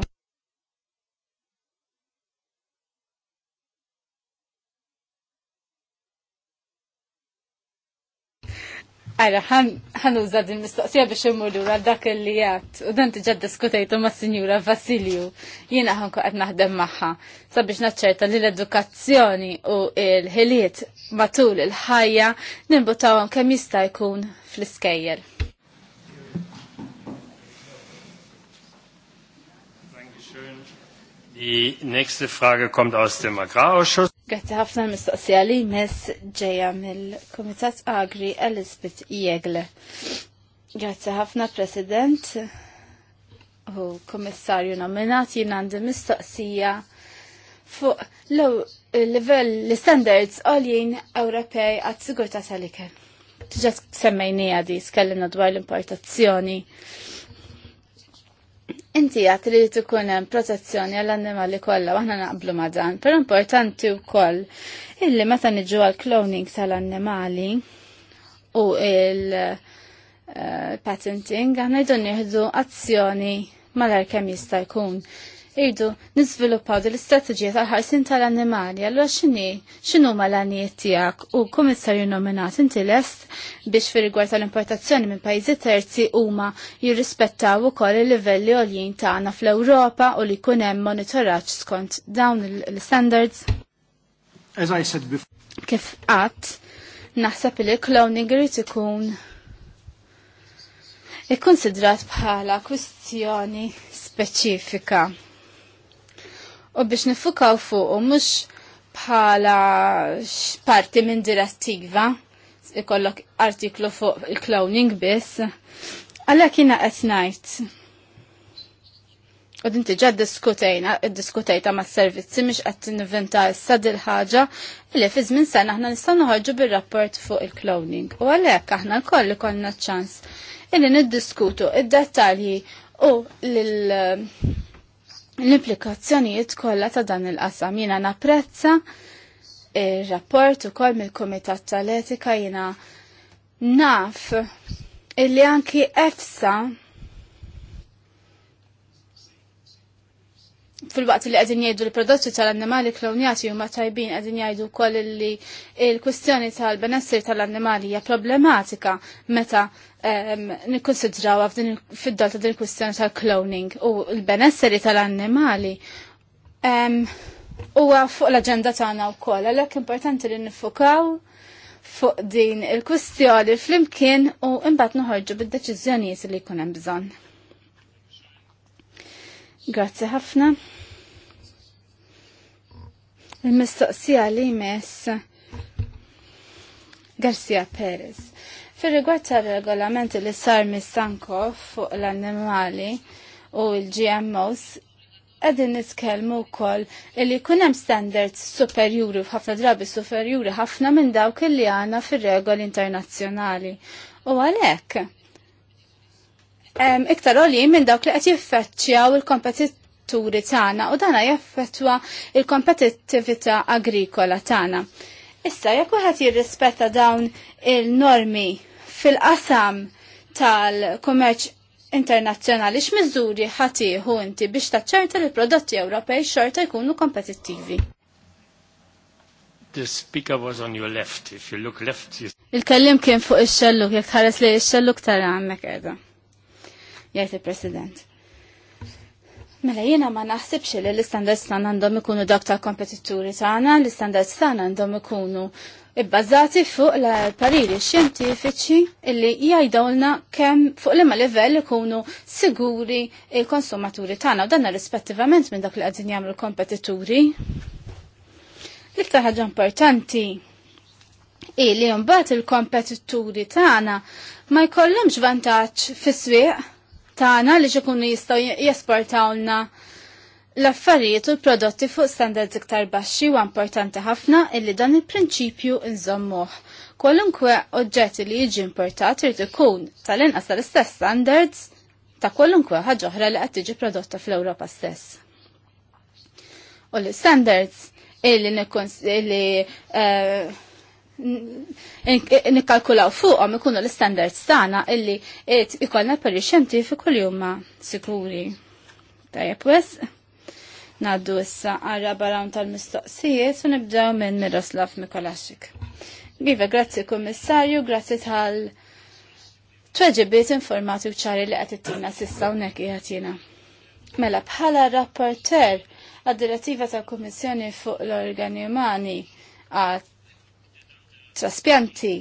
Għara, ħanuża din mistoqsija biex immurru għal dak li jgħat. U dan tiġa diskutejtu ma' Sinjura Vasilju. Jiena ħanku qed naħdem magħha sabiex naċċerta li l-edukazzjoni u l-ħiliet matul il-ħajja nimbutawhom kemm jista' jkun fl-iskejjer. Die nächste Frage kommt aus dem Agrarausschuss. Grazzi ħafna mistoqsija li mess ġeja mill-Komitat Agri Elizabeth Jegle. Grazzi ħafna President u Komissarju nominat jien għandi mistoqsija fuq l-level l-standards għoljien Ewropej għad sigurta tal-ikel. Tġa semmejnija di, skellimna dwar l-importazzjoni Inti għat li tkun hemm protezzjoni għall-annimali kollha aħna naqblu ma' dan, però importanti wkoll illi meta niġu għal cloning tal-annimali u il-patenting eh, aħna jdu nieħdu azzjoni malar kemm jista' jkun irdu nizviluppaw l istrateġija tal-ħarsin tal-annimali, għallu xini, xinu ma l-għaniet tijak u komissarju nominat inti lest biex fi rigward tal-importazzjoni minn pajzi terzi huma jirrispettaw ukoll il-livelli għoljien tagħna fl-Ewropa u li jkun hemm skont dawn l-standards. As I said before. Kif qatt, naħseb li cloning irid ikun ikkonsidrat bħala kwistjoni speċifika u biex nifukaw fuq u mux bħala parti minn direttiva ikollok artiklu fuq il-cloning biss. Għalla kina qed ngħid. U dinti ġad diskutejna, diskutejta ma' servizzi miex qed tinventa issa dil ħaġa li fi żmien sena aħna nistgħu noħorġu bir-rapport fuq il-cloning. U għalhekk aħna lkoll ikollna ċans illi niddiskutu id-dettalji u lil l-implikazzjonijiet kollha ta' dan il-qasam. Jiena napprezza ir-rapport ukoll mill-Kumitat tal-Etika jiena naf illi anki EFSA fil-waqt li għedin jgħidu l-prodotti tal-annimali klonjati huma tajbin għedin jgħidu wkoll li l-kwistjoni tal-benessir tal-annimali hija problematika meta nikkonsidraw fid-dol ta' din il-kwistjoni tal-cloning u l-benesseri tal-annimali huwa fuq l-aġenda tagħna wkoll, għalhekk importanti li nifukaw fuq din il-kwistjoni flimkien u imbat nħorġu bid-deċiżjonijiet li jkun hemm bżonn. Grazzi ħafna. Il-mistoqsija li mess Garcia Perez fil rigward tar-regolamenti li sar mis-sanko fuq l-annimali u l-GMOs, għedin niskelmu kol li kunem standards superjuri, ħafna drabi superjuri, ħafna minn dawk li għana fil-regoli internazzjonali. U għalek, iktar oli minn dawk li għet jiffetċjaw il-kompetituri tana u dana jaffetwa il-kompetittivita agrikola tana. Issa, jekk uħat jirrispetta dawn il-normi fil-qasam tal-kummerċ internazzjonali x'miżuri ħatiħu inti biex taċċerta li prodotti Ewropej xorta jkunu kompetittivi. The speaker was on your left. If you look left, you... Il-kellim kien fuq ix-xelluk, jekk tħares li ix-xelluk tara għammek edha. Jgħid il-President. Mela jiena ma naħsibx li l-istandards tagħna għandhom ikunu dak tal-kompetituri tagħna, l-istandards tagħna għandhom ikunu ibbażati fuq l-pariri xjentifiċi illi jgħidawlna kemm fuq liema livell ikunu siguri il-konsumaturi tagħna u danna rispettivament minn dak li qegħdin jagħmlu kompetituri. L-iktar ħaġa importanti i li mbagħad il-kompetituri tagħna ma jkollhomx vantaġġ fis-swieq tagħna li ikunu jistgħu jesportawlna L-affarijiet u l-prodotti fuq standards iktar baxxi huwa importanti ħafna illi dan il-prinċipju nżommuh. Kwalunkwe oġġetti li jiġi importat irid ikun tal-inqas tal-istess standards ta' kwalunkwe ħaġa oħra li qed tiġi prodotta fl-Ewropa stess. U l-standards illi illi eh, nikkalkulaw fuqhom ikunu l-standards tagħna illi ikollna perri xjentifiku li huma sikuri. Tajjeb wisq. Naddu issa għarra barawn tal-mistoqsijiet u nibdew minn Miroslav Mikolasik. Giva, grazzi kummissarju, grazzi tal- Tweġibiet informati u ċari li għatittina sissa unek jgħatina. Mela bħala rapporter għad-direttiva ta' Komissjoni fuq l-Organi Umani għad traspjanti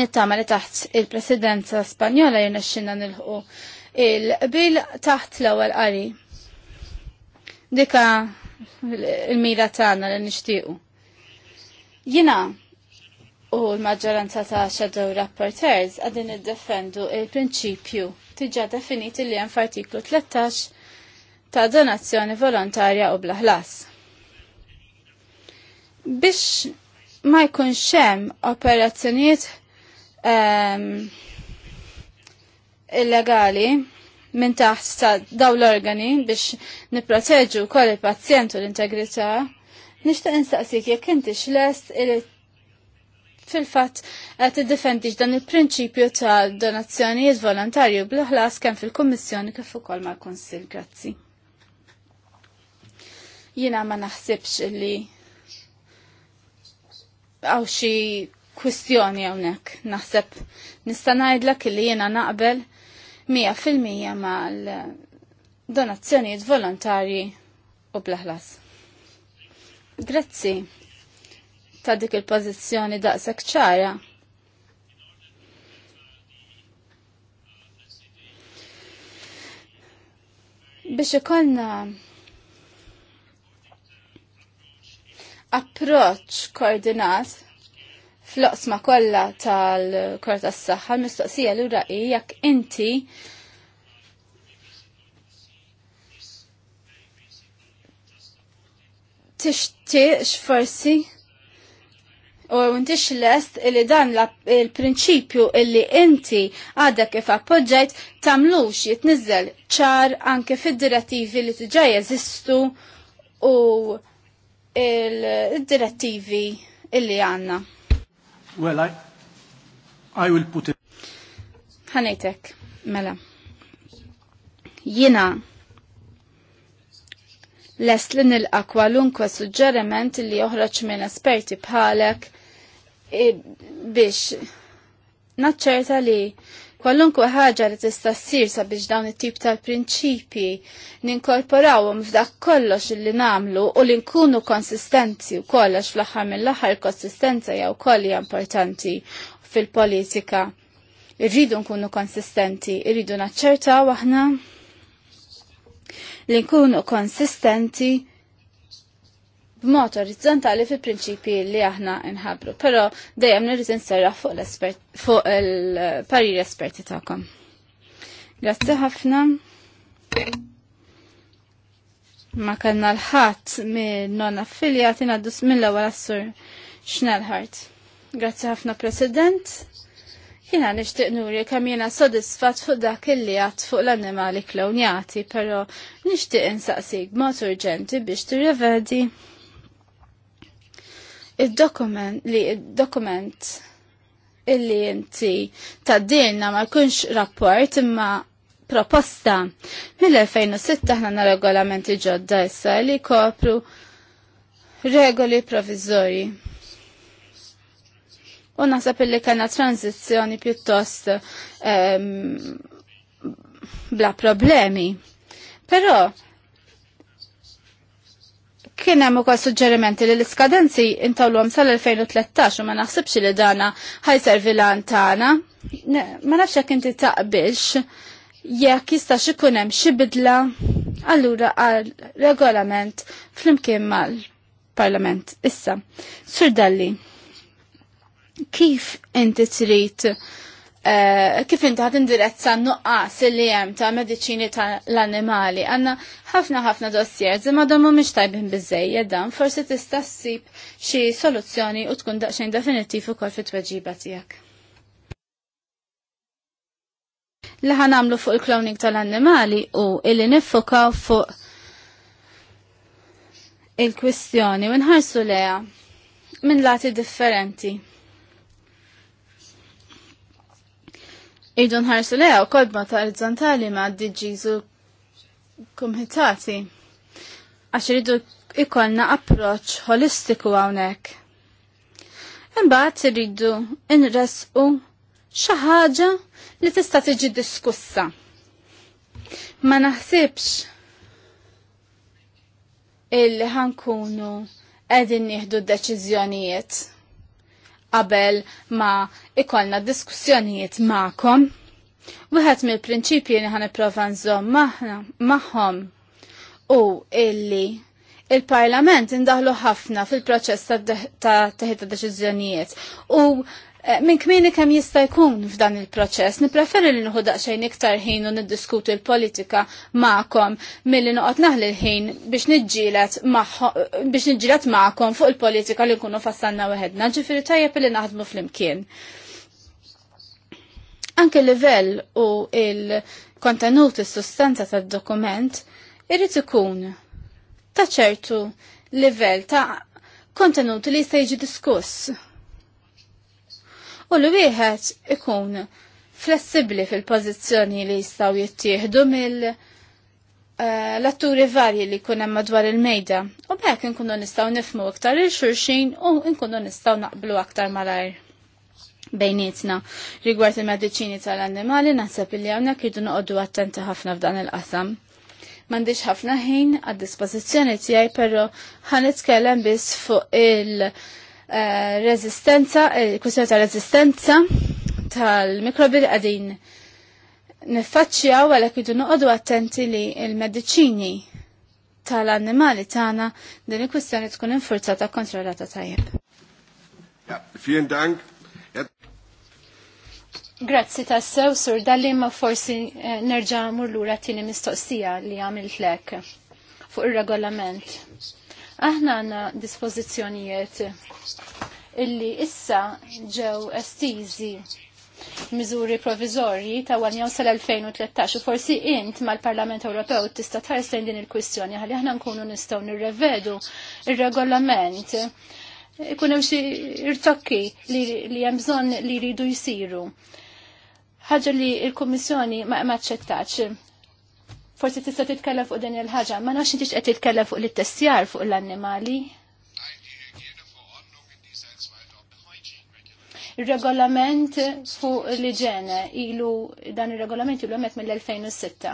nittama li taħt il-presidenza spanjola jirnexxina nilħu il-bil taħt l-ewwel qari dika il-mira tagħna li nixtiequ. Jina u l-maġġoranza ta' shadow rapporteurs għadin iddefendu il-prinċipju tiġa definiti li hemm f'artiklu 13 ta' donazzjoni volontarja u blaħlas. Biex ma jkunx hemm operazzjonijiet um, illegali minn taħt ta' daw l-organi biex niproteġu kol il pazzjentu u l-integrità, nishtaq nistaqsik jekk inti xlest li fil-fat għet id-defendix dan il-prinċipju ta' donazzjonijiet volontarju bl-ħlas kemm fil-Kommissjoni kif ukoll mal-Konsil. Grazzi. Jina ma naħsibx li għaw xi kwistjoni hawnhekk naħseb nista' ngħidlek li jiena naqbel Mija 100% mal donazzjonijiet volontari u blaħlas. Grazzi ta' dik il-pozizjoni daqshekk ċara. Biex ikollna approċ koordinat fl-oqsma kollha tal-kor s saħħa mistoqsija lura ura jekk inti tixtieqx forsi u intix lest li dan il-prinċipju illi inti għadek kif appoġġajt tamlux jitnizzel ċar anke fid-direttivi li tiġa jeżistu u il-direttivi illi għanna. Well, I, I will put it. Ħanejtek, mela. Jina lest li nilqa kwalunkwe suġġeriment li joħroġ minn esperti bħalek biex naċċerta li Kwallunkwa ħaġa li tista' ssir sabiex dawn it-tip tal-prinċipji ninkorporawhom f'dak kollox li nagħmlu u li nkunu konsistenti u kollox fl-aħħar mill-aħħar konsistenza jew koll hija importanti fil-politika. Irridu nkunu konsistenti, irridu naċċertaw aħna li nkunu konsistenti b'mod orizzontali fil prinċipji li aħna nħabru, però dejjem nirid inserraħ fuq l-espert fuq il-parir esperti tagħkom. Grazzi ħafna. Ma kellna l-ħadd minn non affiljati naddus mill-ewwel assur Schnellhardt. Grazzi ħafna President. Jina nishtiq nuri kam jina sodisfat fuq dak illi għat fuq l-annimali klonjati, pero nishtiq insaqsik mod urġenti biex tirrevedi il-dokument li il-dokument illi inti taddilna ma jkunx rapport imma proposta mill-2006 ħna regolamenti ġodda issa li kopru regoli provizori. U nasab illi kena tranzizjoni pjuttost um, bla problemi. Pero, Kien hemm ukoll suġġerimenti li l-iskadenzi intawluhom sal-2013 u ma naħsibx li dana ħajservi lan tagħna. Ma nafx jekk inti taqbilx jekk jista' ikun hemm xi bidla allura għal regolament flimkien mal-Parlament. Issa, Sur Dalli, kif inti trid Eh, kif inti ħad indirezza nuqqas li hemm ta' mediċini tal-annimali. Għandna ħafna ħafna dossiers imma dom mhumiex tajbin biżejjed dan, forsi tista' ssib xi soluzzjoni u tkun daqsxejn definittiv ukoll fit-tweġiba tiegħek. Li ħan għamlu fuq il-cloning tal-annimali u illi niffokaw fuq il-kwistjoni u nħarsu leha minn lati differenti. Idu nħarsu leja u kodba ta' rizzantali ma' d-DGs kumħitati. Għax rridu ikolna approċ holistiku għawnek. Imbagħad irridu inresqu xi ħaġa li tista' tiġi diskussa. Ma naħsibx il ħankunu qegħdin nieħdu d-deċiżjonijiet qabel ma ikolna diskussjonijiet ma'kom. Wieħed mill-prinċipji li ħan ipprova nżomm magħhom u illi il-Parlament indaħlu ħafna fil-proċess ta' ta' deċiżjonijiet u Eh, Min kmini kem jista' jkun f'dan il-proċess. Nipreferi li nħu daqsxejn iktar ħin u niddiskutu l-politika mill milli noqgħod naħli l-ħin biex niġġielet ma'kom fuq il-politika li nkunu fassanna weħedna, ġifiri tajjeb li naħdmu flimkien. Anke livell u il-kontenut is-sustanza tad-dokument irrit ikun ta' ċertu livell ta' kontenut li jista' jiġi diskuss u li wieħed ikun flessibli fil-pożizzjoni li jistgħu jittieħdu mill eh, l-atturi varji li kunem madwar il-mejda u bekk nkunu nistaw nifmu aktar il-xurxin u nkunu nistaw naqblu aktar malajr bejnietna. Rigward il-medicini tal-annimali naħseb li hawnhekk irdu noqogħdu attenti ħafna f'dan il-qasam. M'għandix ħafna ħin għad-dispożizzjoni tiegħi però ħanitkellem biss fuq il- Eh, rezistenza, eh, kwestjoni ta' rezistenza tal-mikrobi li għadin nifaċċjaw għalhekk idu noqogħdu attenti li l-mediċini tal-annimali tagħna din il-kwistjoni tkun infurzata kontrollata tajjeb. Ja, Dank. Grazzi tassew, sur, dalli ma forsi eh, nerġa' mur lura tieni mistoqsija li għamilt lek fuq ir-regolament. Aħna għanna dispozizjonijiet illi issa ġew estizi miżuri provizorji ta' għanjaw sal-2013 u forsi int mal-Parlament Ewropew tista' tħarsen din il-kwistjoni għalli aħna nkunu nistgħu nirrevedu il regolament ikun hemm xi irtokki li hemm bżonn li jridu jsiru. Ħaġa li l-Kummissjoni ma ċettax Forsi tista' titkellem fuq din il-ħaġa, ma nafx intix qed titkellem fuq l-ittestjar fuq l-annimali. Il-regolament fuq l-iġene ilu dan il-regolament ilu għamet mill-2006.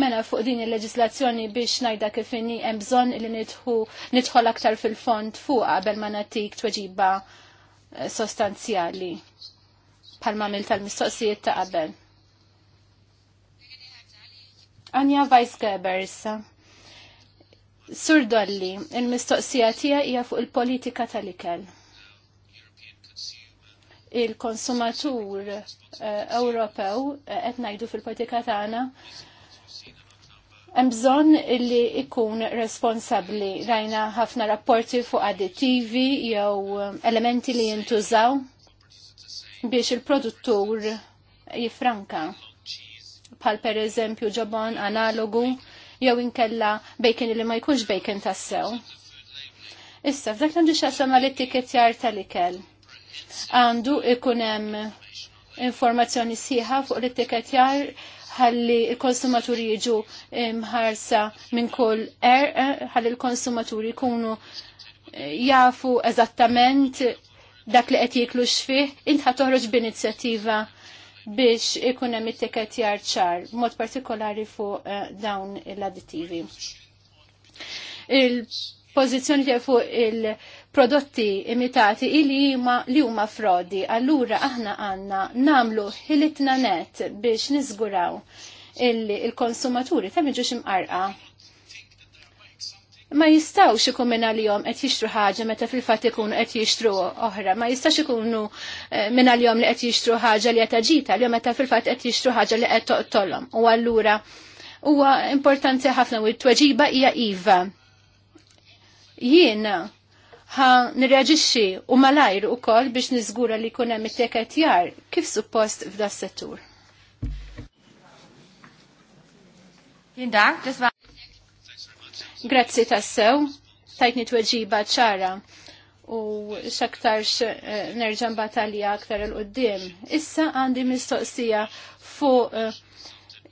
mena fuq din il-leġislazzjoni biex najda kif inni hemm bżonn li nidħol aktar fil-fond fuq qabel ma nagħtik tweġiba sostanzjali palma mill tal-mistoqsijiet ta' qabel. Anja Weisgeber issa. Sur Dolli, il-mistoqsija tiegħi hija fuq il-politika tal-ikel. Il-konsumatur eh, Ewropew eh, qed ngħidu fil-politika tagħna Mbżon li ikun responsabli. Rajna ħafna rapporti fuq additivi jew um, elementi li jintużaw biex il-produttur jifranka. Pal per eżempju ġobon analogu jew inkella bacon li ma jkunx bacon tassew. Issa, f'dak għandu xasama l-etiketjar tal-ikel. Għandu ikunem informazzjoni siħa fuq l-etiketjar ħalli il-konsumaturi jiġu mħarsa minn kull er, er, ħalli il-konsumaturi jkunu eh, jafu eżattament dak li qed jiklu xfih, intħa toħroġ b'inizjattiva biex ikun hemm it tiket ċar, mod partikolari fuq eh, dawn l-additivi. Il-pożizzjoni fuq il-, -additivi. fuq il prodotti imitati ili ma li huma frodi. Allura aħna għanna namlu ħilitna net biex nizguraw il-konsumaturi ta' miġu imqarqa. Ma jistawx ikun li jom qed jixtru ħaġa meta fil-fatt ikunu qed jixtru oħra. Ma jistax ikunu eh, minna li jom li qed jixtru ħaġa li qed aġita, li meta fil-fatt qed jixtru ħaġa li qed toqtolhom. U allura huwa importanti ħafna u t-tweġiba hija iva. Jiena ħa nirreġixxi u malajr ukoll biex niżgura li jkun hemm it-teket kif suppost s settur. Grazzi tassew, tajtni tweġiba ċara u xaktarx eh, nerġan batalja aktar l-qoddim. Issa għandi mistoqsija fuq eh,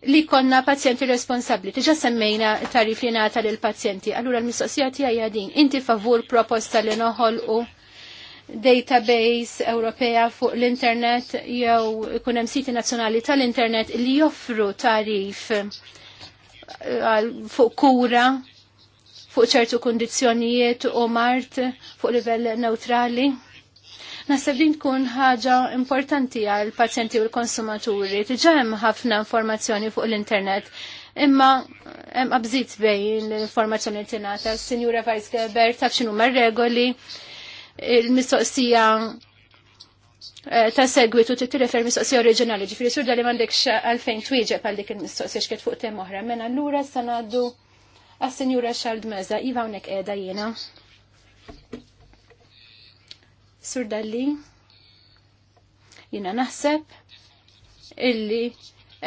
li konna pazjenti responsabli. Tiġa semmejna tarif li nata lil pazjenti. Allura l-mistoqsija tiegħi din. Inti favur proposta li noħolqu database Ewropea fuq l-internet jew ikun hemm siti nazzjonali tal-internet li joffru tarif eh, fuq kura fuq ċertu kundizzjonijiet u mart fuq livell neutrali. Naħseb li tkun ħaġa importanti għal pazjenti u l-konsumaturi. Diġà hemm ħafna informazzjoni fuq l-internet. Imma hemm abżit bej l-informazzjoni li tingħata. Sinjura Vice Gerber taf x'inhuma regoli il-mistoqsija eh, ta' segwitu ti tirrefer mistoqsija oriġinali, Ġifri surda li mandek għalfejn twieġeb għal dik il-mistoqsija xkiet fuq tem oħra. Mena allura sanaddu għas-Sinjura Xald Meza, iva hawnhekk qiegħda jiena. Sur Dalli, jina naħseb illi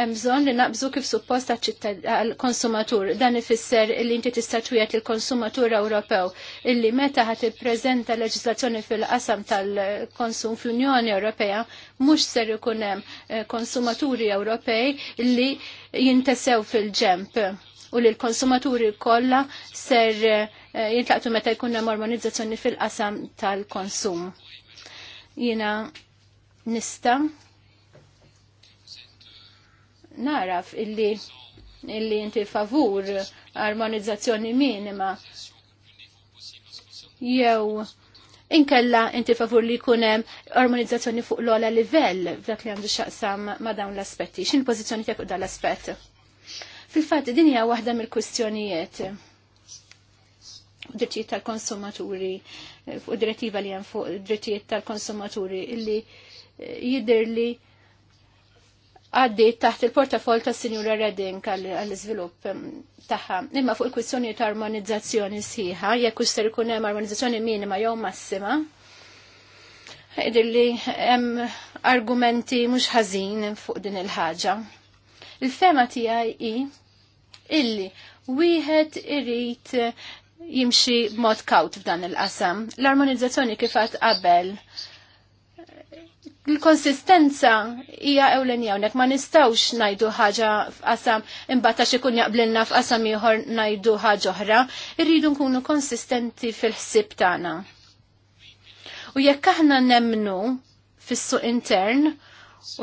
emżon li naqbżu kif suppost għal-konsumatur. Dan ifisser illi inti tista' twiet il-konsumatur Ewropew illi meta ħat ippreżenta leġislazzjoni fil-qasam tal-konsum fl-Unjoni Ewropea mhux ser ikun hemm eh, konsumaturi Ewropej li jintesew fil-ġemp u li l-konsumaturi kollha ser eh, Eh, jintlaqtu meta jkun hemm fil-qasam tal-konsum. Jiena nista' naraf illi illi inti favur armonizzazzjoni minima jew inkella inti favur li kunem armonizzazzjoni fuq l-ola livell f'dak li għandu xaqsam ma dawn l-aspetti. Xin pozizjoni tiegħek u dal aspett Fil-fatt din hija waħda mill-kwistjonijiet drittijiet tal-konsumaturi, eh, fuq direttiva li hemm fuq drittijiet tal-konsumaturi illi eh, jidher li għaddiet taħt il-portafol ta' Sinjura Redding għall-iżvilupp tagħha. Imma fuq il kwissjoni ta' armonizzazzjoni sħiħa, jekk ser ikun hemm armonizzazzjoni minima jew massima, jidir li hemm argumenti mhux ħażin fuq din il-ħaġa. Il-fema tiegħi hi illi wieħed irid jimxi mod kaut f'dan il-qasam. L-armonizzazzjoni kif kifat qabel. Il-konsistenza hija ewlen jawnek ma nistgħux ngħidu ħaġa f'qasam imbagħad għax ikun jaqblilna f'qasam ieħor ngħidu ħaġa oħra, irridu nkunu konsistenti fil-ħsieb tagħna. U jekk aħna nemmnu fis-suq intern,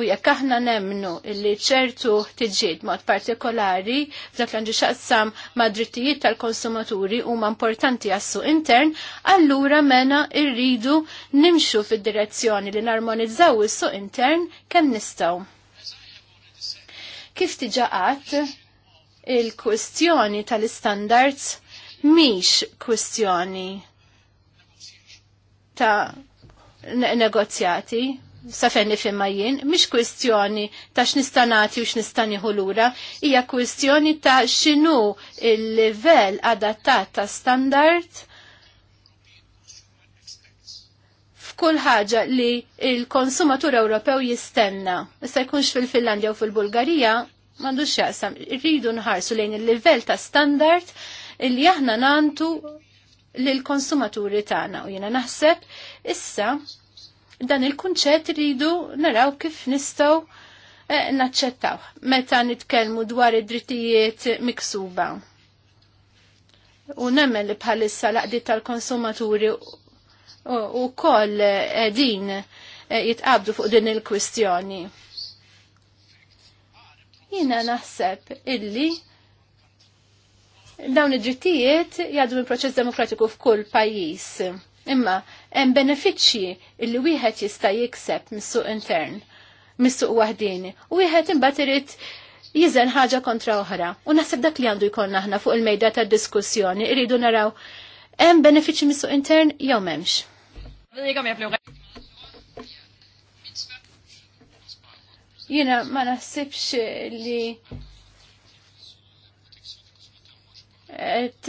U jekk aħna nemnu illi ċertu ħtiġiet mod partikolari f'dak l-għandu xaqsam ma' drittijiet tal-konsumaturi huma importanti għassu intern, allura mena irridu nimxu fid-direzzjoni li narmonizzaw is-suq intern kemm nistgħu. Kif diġà qatt il-kwestjoni tal-istandards miex kwestjoni ta' negozjati, Safenni fimma jien, mish kwestjoni ta' x'nistanati u x'nistani lura, hija kwestjoni ta' x'inhu il-livell adattat ta' standard f'kull ħaġa li il-konsumatur Ewropew jistenna. Issa jkunx fil-Finlandja u fil-Bulgarija, m'għandux jaqsam, irridu nħarsu lejn il-livell ta' standard li aħna nantu lil konsumaturi tagħna u jiena naħseb issa dan il-kunċett rridu naraw kif nistgħu eh, naċċettaw meta nitkellmu dwar id-drittijiet miksuba. U nemmen li bħalissa laqdi tal-konsumaturi u koll eh, din eh, jitqabdu fuq din il-kwistjoni. Jina naħseb illi dawn id-drittijiet jgħaddu mill proċess demokratiku f'kull pajjiż. Imma hemm benefiċċji illi wieħed jista' jikseb mis-suq intern, mis-suq waħdini, u wieħed imbagħad irid jiżen ħaġa kontra oħra. U naħseb dak li għandu jkollna aħna fuq il-mejda tad-diskussjoni, irridu naraw hemm benefiċċji mis-suq intern jew m'hemmx. Jiena ma naħsibx li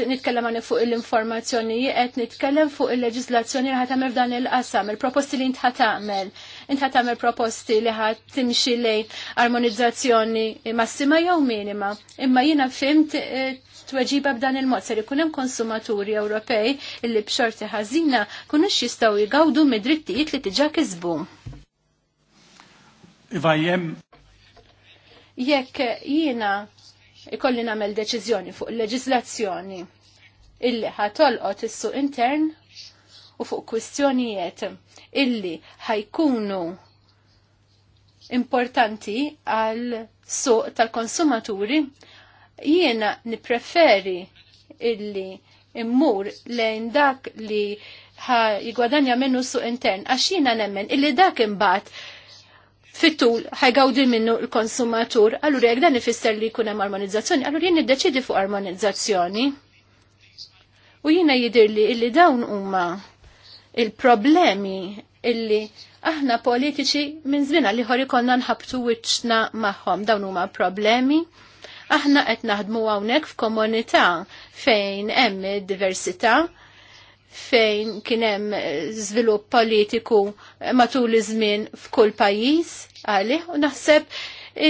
nitkellem għani fuq l-informazzjoni, qed nitkellem fuq il-leġislazzjoni li ħat tagħmel f'dan il-qasam, il-proposti li int ħat tagħmel. Int ħat tagħmel proposti li ħat timxi lejn armonizzazzjoni massima jew minima. Imma jiena fimt eh, tweġiba b'dan il-mod ser ikun hemm konsumaturi Ewropej li b'xorti ħażina kunux jistgħu jgawdu mid-drittijiet li diġà kisbu. Iva jem. Jekk jiena ikolli namel deċiżjoni fuq il-leġizlazzjoni illi ħatolqot is-suq intern u fuq kwistjonijiet illi ħajkunu importanti għal suq tal-konsumaturi, jiena nipreferi illi immur lejn dak li jigwadanja minnu suq intern, għax jiena nemmen illi dak imbagħad fit-tul ħajgawdi minnu l-konsumatur, għallur jek dan ifisser li jkun hemm armonizzazzjoni, allura jien deċidi fuq armonizzazzjoni. U jiena jidirli li illi dawn huma il-problemi illi aħna politiċi minn żmien li ħor konna nħabtu wiċċna magħhom dawn huma problemi. Aħna qed naħdmu hawnhekk f'komunità fejn hemm id-diversità fejn kienem zvilupp politiku matul iż-żmien f'kull pajjiż għalih u naħseb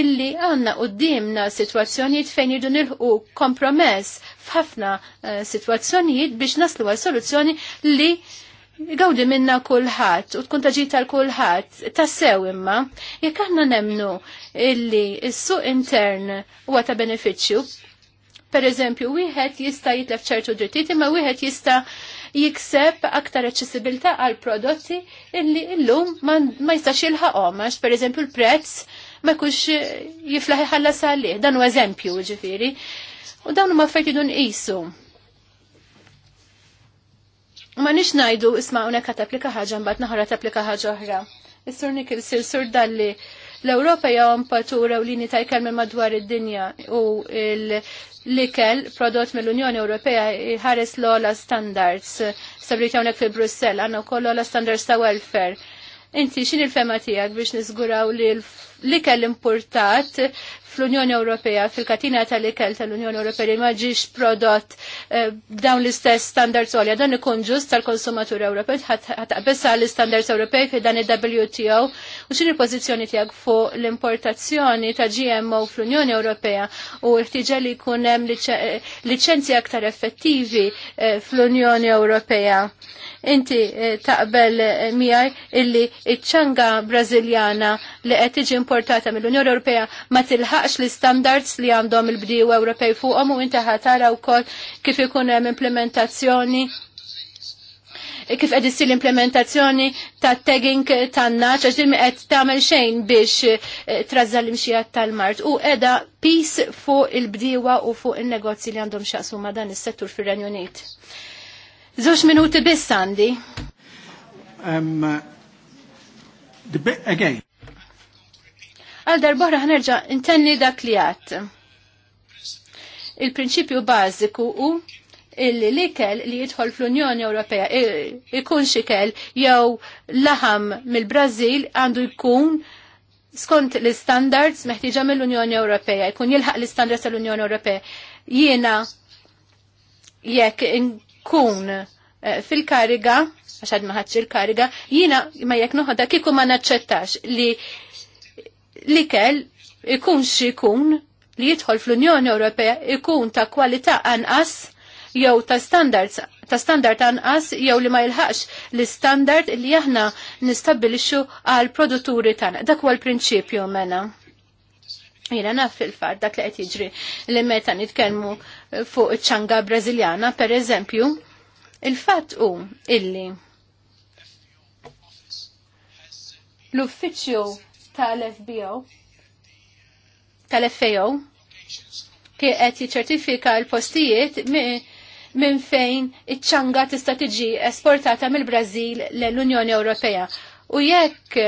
illi għanna u dimna situazzjoniet fejn jidu nilħu kompromess f'ħafna eh, situazzjoniet biex naslu għal soluzzjoni li gawdi minna kullħat u tkun taġi tal-kullħat tassew imma jekk aħna nemnu illi s-suq intern huwa ta' beneficju per eżempju, wieħed jista' jitlef ċertu drittijiet imma wieħed jista' jikseb aktar aċċessibilità għal prodotti illi illum ma jistax jilħaqhom għax pereżempju l-prezz ma kux eh, jiflaħ ħalla għalih. Dan u eżempju ġifiri, U dawn huma affarijiet idun jisu. Ma nix najdu isma' unek applika ħaġa mbagħad naħra applika ħaġa oħra. Is-sur Nikil Sir Sur Dalli L-Ewropa hija impatura u lini ta' ikel minn madwar id-dinja u l-ikel prodott mill-Unjoni Ewropea ħares l-ola standards. Sabrita hawnhekk fil Brussell għandna wkoll ola standards ta' welfare Inti xin il-fema tijak biex nizguraw li l-ikel importat fl-Unjoni Ewropea, fil-katina tal-ikel tal-Unjoni Ewropea li maġiġ prodott eh, dawn l-istess standards għolja, dan ikun ġust tal-konsumatur Ewropej, ħatqbessa l-standards Ewropej fi dan il-WTO, u xin il-pozizjoni tijak fuq l-importazzjoni ta' GMO fl-Unjoni Ewropea u irtiġa li kunem licenzi aktar effettivi eh, fl-Unjoni Ewropea. Inti eh, taqbel eh, miegħi illi iċ-ċanga Brażiljana li qed tiġi importata mill-Unjoni Ewropea ma tilħaqx l-istandards li għandhom il-bdiew Ewropej fuqhom u inti ħatara wkoll kif ikun hemm implementazzjoni kif qed issir l-implementazzjoni ta' tagging tan-naċ għax din qed tagħmel xejn biex eh, trażżal imxijat tal-mart u qiegħda pis fuq il-bdiewa u fuq in-negozji li għandhom x'aqsu ma' dan is-settur fir-Renju Unit. Zux minuti biss għandi. Um, uh, again. Għal darbora ħanerġa intenni dak li għat. Il-prinċipju bażiku u l-ikel li jidħol fl-Unjoni Ewropea ikun xikel jew laħam mill-Brażil għandu jkun skont l-standards meħtieġa mill-Unjoni Ewropea, jkun jilħaq l-standards tal-Unjoni Ewropea. Jiena jekk kun eh, fil-kariga, għax għad maħadx il-kariga, jina ma jek noħda kiku ma naċċettax li li kell ikun xikun li jidħol fl-Unjoni Ewropea ikun ta' kwalità anqas jew ta' standards ta' standard anqas jew li ma jilħax l standard li aħna nistabbilixxu għal produtturi tagħna. Dak huwa l-prinċipju mena. Jena naf fil-fat dak li qed jiġri li meta nitkellmu fuq iċ-ċanga Brażiljana, per eżempju, il-fatt hu illi l-uffiċċju tal-FBO tal-FAO qed jiċċertifika l-postijiet minn fejn iċ-ċanga tista' tiġi esportata mill-Brażil l-Unjoni Ewropea. U jekk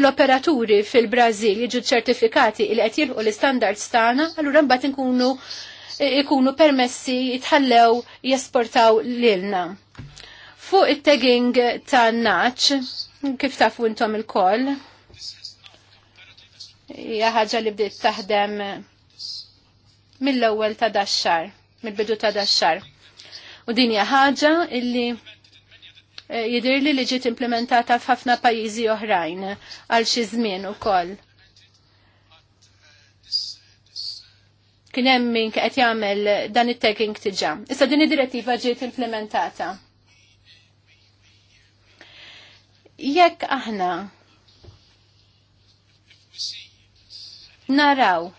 l-operaturi fil-Brazil jiġu ċertifikati il qed jilħu l-istandards tagħna, allura mbagħad inkunu ikunu permessi jitħallew jesportaw lilna. Fuq it-tagging ta' naċ, kif tafu intom il-koll, hija ħaġa li bdiet taħdem mill-ewwel ta' daxxar, mill-bidu ta' daxxar. U din hija ħaġa illi Eh, jidir li li ġiet implementata f'ħafna pajjiżi oħrajn għal xi żmien ukoll. Kien hemm min qed jagħmel dan it-tagging tiġà. Issa din id-direttiva ġiet implementata. Jekk aħna naraw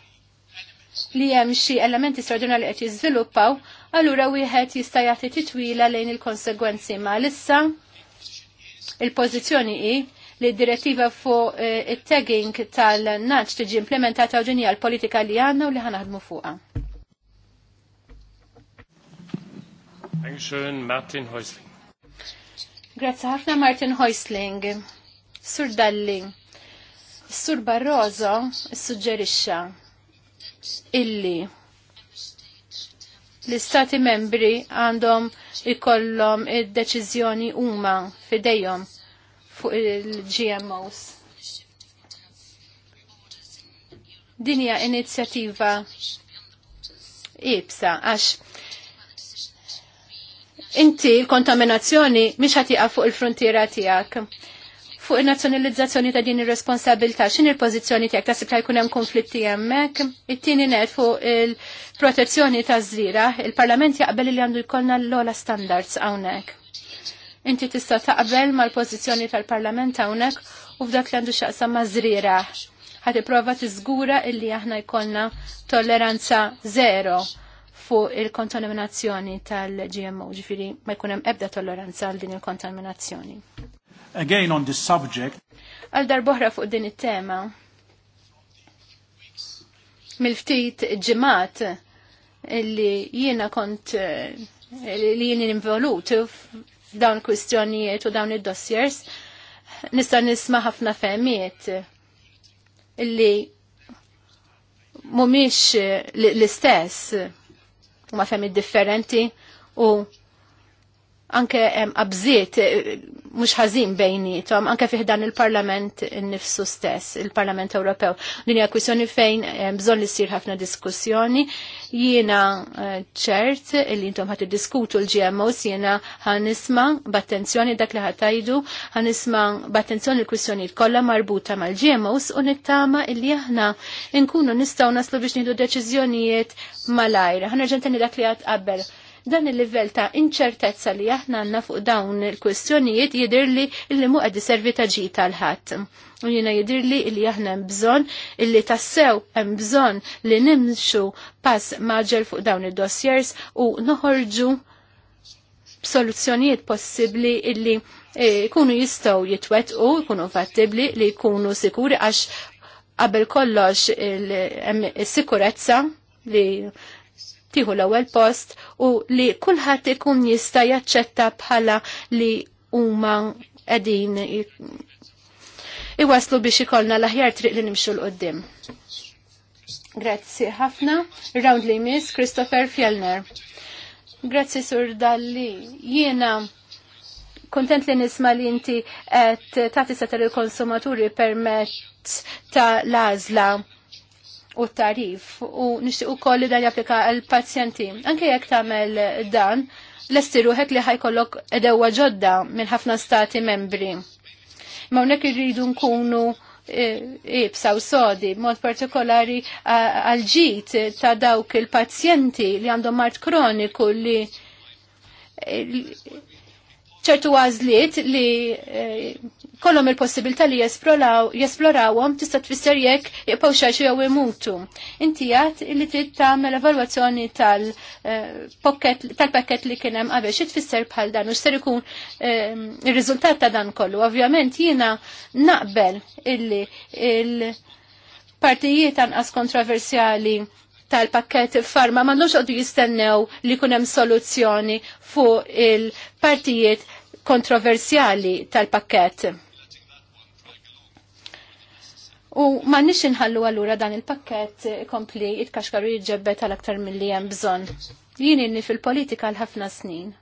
li hemm xi elementi straordinarji qed jiżviluppaw, allura wieħed jista' jagħti titwila lejn il-konsegwenzi ma issa il-pożizzjoni hi li d-direttiva fuq eh, it-tagging tal-naċ tiġi implementata u ġinja l-politika li għandna u li ħanaħdmu fuqha. Grazzi Martin Häusling. Grazie ħafna Martin Häusling. Sur Dalli. Sur Barroso suggerisce illi l-istati membri għandhom ikollhom id-deċiżjoni huma fidejhom fuq il-GMOs. Dinja inizjattiva ibsa għax inti l-kontaminazzjoni mhix ħatiqa fuq il-frontiera tiegħek fuq in-nazzjonalizzazzjoni ta' din ir-responsabilità, x'in il-pożizzjoni tiegħek ta' li jkun hemm konflitti hemmhekk, it-tieni net fuq il-protezzjoni taż-żiera, il-Parlament jaqbel li għandu jkollna l-ola standards hawnhekk. Inti tista' taqbel mal-pożizzjoni tal-Parlament hawnhekk u f'dak li għandu x'aqsam ma' żriera. Ħad ipprova tiżgura illi aħna jkollna tolleranza zero fuq il-kontaminazzjoni tal-GMO, ġifiri ma jkun hemm ebda tolleranza għal din il-kontaminazzjoni again on this subject. Għal darbohra fuq din it-tema. Mil-ftit ġemat li jiena kont eh, li jiena involut f'dawn kwistjonijiet u dawn id-dossiers nista' nisma' ħafna fehmiet illi mumiex l-istess u ma femi differenti u anke abżiet mhux ħażin bejnietom anke fih dan il-Parlament nifsu stess, il-Parlament Ewropew. Din hija kwissjoni fejn eh, bżonn li ssir ħafna diskussjoni. Jiena eh, ċert li intom ħat diskutu l-GMOs jiena ħanisma b'attenzjoni dak li ħatajdu, ħanisma b'attenzjoni l kwissjoni kollha marbuta mal-GMOs u nittama illi aħna nkunu nistgħu naslu biex nieħdu deċiżjonijiet malajr. Ħanerġa' dak li għad qabel Dan il-livell ta' inċertezza li aħna għandna fuq dawn il-kwistjonijiet jidir li mu għaddi servi ta' ġi tal-ħadd. U jina jidir li aħna hemm bżonn illi tassew hemm bżonn li nimxu pass maġel fuq dawn id-dossiers u noħorġu soluzzjonijiet possibbli illi eh, jkunu jistgħu u jkunu fattibli li jkunu sikuri għax qabel kollox il-sikurezza li tiħu l-ewwel post u li kulħadd ikun jista' jaċċetta bħala li huma qegħdin iwaslu biex ikollna l-aħjar triq li nimxu l-qoddim. Grazzi ħafna. Round li miss Christopher Fjellner. Grazzi sur dalli. Jiena kontent li nisma li inti qed tagħti setel il-konsumaturi permezz ta' l-għażla u tarif u nixtieq ukoll li dan japplika għal pazjenti. Anke jekk tagħmel dan, lesti ruħek li ħajkollok edewa ġodda minn ħafna stati membri. Ma hawnhekk irridu nkunu ibsa e, e, u sodi, mod partikolari għal-ġit ta' dawk il-pazjenti li għandhom mart kroniku li e, ċertu għażliet li eh, kollhom il-possibilità li jesplorawhom tista' tfisser jekk jibqgħu xi jew imutu. Inti għad li trid tagħmel evalwazzjoni eh, tal-pakket li kien hemm qabel xi tfisser bħal dan u x'ser ikun eh, ir-riżultat ta' dan kollu. Ovvjament jiena naqbel illi il-partijiet anqas kontroversjali tal-pakket farma m'għandhomx għoddu jistennew li kunem soluzzjoni fuq il-partijiet kontroversjali tal-pakket. U ma nix inħallu għallura dan il-pakket kompli it-kaxkaru jġebbet għal-aktar mill-li jem bżon. Jien fil-politika l-ħafna snin.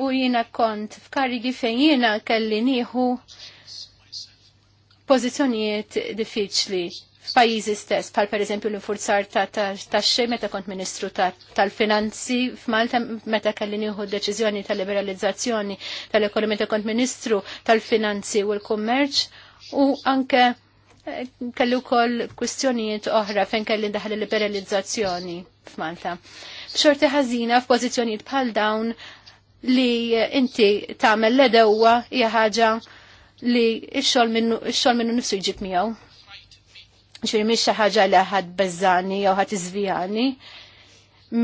U jiena kont f'karigi fejn jiena kelli nieħu pożizzjonijiet diffiċli f'pajjiżi stess, bħal pereżempju l-infurzar tax-xej meta kont Ministru tal-Finanzi f'Malta meta kelli nieħu deċiżjoni tal-liberalizzazzjoni tal-ekonomi meta kont Ministru tal-Finanzi u l-Kummerċ u anke eh, kelli wkoll kwistjonijiet oħra fejn kelli daħal liberalizzazzjoni f'Malta. B'xorti ħażina f'pożizzjonijiet bħal dawn li inti tagħmel l-edew l-edewwa hija ħaġa li x-xogħol minnu nifsu jġib miegħu ċiri miex xaħġa li ħad bezzani jew ħad izvijani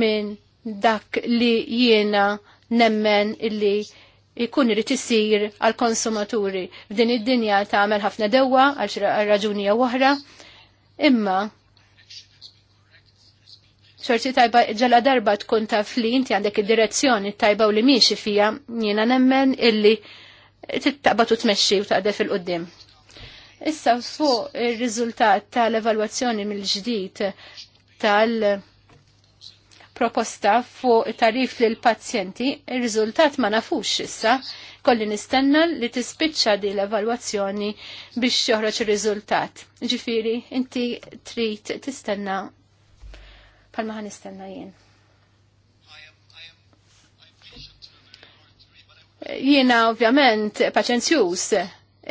minn dak li jiena nemmen illi jkun irid isir għal konsumaturi f'din id-dinja tagħmel ħafna dewwa għal raġuni jew oħra. Imma xorti tajba ġala darba tkun taf li inti għandek id-direzzjoni tajba u li miexi fija jiena nemmen illi tittaqbatu tmexxi u taqdef fil-qoddim. Issa fuq ir-riżultat tal-evalwazzjoni mill-ġdid tal-proposta fuq tarif l pazjenti ir-riżultat ma nafux issa. Kolli nistenna li tispiċċa di l-evalwazzjoni biex joħroġ ir-riżultat. Ġifiri, inti trid tistenna palma ħan nistenna jien. Jiena ovvjament paċenzjuż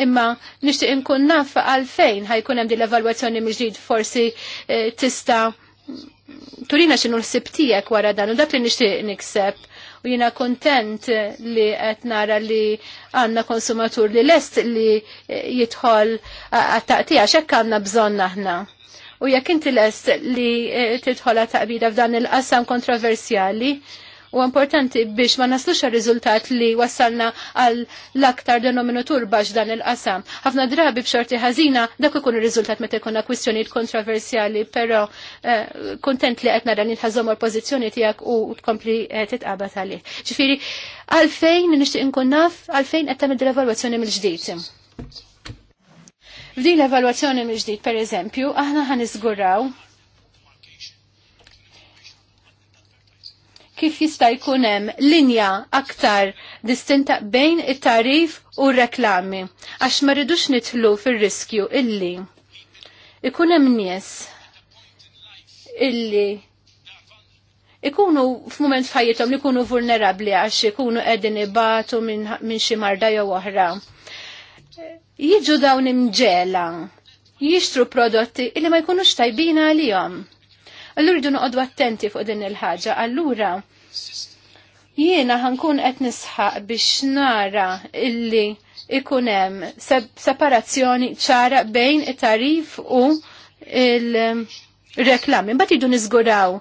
Imma nixtieq inkun naf għalfejn ħajkun hemm din l-evalwazzjoni mill-ġdid forsi eh, tista' turina x'inhu l-ħsib tiegħek wara dan u dak li nixtieq nikseb. U jiena kontent eh, li qed nara li għandna konsumatur li lest li eh, jidħol għat-taqtija x'hekk għandna bżonn aħna. U jekk inti lest li tidħol għat-taqbida f'dan il-qasam kontroversjali, U importanti biex ma naslux il riżultat li wassalna għal l-aktar denominatur bax dan il-qasam. Ħafna drabi b'xorti ħażina dak ikun il-rizultat meta jkunna kwistjonijiet kontroversjali, pero eh, kontent li qed il-ħazom il-pożizzjoni tiegħek u tkompli eh, titqabad għalih. Ġifieri, għalfejn nixtieq inkun naf għalfejn qed tagħmel l mill-ġdid. F'din l-evalwazzjoni mill-ġdid, per eżempju, aħna ħan iżguraw kif jista' jkun hemm linja aktar distinta bejn it-tarif u r-reklami għax ma rridux nitlu fir-riskju illi ikun hemm nies illi ikunu f'mument f'ħajjithom li ikunu vulnerabbli għax ikunu qegħdin ibatu minn xi marda jew oħra. Jiġu dawn imġela, jixtru prodotti illi ma jkunux tajbin għalihom Allura rridu noqogħdu attenti fuq din il-ħaġa. Allura jiena ħankun qed nisħaq biex nara illi ikun hemm separazzjoni ċara bejn it-tarif u il- reklami. Mbagħad idu niżguraw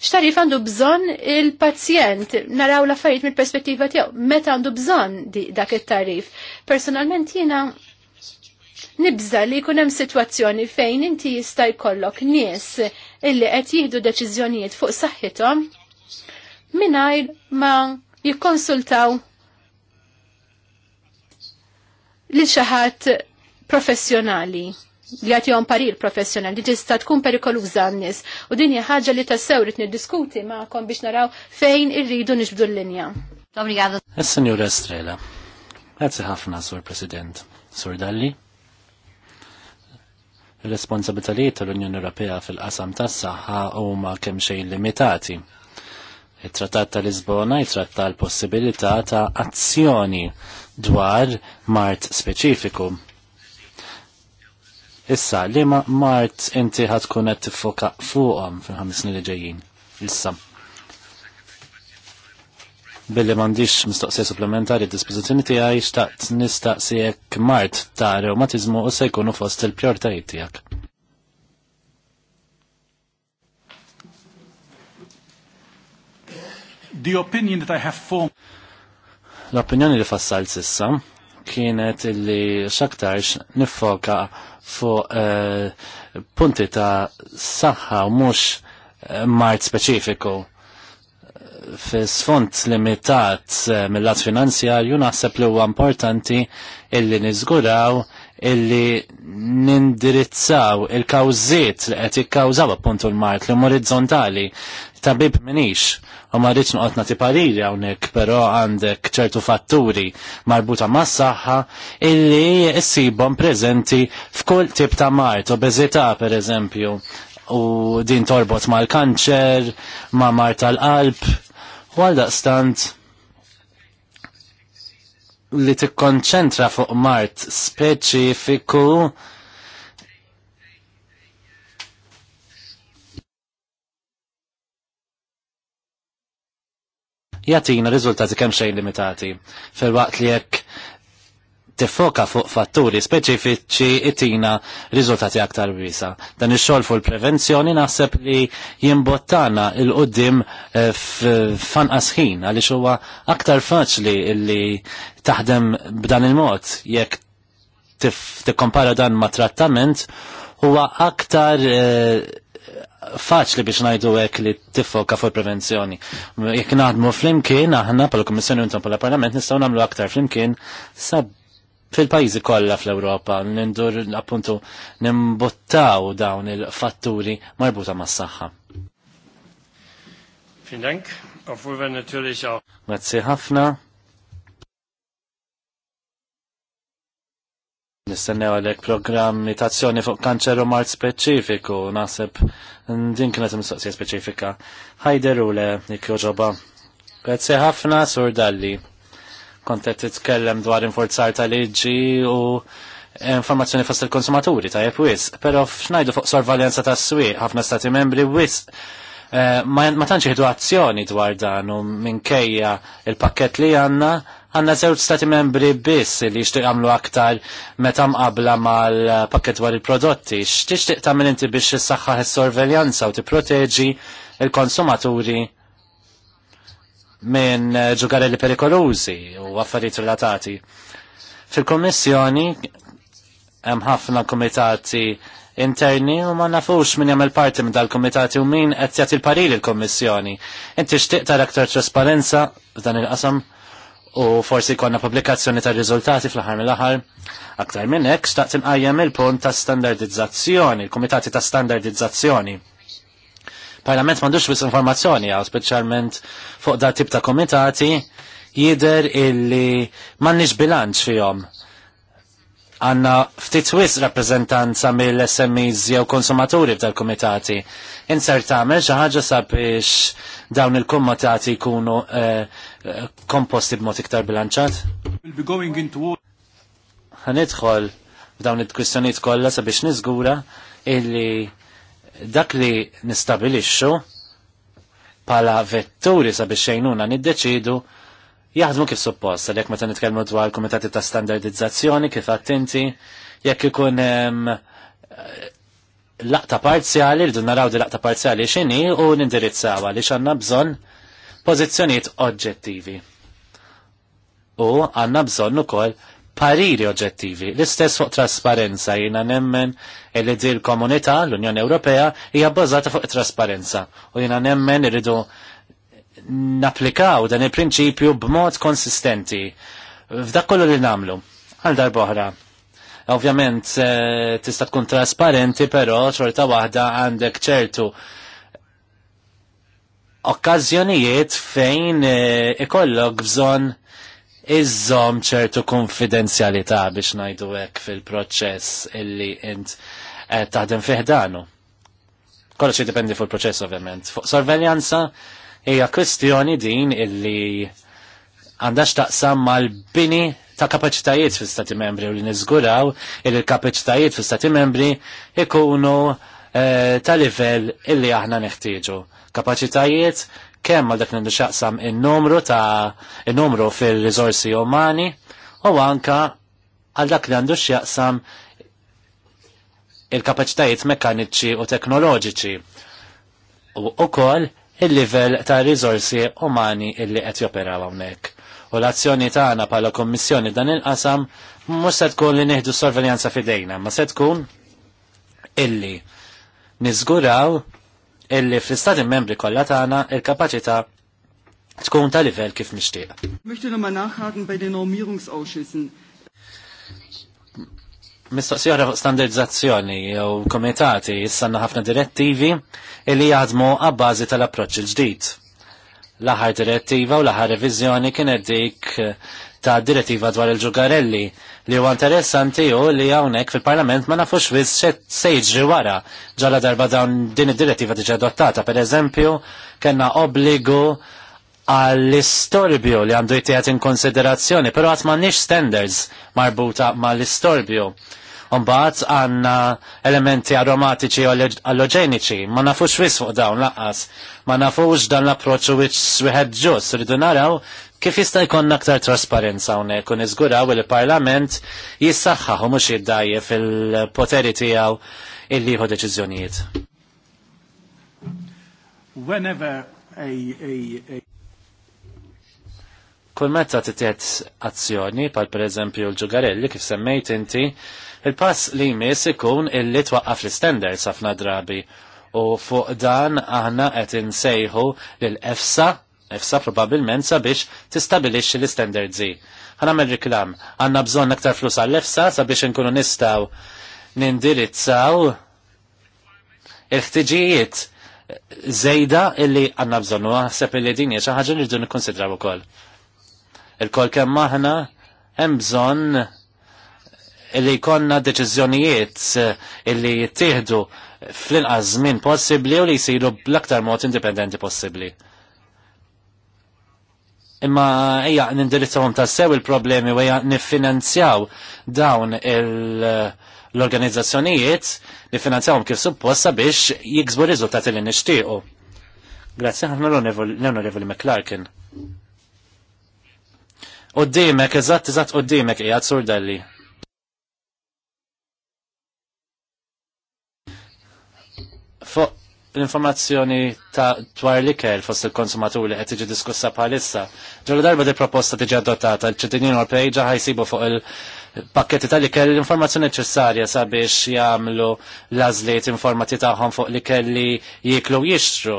x'tarif għandu bżonn il-pazjent, naraw l-affarijiet mill-perspettiva tiegħu, meta għandu bżonn dak it-tarif. Personalment jiena nibża li jkun hemm sitwazzjoni fejn inti jista' jkollok nies illi qed jieħdu deċiżjonijiet fuq saħħithom mingħajr ma jikkonsultaw li xi ħadd professjonali li għatjon parir professjonali li tista tkun perikoluża għan-nies. u din ħaġa li tassew rid niddiskuti magħkom biex naraw fejn irridu nixbdu l-linja. Obrigado. Is-Senjura Estrela. Grazzi ħafna, Sur President. Sur Dalli. Ir-responsabilitajiet tal-Unjoni Ewropea fil-qasam tas-saħħa huma kemm xejn limitati. Il-Trattat tal Lisbona jitratta l-possibilità ta' azzjoni dwar mart speċifiku. Issa, li ma mart inti ħatkun qed tiffoka fuqhom fil-ħames snin li ġejjin? Issa billi mandiċ mistoqsija supplementari dispozizjoni għaj xtaqt nistaqsijek mart ta' reumatizmu u se jkunu fost il-pjortajiet tijak. The opinion that I have formed L-opinjoni li fassal sissa kienet illi xaktarx nifoka fuq uh, punti ta' saħħa u mux eh, mart speċifiku fi sfond limitat eh, mill-lat finanzjarju naħseb li huwa importanti illi niżguraw illi nindirizzaw il-kawżiet li qed jikkawżaw appuntu l-mart li orizzontali tabib minix u ma rridx noqgħod nagħti pariri hawnhekk però għandek ċertu fatturi marbuta mas-saħħa illi issibhom preżenti f'kull tip ta' mart, obeżità pereżempju, u din torbot mal-kanċer, ma' mar tal-qalb, U għal daqstant li tikkonċentra fuq mart speċifiku jatina riżultati kemm xejn limitati. Fil-waqt li jekk tifoka fuq fatturi speċifiċi itina riżultati aktar bisa. Dan ix-xogħol fuq il-prevenzjoni naħseb li jimbottana il-qudiem eh, f'fanqas ħin għaliex huwa aktar faċli li taħdem b'dan il-mod jekk tikkompara dan ma' trattament huwa aktar eh, faċli biex najdu għek li tifoka fuq prevenzjoni. Jek naħdmu flimkien, aħna pal kommissjoni untom pal parlament nistaw namlu aktar flimkien sab fil-pajzi kollha fl-Ewropa nindur appuntu nimbuttaw dawn il-fatturi marbuta mas-saħħa. fin Dank, obwohl natürlich auch. Grazie ħafna. Nistennew għalek programmi tazzjoni fuq kanċeru mart speċifiku, naħseb din kienet mistoqsija speċifika. Ħajderu le, jekk Grazie ħafna, Sur Dalli kontet titkellem dwar inforzar tal-liġi u informazzjoni fost il-konsumaturi ta' wis. pero f'najdu fuq sorvaljenza ta' swi ħafna stati membri wis eh, ma, tanċi tantx azzjoni dwar dan u minkejja il-pakket li għanna għanna zewġ stati membri biss li jixtieq għamlu aktar meta mqabla mal-pakket dwar il-prodotti. X'tixtieq tagħmel inti biex issaħħaħ is-sorveljanza u tipproteġi il-konsumaturi minn eh, ġugarelli perikolużi u affarijiet relatati. Fil-Kommissjoni hemm ħafna komitati interni u ma nafux minn jagħmel parti minn dal-komitati u minn qed jagħti l-parili l-Kommissjoni. Inti xtieq tara aktar trasparenza f'dan il-qasam u forsi konna pubblikazzjoni tar riżultati fl-aħħar mill-aħħar. Aktar minn hekk xtaqt imqajjem il-punt ta' standardizzazzjoni, il-kumitati ta' standardizzazzjoni Parlament mandux wis informazzjoni għaw, specialment fuq da tip ta' komitati, jider illi mannix bilanċ fihom. Għanna ftit wis rappresentanza mill-SMEs jew konsumaturi f'dal komitati. Insert tagħmel xi ħaġa sabiex dawn il-komitati jkunu eh, komposti b'mod iktar bilanċat. Għanidħol f'dawn il-kwistjonijiet kollha sabiex niżgura illi Dak li nistabilixxu pala vetturi sabiex xejnuna niddeċidu jaħdmu kif suppost, għalek meta nitkellmu dwar komitati ta' standardizzazzjoni kif attenti, jekk ikun laqta parzjali, rridu naraw di laqta parzjali xini u nindirizzawa li xanna bżon pozizjoniet oġġettivi. U għanna bżon ukoll pariri oġettivi. L-istess fuq trasparenza jina nemmen li di l-komunità, l-Unjoni Ewropea, hija bbażata fuq trasparenza. U jina nemmen irridu naplikaw dan il-prinċipju b'mod konsistenti. F'dak kollu li namlu. Għal darboħra. Ovvjament eh, tista' tkun trasparenti, però xorta waħda għandek ċertu okkażjonijiet fejn eh, ikollok bżonn Iżom ċertu konfidenzjalità biex ngħidu hekk fil-proċess illi int qed eh, taħdem fih danu. Kollox jiddependi fuq il-proċess ovvjament. Fuq sorveljanza hija kwestjoni din illi għandha x'taqsam mal-bini ta' kapaċitajiet fi stati membri u li niżguraw il kapaċitajiet fi stati membri ikunu e, ta' livell illi aħna neħtieġu. Kapaċitajiet kemm għal dak nixaqsam in-numru ta' in-numru fil-riżorsi umani u anka għal dak li għandu x'jaqsam il-kapaċitajiet mekkaniċi u teknoloġiċi u wkoll il-livell ta' riżorsi umani illi qed joperaw hawnhekk. U l-azzjoni tagħna bħala Kommissjoni dan il-qasam mhux se tkun li nieħdu sorveljanza fidejna, ma se tkun illi niżguraw illi fl-istati membri kollha tagħna il-kapaċità tkun ta' livell kif nixtieq. Möchte nochmal nachhaken bei den Normierungsausschüssen. Mistoqsija fuq standardizzazzjoni jew komitati jissanna ħafna direttivi illi jaħdmu għabbażi tal-approċċ il-ġdid. L-aħħar direttiva u l-aħħar reviżjoni kienet dik ta' direttiva dwar il-ġugarelli li huwa interessanti hu li hawnhekk fil-Parlament ma nafux wis se wara ġala darba dawn din id-direttiva diġa adottata. Per eżempju, kellna obbligu għall-istorbju li għandu jtijat in konsiderazzjoni, pero għat nix standards marbuta ma l-istorbju. Umbaħt għanna elementi aromatiċi u alloġeniċi ma nafux wis fuq dawn laqqas, ma nafux dan l-approċu which swiħed ġus, rridu naraw Kif jista' jkun aktar trasparenza hawnhekk u niżguraw l parlament jissaħħaħ u mhux jiddajje fil-poteri tiegħu illi jieħu deċiżjonijiet. Whenever a, a, a... Kull meta titet azzjoni, pal per eżempju l-ġugarelli, kif semmejt inti, il-pass li jmiss ikun illi twaqqaf l-standards ħafna drabi u fuq dan aħna qed insejħu lil efsa efsa probabilment sabiex tistabilixxi l-standardzi. Ħanamel riklam, għandna bżonn aktar flus għall-efsa sabiex inkunu nistgħu nindirizzaw il-ħtiġijiet zejda illi għandna bżonn u naħseb illi din hija xi ħaġa li rridu nikkonsidraw ukoll. Il-kol kemm aħna hemm bżonn illi jkollna deċiżjonijiet illi jittieħdu fl-inqas żmien possibbli u li jsiru bl-aktar mod indipendenti possibbli imma ejja nindirizzawhom tassew il-problemi u ija niffinanzjaw dawn l-organizzazzjonijiet niffinanzjawhom kif supposta biex jiksbu riżultati li nixtiequ. Grazzi ħafna l-Onorevoli McClarkin. Qoddimek, eżatt, eżatt qoddimek qiegħed sur dalli. Fuq l-informazzjoni ta' dwar l-ikel fost il-konsumatur li qed tiġi diskussa bħalissa. Ġol darba di proposta tiġi adottata l-ċittadini l-pejġa' ħajsibu fuq il-pakketti tal-ikel l-informazzjoni neċessarja sabiex jagħmlu l informati tagħhom fuq l-ikel li jiklu jixtru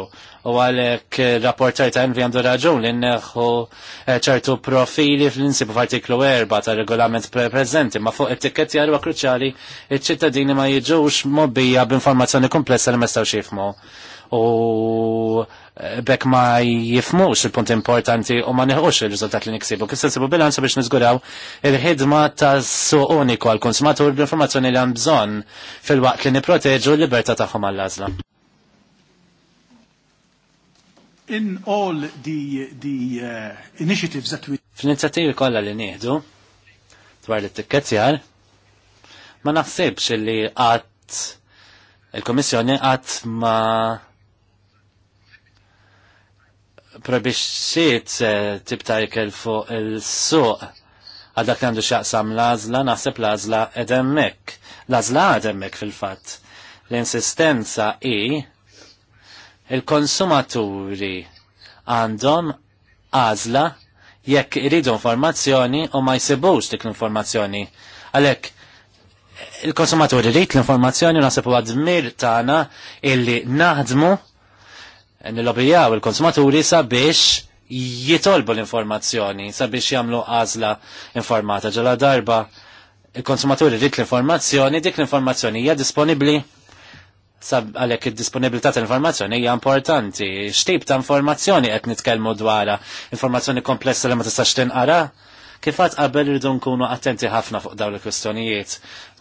u għalek rapportar ta' envi għandu raġun li neħu eh, ċertu profili fl-insibu f'artiklu 4 ta' regolament prezenti ma fuq etiketti għarwa kruċali il-ċittadini ma jiġux mobbija b'informazzjoni komplessa li mestaw xifmu u eh, bekk ma jifmux il-punt importanti u ma neħux il-rizultat li niksibu. Kif sensibu bilanċu biex nizguraw il-ħidma ta' suq uniku għal-konsumatur bl-informazzjoni li għan bżon fil-waqt li niproteġu l-libertà tagħhom għall-għażla in all the, the uh, initiatives that we... F'inizjattivi kollha li nieħdu dwar it tikkettjar ma naħsibx li qatt il-Komissjoni qatt ma probixiet eh, tip ta' ikel fuq il-suq għadak għandu xaqsam lażla, naħseb lażla edemmek. Lażla edemmek fil-fatt. L-insistenza i il-konsumaturi għandhom għazla jekk iridu informazzjoni u ma jsibux dik l-informazzjoni. Għalek, il-konsumaturi rrit l-informazzjoni u nasibu għadmir tagħna illi naħdmu nil-lobijaw il-konsumaturi sabiex jitolbu l-informazzjoni, sabiex jagħmlu għażla informata ġala darba il-konsumaturi rrit l-informazzjoni, dik l-informazzjoni hija disponibbli Sab għalek id-disponibilità ta' informazzjoni hija importanti. X'tip ta' informazzjoni qed nitkellmu dwarha? Informazzjoni komplessa li ma tistax tinqara? Kif qatt qabel irridu nkunu attenti ħafna fuq dawn il-kwistjonijiet.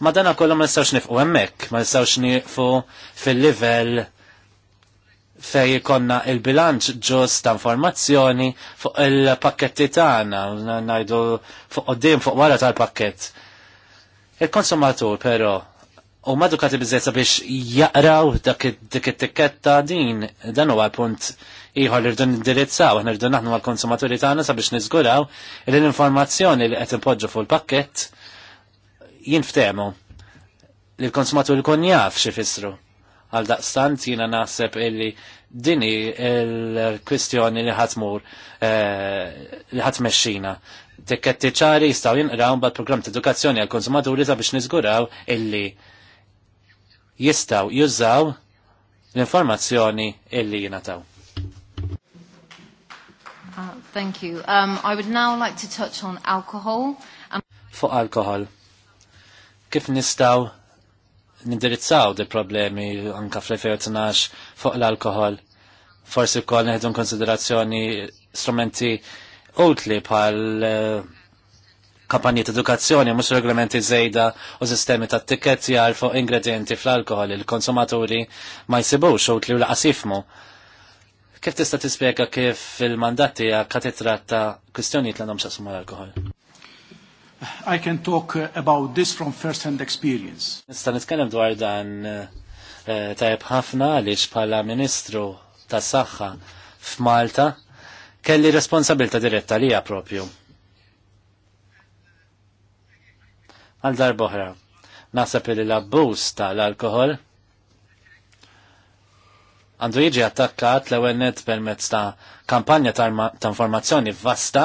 Ma dana kollu ma nistgħux nifqu hemmhekk, ma nistgħux nifqu fil-livell fej konna il-bilanċ ġust ta' informazzjoni fuq il-pakketti tagħna, ngħidu fuq qudiem fuq wara tal-pakkett. Il-konsumatur però u madukati bizzet sabiex jaqraw dik it-tikketta din dan huwa punt ieħor li rridu nindirizzaw, aħna rridu naħnu għal konsumaturi tagħna sabiex niżguraw li l-informazzjoni li qed inpoġġu fuq il-pakkett jinftemu li l konsumaturi kun jaf xi fissru. Għal daqstant jiena naħseb illi dini il-kwistjoni li ħatmur eh, li ħatmexxina tikketti ċari jistaw jinqraw mbagħad programm ta' edukazzjoni għall konsumaturi sabiex niżguraw illi jistaw jużaw l-informazzjoni illi jinataw. Uh, thank you. Um, I would now like to touch on alcohol. Um... Fuq alkohol. Kif nistaw nindirizzaw di problemi anka fl-2012 fuq l-alkohol? Forsi kol neħdu konsiderazzjoni strumenti utli pal uh, eh, kampanijiet edukazzjoni mhux reglamenti żejda u sistemi ta' għal jarfu ingredienti fl-alkohol il-konsumaturi ma jsibux u tliw laqas jifmu. Kif tista' tispjega kif il-mandat tiegħek qed titratta kwistjonijiet l-għandhom x'aqsmu l-alkohol? I can talk uh, about this from first-hand experience. Nista' nitkellem dwar dan uh, eh, tajb ħafna għaliex bħala Ministru tas-Saħħa f'Malta kelli responsabilta diretta lija propju għal darboħra. Nasab li l-abbuż tal-alkohol għandu jiġi attakkat l ewwelnet permezz ta' kampanja ta' informazzjoni vasta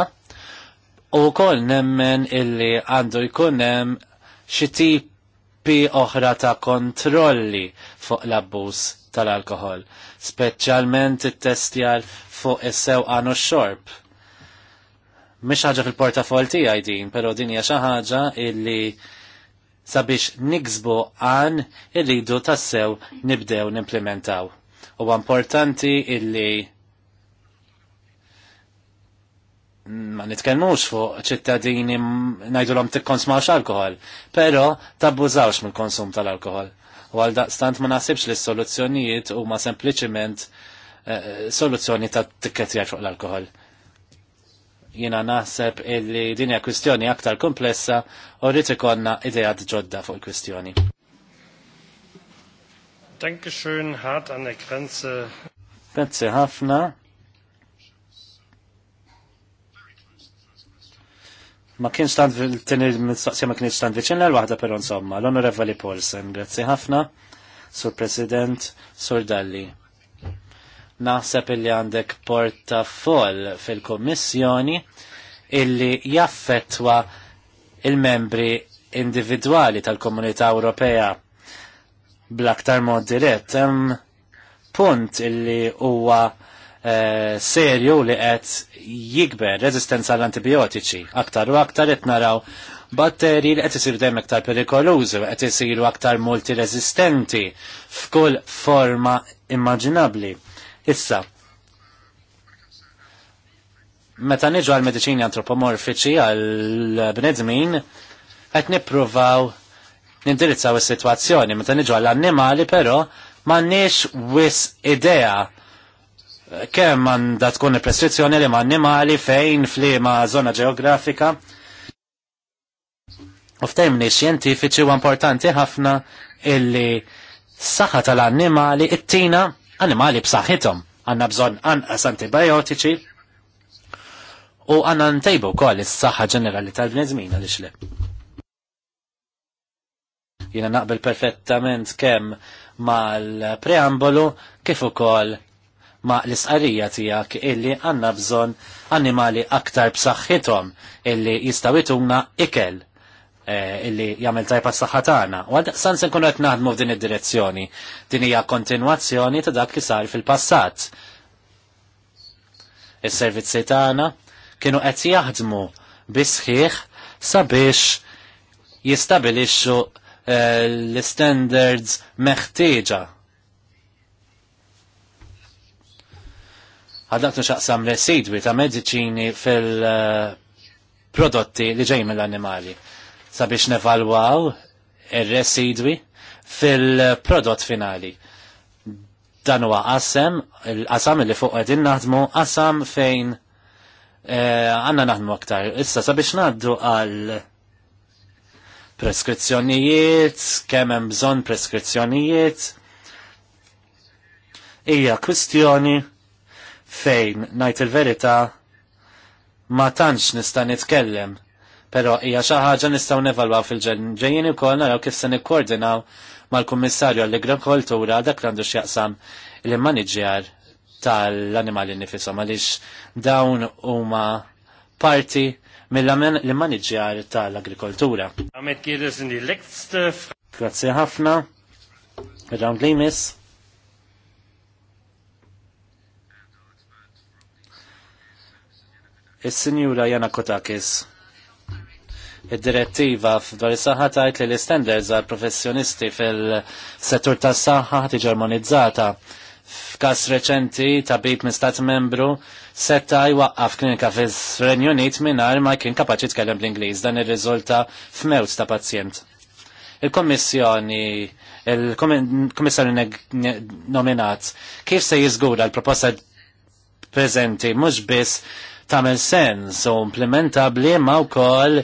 u kol nemmen illi għandu jkunem xie tipi oħra ta' kontrolli fuq l-abbuż tal-alkohol, speċjalment it-testjar fuq is-sewqan u x-xorb Mish ħaġa fil-portafol tiegħi din, però din hija xi ħaġa illi sabiex niksbu għan irridu tassew nibdew nimplementaw. U importanti illi ma nitkellmux fuq ċittadini ngħidulhom tikkonsmawx alkohol, però tabbużawx mill-konsum tal-alkohol. U għal daqstant ma nasibx li s-soluzzjonijiet huma sempliċiment eh, eh, soluzzjoni ta' tikketjar fuq l-alkohol jina naħseb illi dinja kwistjoni aktar komplessa u rrid ikonna idejat ġodda fuq il-kwistjoni. Dankeschön, hart an der Grenze. Grenze ħafna. Ma kienx stand fil mistoqsija ma kienx stand viċin l-waħda per insomma, l-onorevoli Paulsen, grazzi ħafna, sur President, sur Dalli naħseb illi għandek portafoll fil-Kommissjoni illi jaffetwa il-membri individwali tal-Komunità Ewropea bl-aktar mod dirett. Hemm punt illi huwa eh, serju li qed jikber rezistenza għall antibiotiċi aktar u aktar qed naraw batteri li qed isiru dejjem aktar perikolużi, qed isiru aktar multiresistenti f'kull forma immaġinabbli Issa, meta niġu għal mediċini antropomorfiċi għal bnedmin, għet nipruvaw nindirizzaw is-sitwazzjoni. Meta niġu għal annimali però m'għandniex wis idea kemm għandha tkun il-preskrizzjoni li ma' annimali fejn f'liema żona ġeografika. U li xjentifiċi u importanti ħafna illi saħħa tal-annimali it-tina animali b'saħħithom. Għandna bżonn anqas antibiotiċi u għandna ntejbu wkoll is-saħħa ġenerali tal-bnedmin għaliex le. Jiena naqbel perfettament kemm mal-preambolu kif ukoll ma l-isqarija tijak illi għanna bżon animali aktar b'saħħithom illi jistawituna ikel Eh, illi jagħmel tajpa s-saħħa tagħna. U san se nkunu qed naħdmu f'din id-direzzjoni. Din hija kontinwazzjoni ta' dak li sar fil-passat. Is-servizzi tagħna kienu qed jaħdmu bisħiħ sabiex jistabilixxu eh, l-standards meħtieġa għadak nuxaqsam residwi ta' mediċini fil-prodotti eh, li ġej mill-animali sabiex nevalwaw ir-residwi fil-prodott finali. Dan huwa qasem, il-qasam li fuq qegħdin naħdmu, qasam fejn eh, għanna naħdmu aktar. Issa sabiex ngħaddu għal preskrizzjonijiet, kemm hemm bżonn preskrizzjonijiet. Hija kwistjoni fejn ngħid il-verità ma tantx nista' nitkellem Pero hija xi ħaġa nistgħu nevalwaw fil-ġejjin ukoll naraw kif se nikkoordinaw mal-Kummissarju għall-Agrikoltura dak l-għandu x'jaqsam il-maniġjar tal-animali nifisom għaliex dawn huma parti mill-maniġjar tal-agrikoltura. Grazzi ħafna. Round Limis. Is-Sinjura Jana Kotakis. Id-direttiva f'dwar is-saħħa tgħid li l-istandards għal professjonisti fil-settur tas-saħħa tiġi armonizzata. F'każ reċenti tabib minn stat membru setta jwaqqaf klinika fis-Renju Unit mingħajr ma kien kapaċi tkellem bl-Ingliż dan ir-riżulta f'mewt ta' pazjent. Il-Kommissjoni il-Kommissarju nominat kif se jiżgura l-proposta preżenti mhux biss tagħmel sens u implementabbli ma wkoll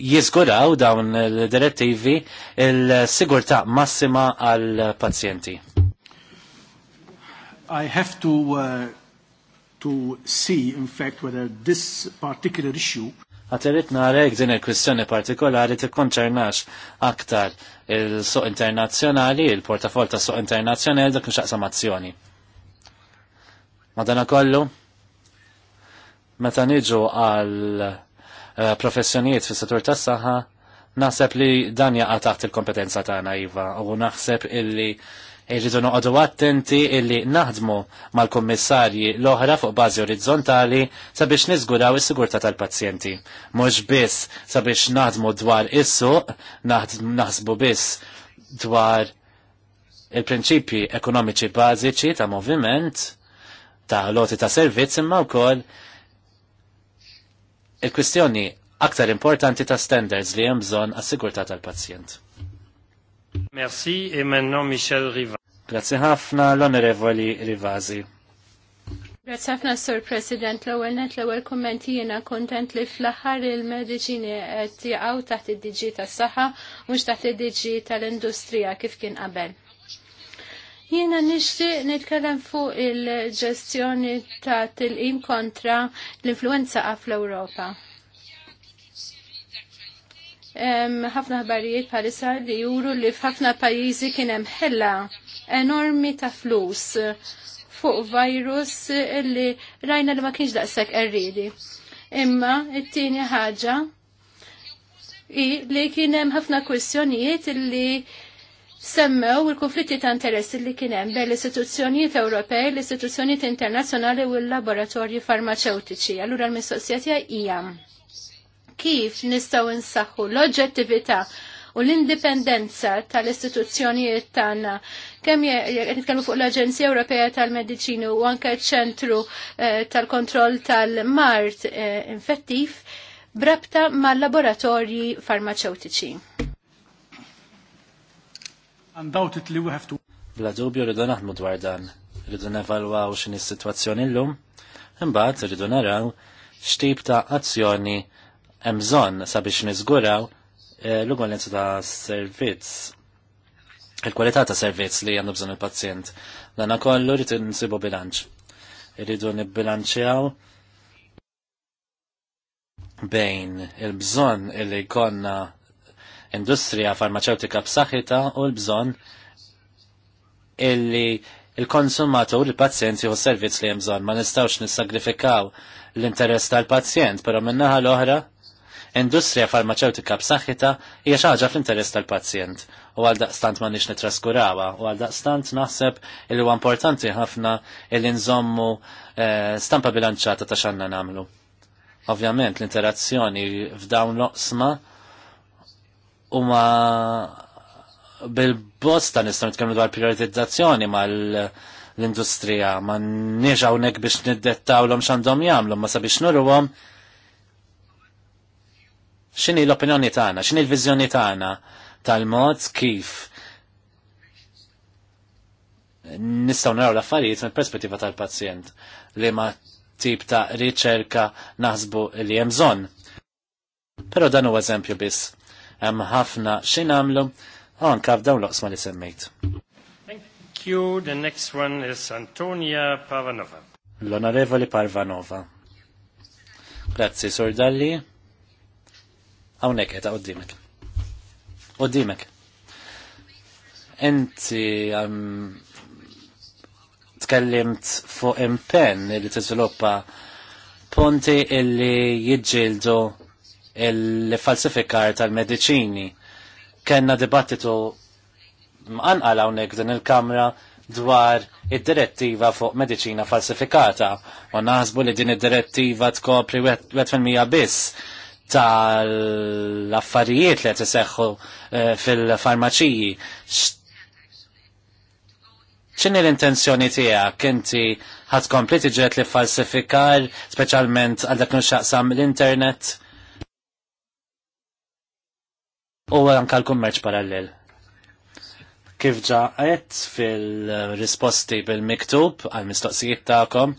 jizguraw dawn il-direttivi il-sigurta massima għal-pazjenti. I have to uh, to see in fact whether this particular issue Għatirrit narek din il-kwistjoni partikolari tikkonċernax aktar il-suq internazzjonali, il-portafol ta' suq internazjonali dak nxaqsam azzjoni. Madana kollu, meta niġu għal Eh, professjonijiet fis settur tas saħħa naħseb li dan jaqa' taħt il-kompetenza tagħna iva u naħseb illi irridu noqogħdu attenti illi naħdmu mal-kummissarji l-oħra fuq bażi orizzontali sabiex niżguraw is-sigurtà tal-pazjenti. Mhux biss sabiex naħdmu dwar is-suq, naħsbu biss dwar il-prinċipji ekonomiċi bażiċi ta' moviment, ta' loti ta' servizz imma wkoll il-kwistjoni aktar importanti ta' standards li hemm bżonn għas-sigurtà tal-pazjent. Merci e menno Michel Riva. Grazzi ħafna l-onorevoli Rivazi. Grazzi ħafna Sur President l-ewwel net l-ewwel kummenti jiena kontent li fl-aħħar il-mediċini qed jaqgħu taħt id-diġi tas-saħħa mhux taħt id-diġi tal-industrija kif kien qabel. Jiena nixtieq nitkellem fuq il-ġestjoni ta' tilqim kontra l-influenza fl-Ewropa. Ħafna ħbarijiet bħalissa li juru li f'ħafna pajjiżi kien hemm ħella enormi ta' flus fuq virus li rajna li ma kienx daqshekk qerridi. Imma it-tieni ħaġa li kien hemm ħafna kwistjonijiet li semmew il-konflitti ta' interessi li kien hemm bejn l-istituzzjonijiet Ewropej, l-istituzzjonijiet internazzjonali u l-laboratorji farmaceutiċi. Allura l-mistoqsija tiegħi hija kif nistgħu nsaħħu l-oġġettività u l-indipendenza tal-istituzzjonijiet tagħna kemm nitkellmu fuq l-Aġenzija Ewropea tal-Mediċini u anke ċ-ċentru eh, tal-kontroll tal-mart eh, infettiv brabta mal-laboratorji farmaceutiċi. Undoubtedly we have to. Bla dubju rridu naħdmu dwar dan. Rridu nevalwaw x'in is-sitwazzjoni llum, imbagħad rridu naraw x'tip ta' azzjoni hemm bżonn sabiex niżguraw eh, l-ugwalenza ta' servizz il-kwalità ta' servizz li għandu bżonn il-pazjent. Dan kollu rrid insibu bilanċ. Irridu nibbilanċjaw bejn il-bżonn illi konna industrija farmaceutika b'saħħitha u l-bżonn illi il-konsumatur, il-pazjenti u s-servizz li bżonn ma nistgħux nissagrifikaw l-interess tal-pazjent, min-naħa l-oħra, industrija farmaceutika b'saħħitha hija xaġa fl-interess tal-pazjent u għal daqstant ma nix nitraskurawa u għal daqstant naħseb il huwa importanti ħafna il nżommu eh, stampa bilanċata ta' xanna namlu. Ovvjament l-interazzjoni f'dawn loqsma u ma bil-bosta nistan nitkellmu dwar prioritizzazzjoni l industrija ma nix hawnhekk biex niddettawlhom x'għandhom jagħmlu, ma sabiex nurruhom x'inhi l-opinjoni tagħna, x'inhi l-viżjoni tagħna tal-mod kif nistaw naraw l-affarijiet mill perspettiva tal-pazjent li ma tip ta' riċerka naħsbu li hemm bżonn. Però dan huwa eżempju biss hemm ħafna xi nagħmlu anke f'dawn l-oqsma li semmejt. Thank you. The next one is Antonia Parvanova. L-Onorevoli Parvanova. Grazzi, Sor Dalli. Hawnhekk qed qudiemek. Qudiemek. Inti um, tkellimt fuq impenn li tiżviluppa ponti illi jiġġieldu il-falsifikar tal-medicini. Kenna dibattitu mqanqala hawnhekk din il-Kamra dwar id-direttiva fuq medicina falsifikata u naħsbu li din id-direttiva tkopri 100% biss tal-affarijiet li tiseħħu eh, fil-farmaċiji. ċin l-intenzjoni tijak? Inti ħat kompli tiġet li falsifikar, specialment għal dak xaqsam l-internet? u anka l-kummerċ parallel. Kif ġa għet fil-risposti bil-miktub għal-mistoqsijiet ta'kom,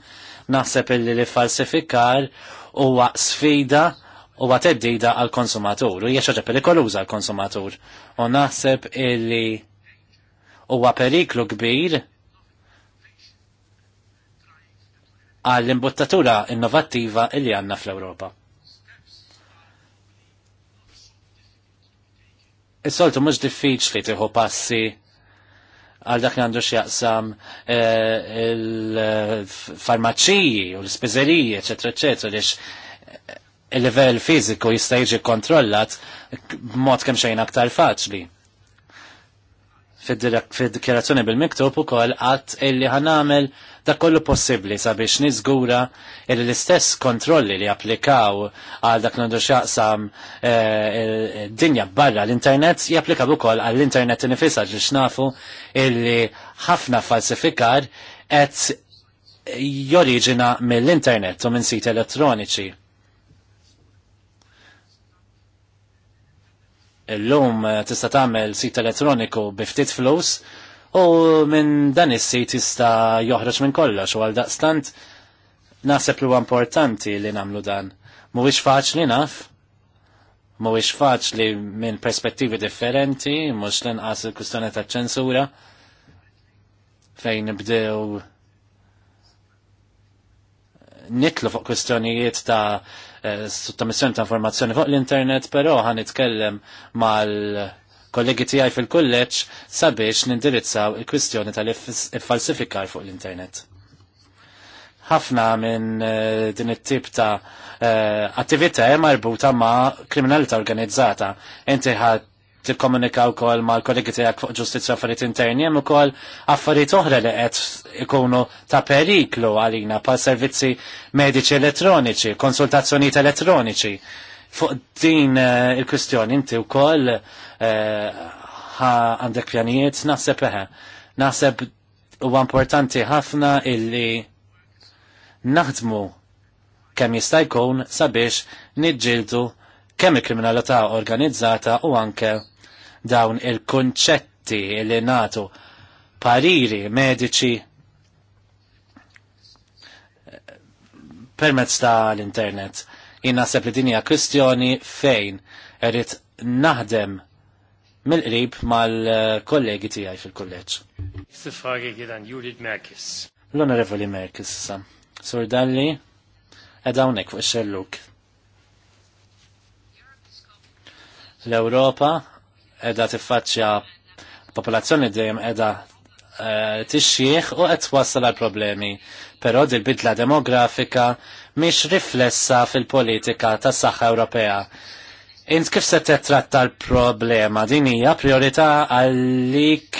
naħseb illi li falsifikar huwa sfida u għateddida għal-konsumatur, u jiexħaġa perikoluza għal-konsumatur, u naħseb illi huwa periklu kbir għall-imbuttatura innovattiva illi għanna fl-Europa. Is-soltu mhux diffiċli tieħu passi għal dak li għandu xjaqsam eh, il-farmaċiji u l-spizzeriji, eċetera, eċetera, lix eh, il-level fiżiku jista' jiġi kontrollat b'mod kemm xejn aktar faċli. Fid-dikjerazzjoni bil-miktub ukoll qatt illi ħanamel Da kollu possibli sabiex nizgura il l-istess kontrolli li applikaw għal dak nandu xaqsam eh, dinja barra l-internet japplikaw ukoll għall internet nifisa li xnafu illi ħafna falsifikar et joriġina mill-internet u minn sit elettroniċi. Illum eh, tista' tagħmel sit elettroniku bi ftit flus u minn dan is-sit jista' joħroġ minn kollox u għal daqstant naħseb li huwa importanti li nagħmlu dan. Mhuwiex faċli naf, mhuwiex faċli minn perspettivi differenti, mhux l-inqas il-kwistjoni taċ-ċensura fejn nibdew nitlu fuq kwistjonijiet ta' eh, sottomissjoni ta' informazzjoni fuq l-internet, però ħan mal- kollegi tiegħi fil-kulleġġ sabiex nindirizzaw il-kwistjoni tal-falsifikar fuq l-internet. Ħafna minn eh, din it-tip ta' eh, attività marbuta ma' kriminalità organizzata. Inti ħadd tikkomunika wkoll mal-kollegi tiegħek fuq ġustizzja affarijiet interni hemm ukoll affarijiet oħra li qed ikunu ta' periklu għalina pa' servizzi mediċi elettroniċi, konsultazzjonijiet elettroniċi. Fuq din eh, il-kwistjoni inti wkoll għandek pjanijiet, naħseb eħe. Naħseb u importanti ħafna illi naħdmu kemm jista' jkun sabiex niġġieldu kemm il-kriminalità organizzata u anke dawn il-konċetti li natu pariri mediċi permezz ta' l-internet. Jien naħseb li dinja kwistjoni fejn erit naħdem mill-qrib mal-kollegi tiegħi fil-kulleġġ. Istifragi għidan Judith Merkis. L-Onorevoli Merkis sa. Sur Dalli, għedawnek hawnhekk fuq xelluk. L-Ewropa edha tiffaċċja popolazzjoni dejjem edha eh, tixjieħ u qed twassal għal problemi. Però dil-bidla demografika mhix riflessa fil-politika tas-saħħa Ewropea Int kif se tetratta l-problema? Din hija priorità għalik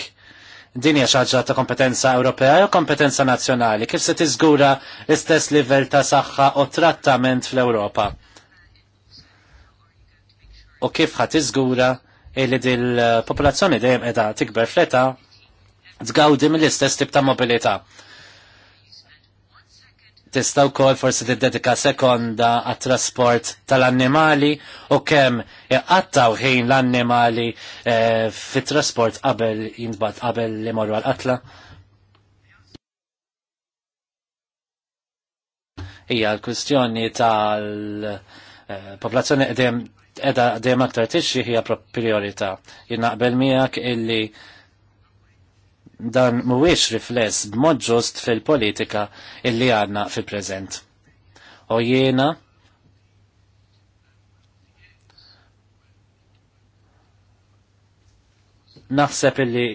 din hija xaġġa ta' kompetenza Ewropea u kompetenza nazzjonali. Kif se tiżgura l-istess livell ta' saħħa u trattament fl-Ewropa? U kif ħat iżgura li dil-popolazzjoni eh, dejjem qiegħda tikber fleta tgawdi mill-istess tip ta' mobilità? tista' wkoll forsi tiddedika sekonda għat-trasport tal-annimali u kemm iqattaw ħin l-annimali eh, fit-trasport qabel jintbad qabel li morru għal-qatla. Hija l-kwistjoni tal-popolazzjoni eh, qdem qiegħda dejjem aktar tixri hija priorità. Jinaqbel miegħek illi dan mhuwiex rifless b'mod ġust fil-politika illi għandna fil-preżent. U jiena naħseb illi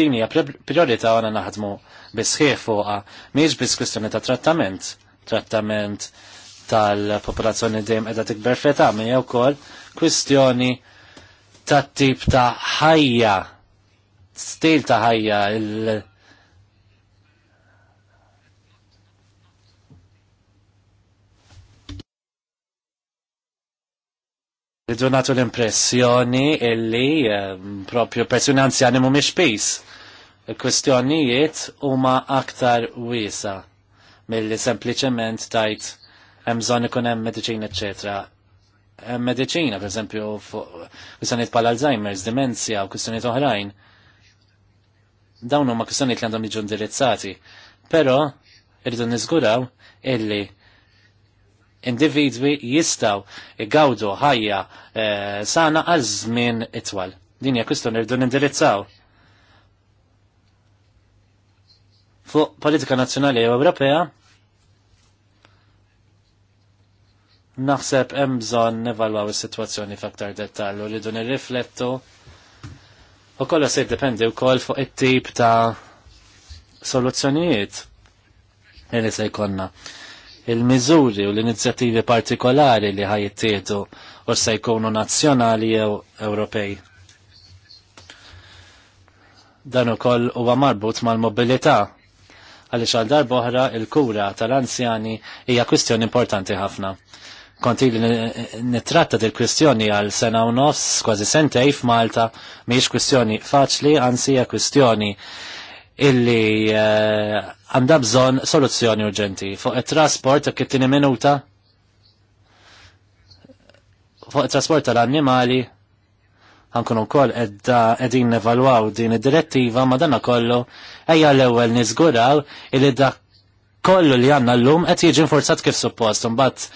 din hija priorità għana naħdmu bisħieħ fuqha mhijiex biss kwistjoni ta' trattament, trattament tal-popolazzjoni dejjem qiegħda tikber feta' jew wkoll kwistjoni tat-tip ta' ħajja stil ta' ħajja il- Ridu l-impressjoni illi ehm, propju pressjoni anzjani mu miex pis. Il-kwestjonijiet huma aktar wiesa mill-li sempliciment tajt hemm bżonn ikun hemm medicina eċetera. Hemm mediċina, per esempio, fuq kwistjonijiet bħal Alzheimer's, demenzja u kwistjonijiet oħrajn dawn huma kwistjonijiet li għandhom jiġu indirizzati, però irridu niżguraw illi individwi jistaw igawdu ħajja e, sana għal żmien itwal. Din hija kwistjoni irridu nindirizzaw. Fuq politika nazzjonali Ewropea naħseb hemm bżonn nevalwaw is-sitwazzjoni f'aktar dettallu li dun irriflettu U kolla se jiddependi wkoll fuq it-tip ta' soluzzjonijiet li se jkollna. Il-miżuri u l-inizjattivi partikolari li ħaj jittieħdu u se jkunu nazzjonali jew Ewropej. Dan ukoll huwa marbut mal-mobilità għaliex għal darba oħra il-kura tal-anzjani hija kwistjoni importanti ħafna. Kont il nitratta dil kwistjoni għal sena u nofs, kważi sentej f'Malta, miex kwistjoni faċli, ansija kwistjoni illi eh, għandha uh, bżon soluzzjoni urġenti. Fuq it-trasport, kittini minuta, fuq it-trasport tal-annimali, ħankun ukoll qegħdin nevalwaw din id-direttiva ma danna kollu ejja l-ewwel niżguraw illi dak kollu li għandna llum qed jiġi nforzat kif suppost, bat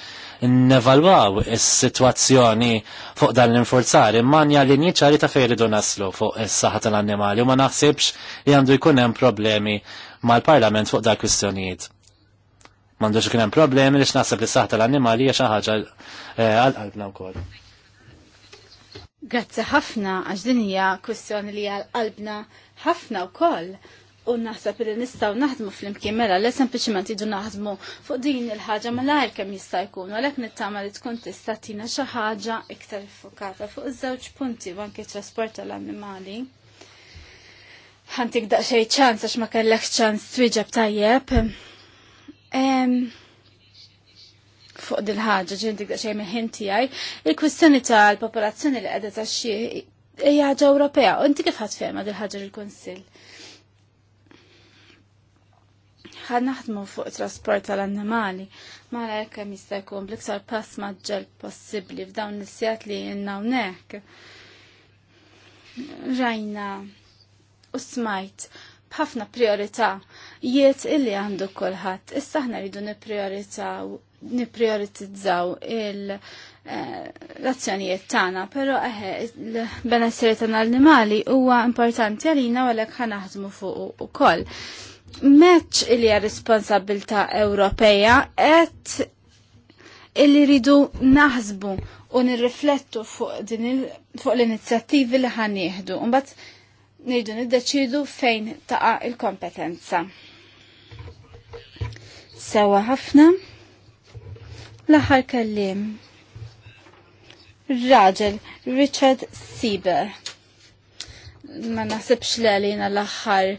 nevalwaw is-sitwazzjoni fuq dan l infurzari immanja li ċari ta' fejri iridu naslu fuq is-saħħa tal-annimali u ma naħsibx li għandu jkun hemm problemi mal-Parlament fuq dal kwistjonijiet. M'għandux ikun hemm problemi li x'naħseb li s-saħħa tal-annimali hija xi ħaġa eh, għal qalbna wkoll. Grazzi ħafna għax din hija kwistjoni li għal qalbna ħafna wkoll u naħseb li nistaw naħdmu fl-imkien mela le sempliċiment idu naħdmu fuq din il-ħaġa malajr kemm jista' jkun u għalhekk nittama li tkun tista' tina xi ħaġa iktar iffokata fuq iż-żewġ punti u anke trasport tal-annimali. Ħantik daqsxejn ċans għax ma kellek ċans twieġeb tajjeb. Fuq din ħaġa ġindik daqsxejn minn ħin tiegħi, il-kwistjoni tal-popolazzjoni li qiegħda taxxi hija ħaġa Ewropea. U inti kif ħadd fehma dil ħaġa il-Kunsill? ħan naħdmu fuq trasport tal-annimali, mala jekk hemm jista' jkun bl-iktar pass maġġel possibbli f'dawn is-sijat li jinna hawnhekk. Rajna u smajt b'ħafna priorità jiet illi għandu kulħadd. Issa aħna rridu nipprioritizzaw nipprioritizzaw il- eh, l-azzjonijiet tagħna, però eħe l-benesseri tagħna l-animali huwa importanti għalina u għalhekk ħanaħdmu fuq ukoll meċ il hija responsabilta Ewropeja et illi ridu naħsbu u nirriflettu fuq din fuq l-inizjattivi li ħanieħdu. Mbagħad nirdu niddeċidu fejn taqa' il-kompetenza. Sewa ħafna l-aħħar kellim. Raġel Richard Sieber. Ma naħsibx l-għalina l-aħħar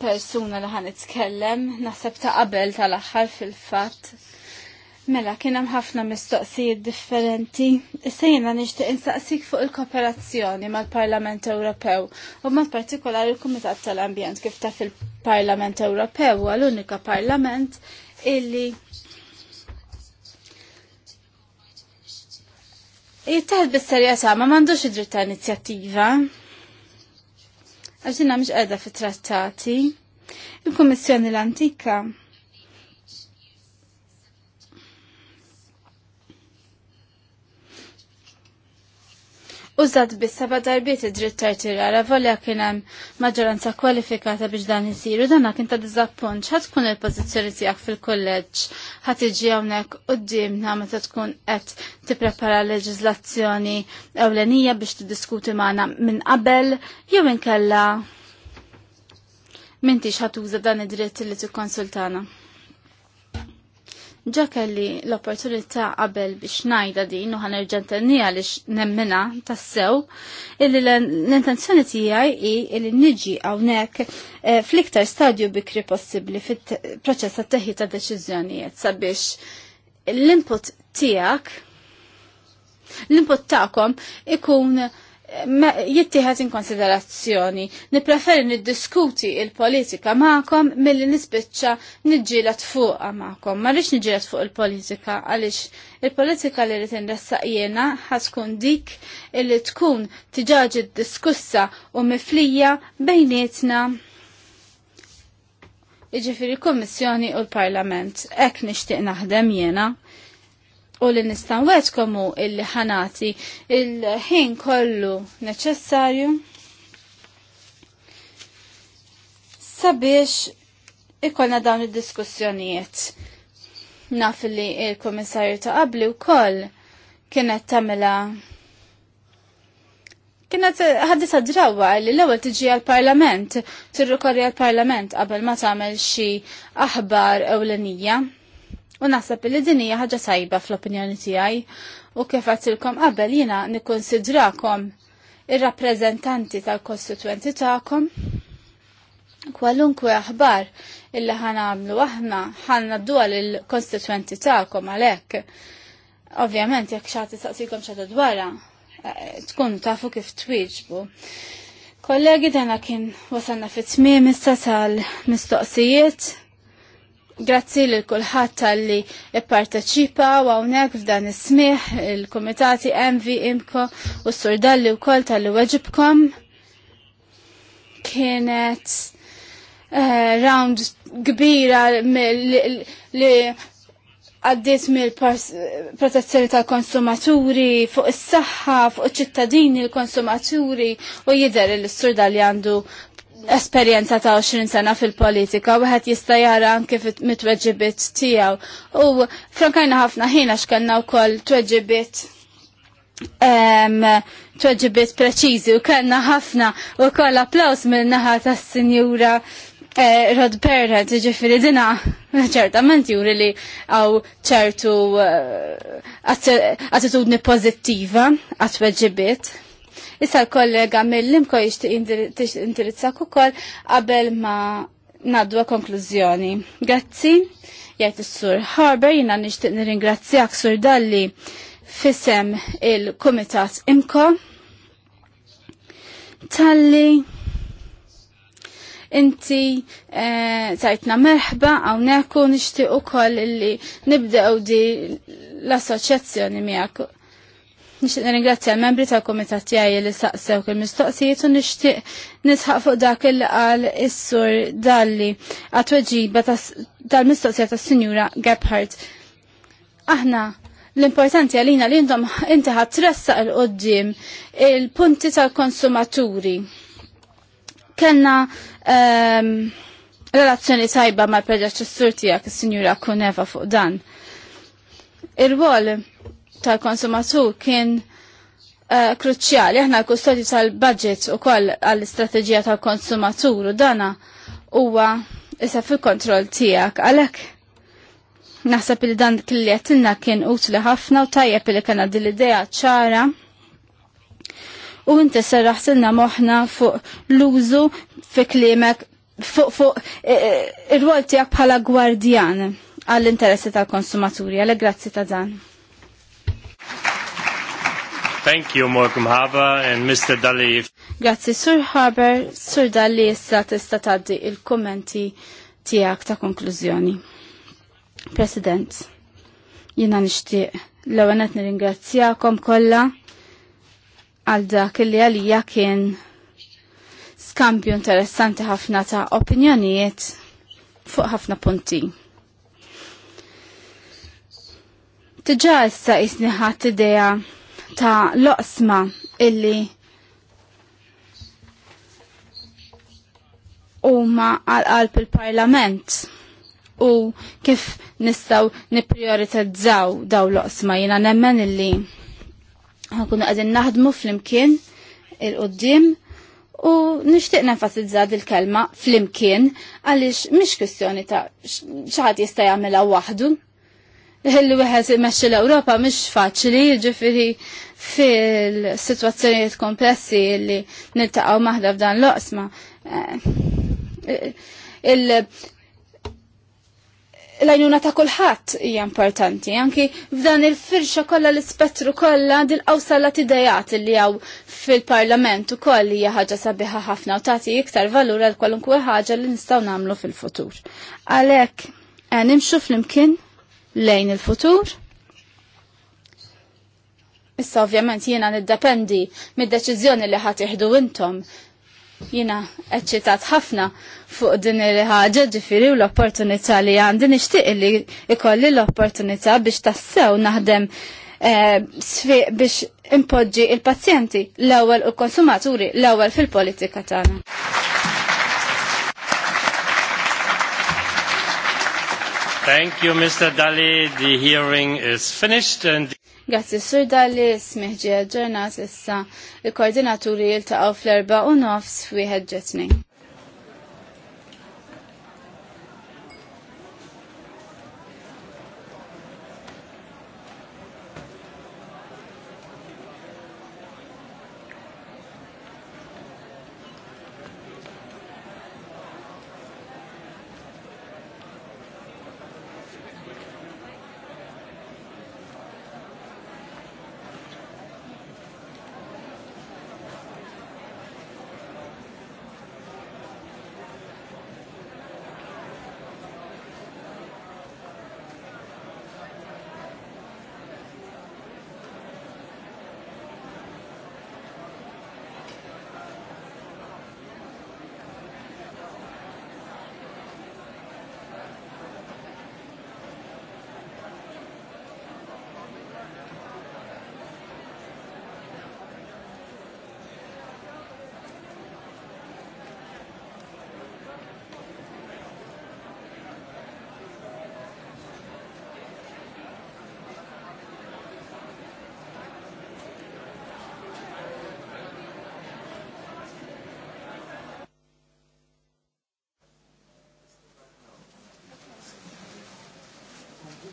persuna li ħan itkellem, naħseb ta' qabel tal-axħar fil-fat. Mela, kien hemm ħafna mistoqsijiet differenti. Issa jiena nixtieq instaqsik fuq il-kooperazzjoni mal-Parlament Ewropew u mod partikolari l-Kumitat tal-Ambjent kif ta' fil-Parlament Ewropew huwa l-unika parlament illi jittaħd bis-serjetà ma m'għandux id-dritt ta' inizjattiva għaxina mx għedha fit trattati il-Kommissjoni l-Antika użat biss seba' darbiet id-dritt tartirara volja kien hemm maġġoranza kwalifikata biex dan isiru dan kien ta' diżappunt ħadd tkun il-pożizzjoni tiegħek fil-kulleġġ ħad tiġi hawnhekk quddiemna meta tkun qed tipprepara leġiżlazzjoni ewlenija biex tiddiskuti magħna minn qabel jew inkella m'intix ħatuża dan id-dritt li tikkonsultana. Ġa kelli l-opportunità qabel biex najda din u ħanerġentennija li nemmina tassew illi l-intenzjoni tiegħi hi illi niġi hawnhekk eh, fl-iktar stadju bikri possibbli fit-proċess ta' teħid ta' deċiżjonijiet sabiex l-input tiegħek l-input tagħkom ikun jittieħed in konsiderazzjoni. Nipreferi niddiskuti il-politika ma'kom milli nispiċċa niġġielet fuqha ma'kom. Ma rridx niġġielet fuq il-politika għaliex il-politika li rrid inressaq jiena ħaskun dik illi tkun tiġaġi diskussa u miflija bejnietna iġifiri kommissjoni u l-parlament. Ek nixtieq naħdem jena u li nistan wetkomu il-ħanati il-ħin kollu neċessarju sabiex ikolna dawn id-diskussjonijiet. Naf li il-komissarju ta' qabli u koll kienet tamela kienet ħaddis drawa li l-ewwel tiġi għall-Parlament, tirrikorri għal parlament qabel ma tagħmel xi aħbar ewlenija u naħseb li din hija ħaġa sajba fl-opinjoni tiegħi u kif għatilkom qabel jiena nikkonsidrakom ir-rappreżentanti tal-kostituenti tagħkom kwalunkwe aħbar illi għamlu aħna ħan d-dua l-konstituenti tagħkom għalhekk. Ovvjament jekk xaħti saqsikom xaħta dwarha eh, tkun tafu kif twieġbu. Kollegi dana kien wasalna fit-tmiem issa tal-mistoqsijiet Grazzi l kulħadd tal-li ipparteċipa u hawnhekk f'dan is smih il-Kumitati MV Imko u s-Surdalli wkoll tal-li weġibkom. Kienet eh, round kbira li għaddiet mill-protezzjoni tal-konsumaturi, fuq is-saħħa, fuq iċ-ċittadini l-konsumaturi u jidher li s-Surdalli għandu esperjenza ta' 20 sena fil-politika u għet jista jara anke mit-tweġibit tijaw. U frankajna ħafna ħina xkanna u koll tweġibit tweġibit preċizi u kanna ħafna u koll applaus minn naħa ta' sinjura eh, Rod Perret ġifiri dina ċertament juri li għaw ċertu eh, attitudni pozittiva għat-tweġibit. Issa l kollega mill-limko jixtieq indirizzak ukoll qabel ma naddu konklużjoni. Grazzi, jgħid is-Sur Harber jiena nixtieq nirringrazzjak Sur Dalli fisem il-Kumitat Imko talli inti eh, tajtna merħba għawneku nishtiq u koll illi nibdew di l-assoċjazzjoni miegħek nixtieq nirringrazzja l-membri tal-kumitat tiegħi li saqsew il mistoqsijiet u nixtieq nisħaq fuq dak il qal is-sur Dalli għat weġiba tal-mistoqsija tas-Sinjura Gebhardt. Aħna l-importanti għalina li intom inti ħatressa l-qoddim il-punti tal-konsumaturi. Kenna um, relazzjoni tajba ma' predeċessur tijak, il-Sinjura Kuneva fuq dan. Il-wol tal-konsumatur kien eh, kruċjali. Aħna l-kustodju tal-budget u koll għall-istrateġija tal-konsumatur u dana huwa issa fil-kontroll tijak. Għalek, naħseb li dan kelli għatinna kien utli ħafna u tajjeb li kena dil idea ċara u inti serraħsilna moħna fuq l-użu fi klimek fuq fuq eh, eh, ir-rwol tijak bħala gwardjan għall-interessi tal-konsumaturi. Għalek, grazzi ta' dan. Thank you, Malcolm Harbour and Mr. Dalli. Grazzi, Sur Harbour. Sur Dalli issa tista taddi il-kommenti tijak ta' konklużjoni. President, jina nishti l-għanet nir-ingrazzjakom kolla għal dak li għalija kien skambju interessanti ħafna ta' opinjonijiet fuq ħafna punti. Tġa issa jisniħat ideja ta' loqsma illi huma għal-qalb il-parlament u kif nistaw niprioritizzaw daw loqsma jina nemmen illi ħakunu għadin naħdmu fl-imkien il-qoddim u nishtiq nenfasizza il-kelma fl-imkien għalix mish kwestjoni ta' xaħat jista' jagħmilha waħdu li wieħed imexxi l-Ewropa mhix faċli, jiġifieri fil-sitwazzjonijiet komplessi li niltaqgħu maħda f'dan l-oqsma. Eh, l-għajnuna ta' kulħadd hija importanti, anki f'dan il-firxa kollha l-ispettru kollha dil-qawsa l idejat li jew fil-Parlament ukoll hija ħaġa sabiħa ħafna u tagħti iktar valur għal kwalunkwe ħaġa li nistgħu nagħmlu fil-futur. Għalhekk eh, nimxu flimkien lejn il-futur. Issa ovvjament jiena niddependi mid-deċiżjoni li ħat iħdu intom. Jiena eċċitat ħafna fuq din il-ħaġa ġifiri u l-opportunità li għandi nixtieq li ikolli l-opportunità biex tassew naħdem eh, biex impoġġi il-pazjenti l-ewwel u konsumaturi l-ewwel fil-politika tagħna. Thank you, Mr. Dalli. The hearing is finished. And... Grazzi Sur Dalli, smiħġi ġurnat issa. Il-koordinaturi il-taqaw fl-erba u nofs fi ġetni.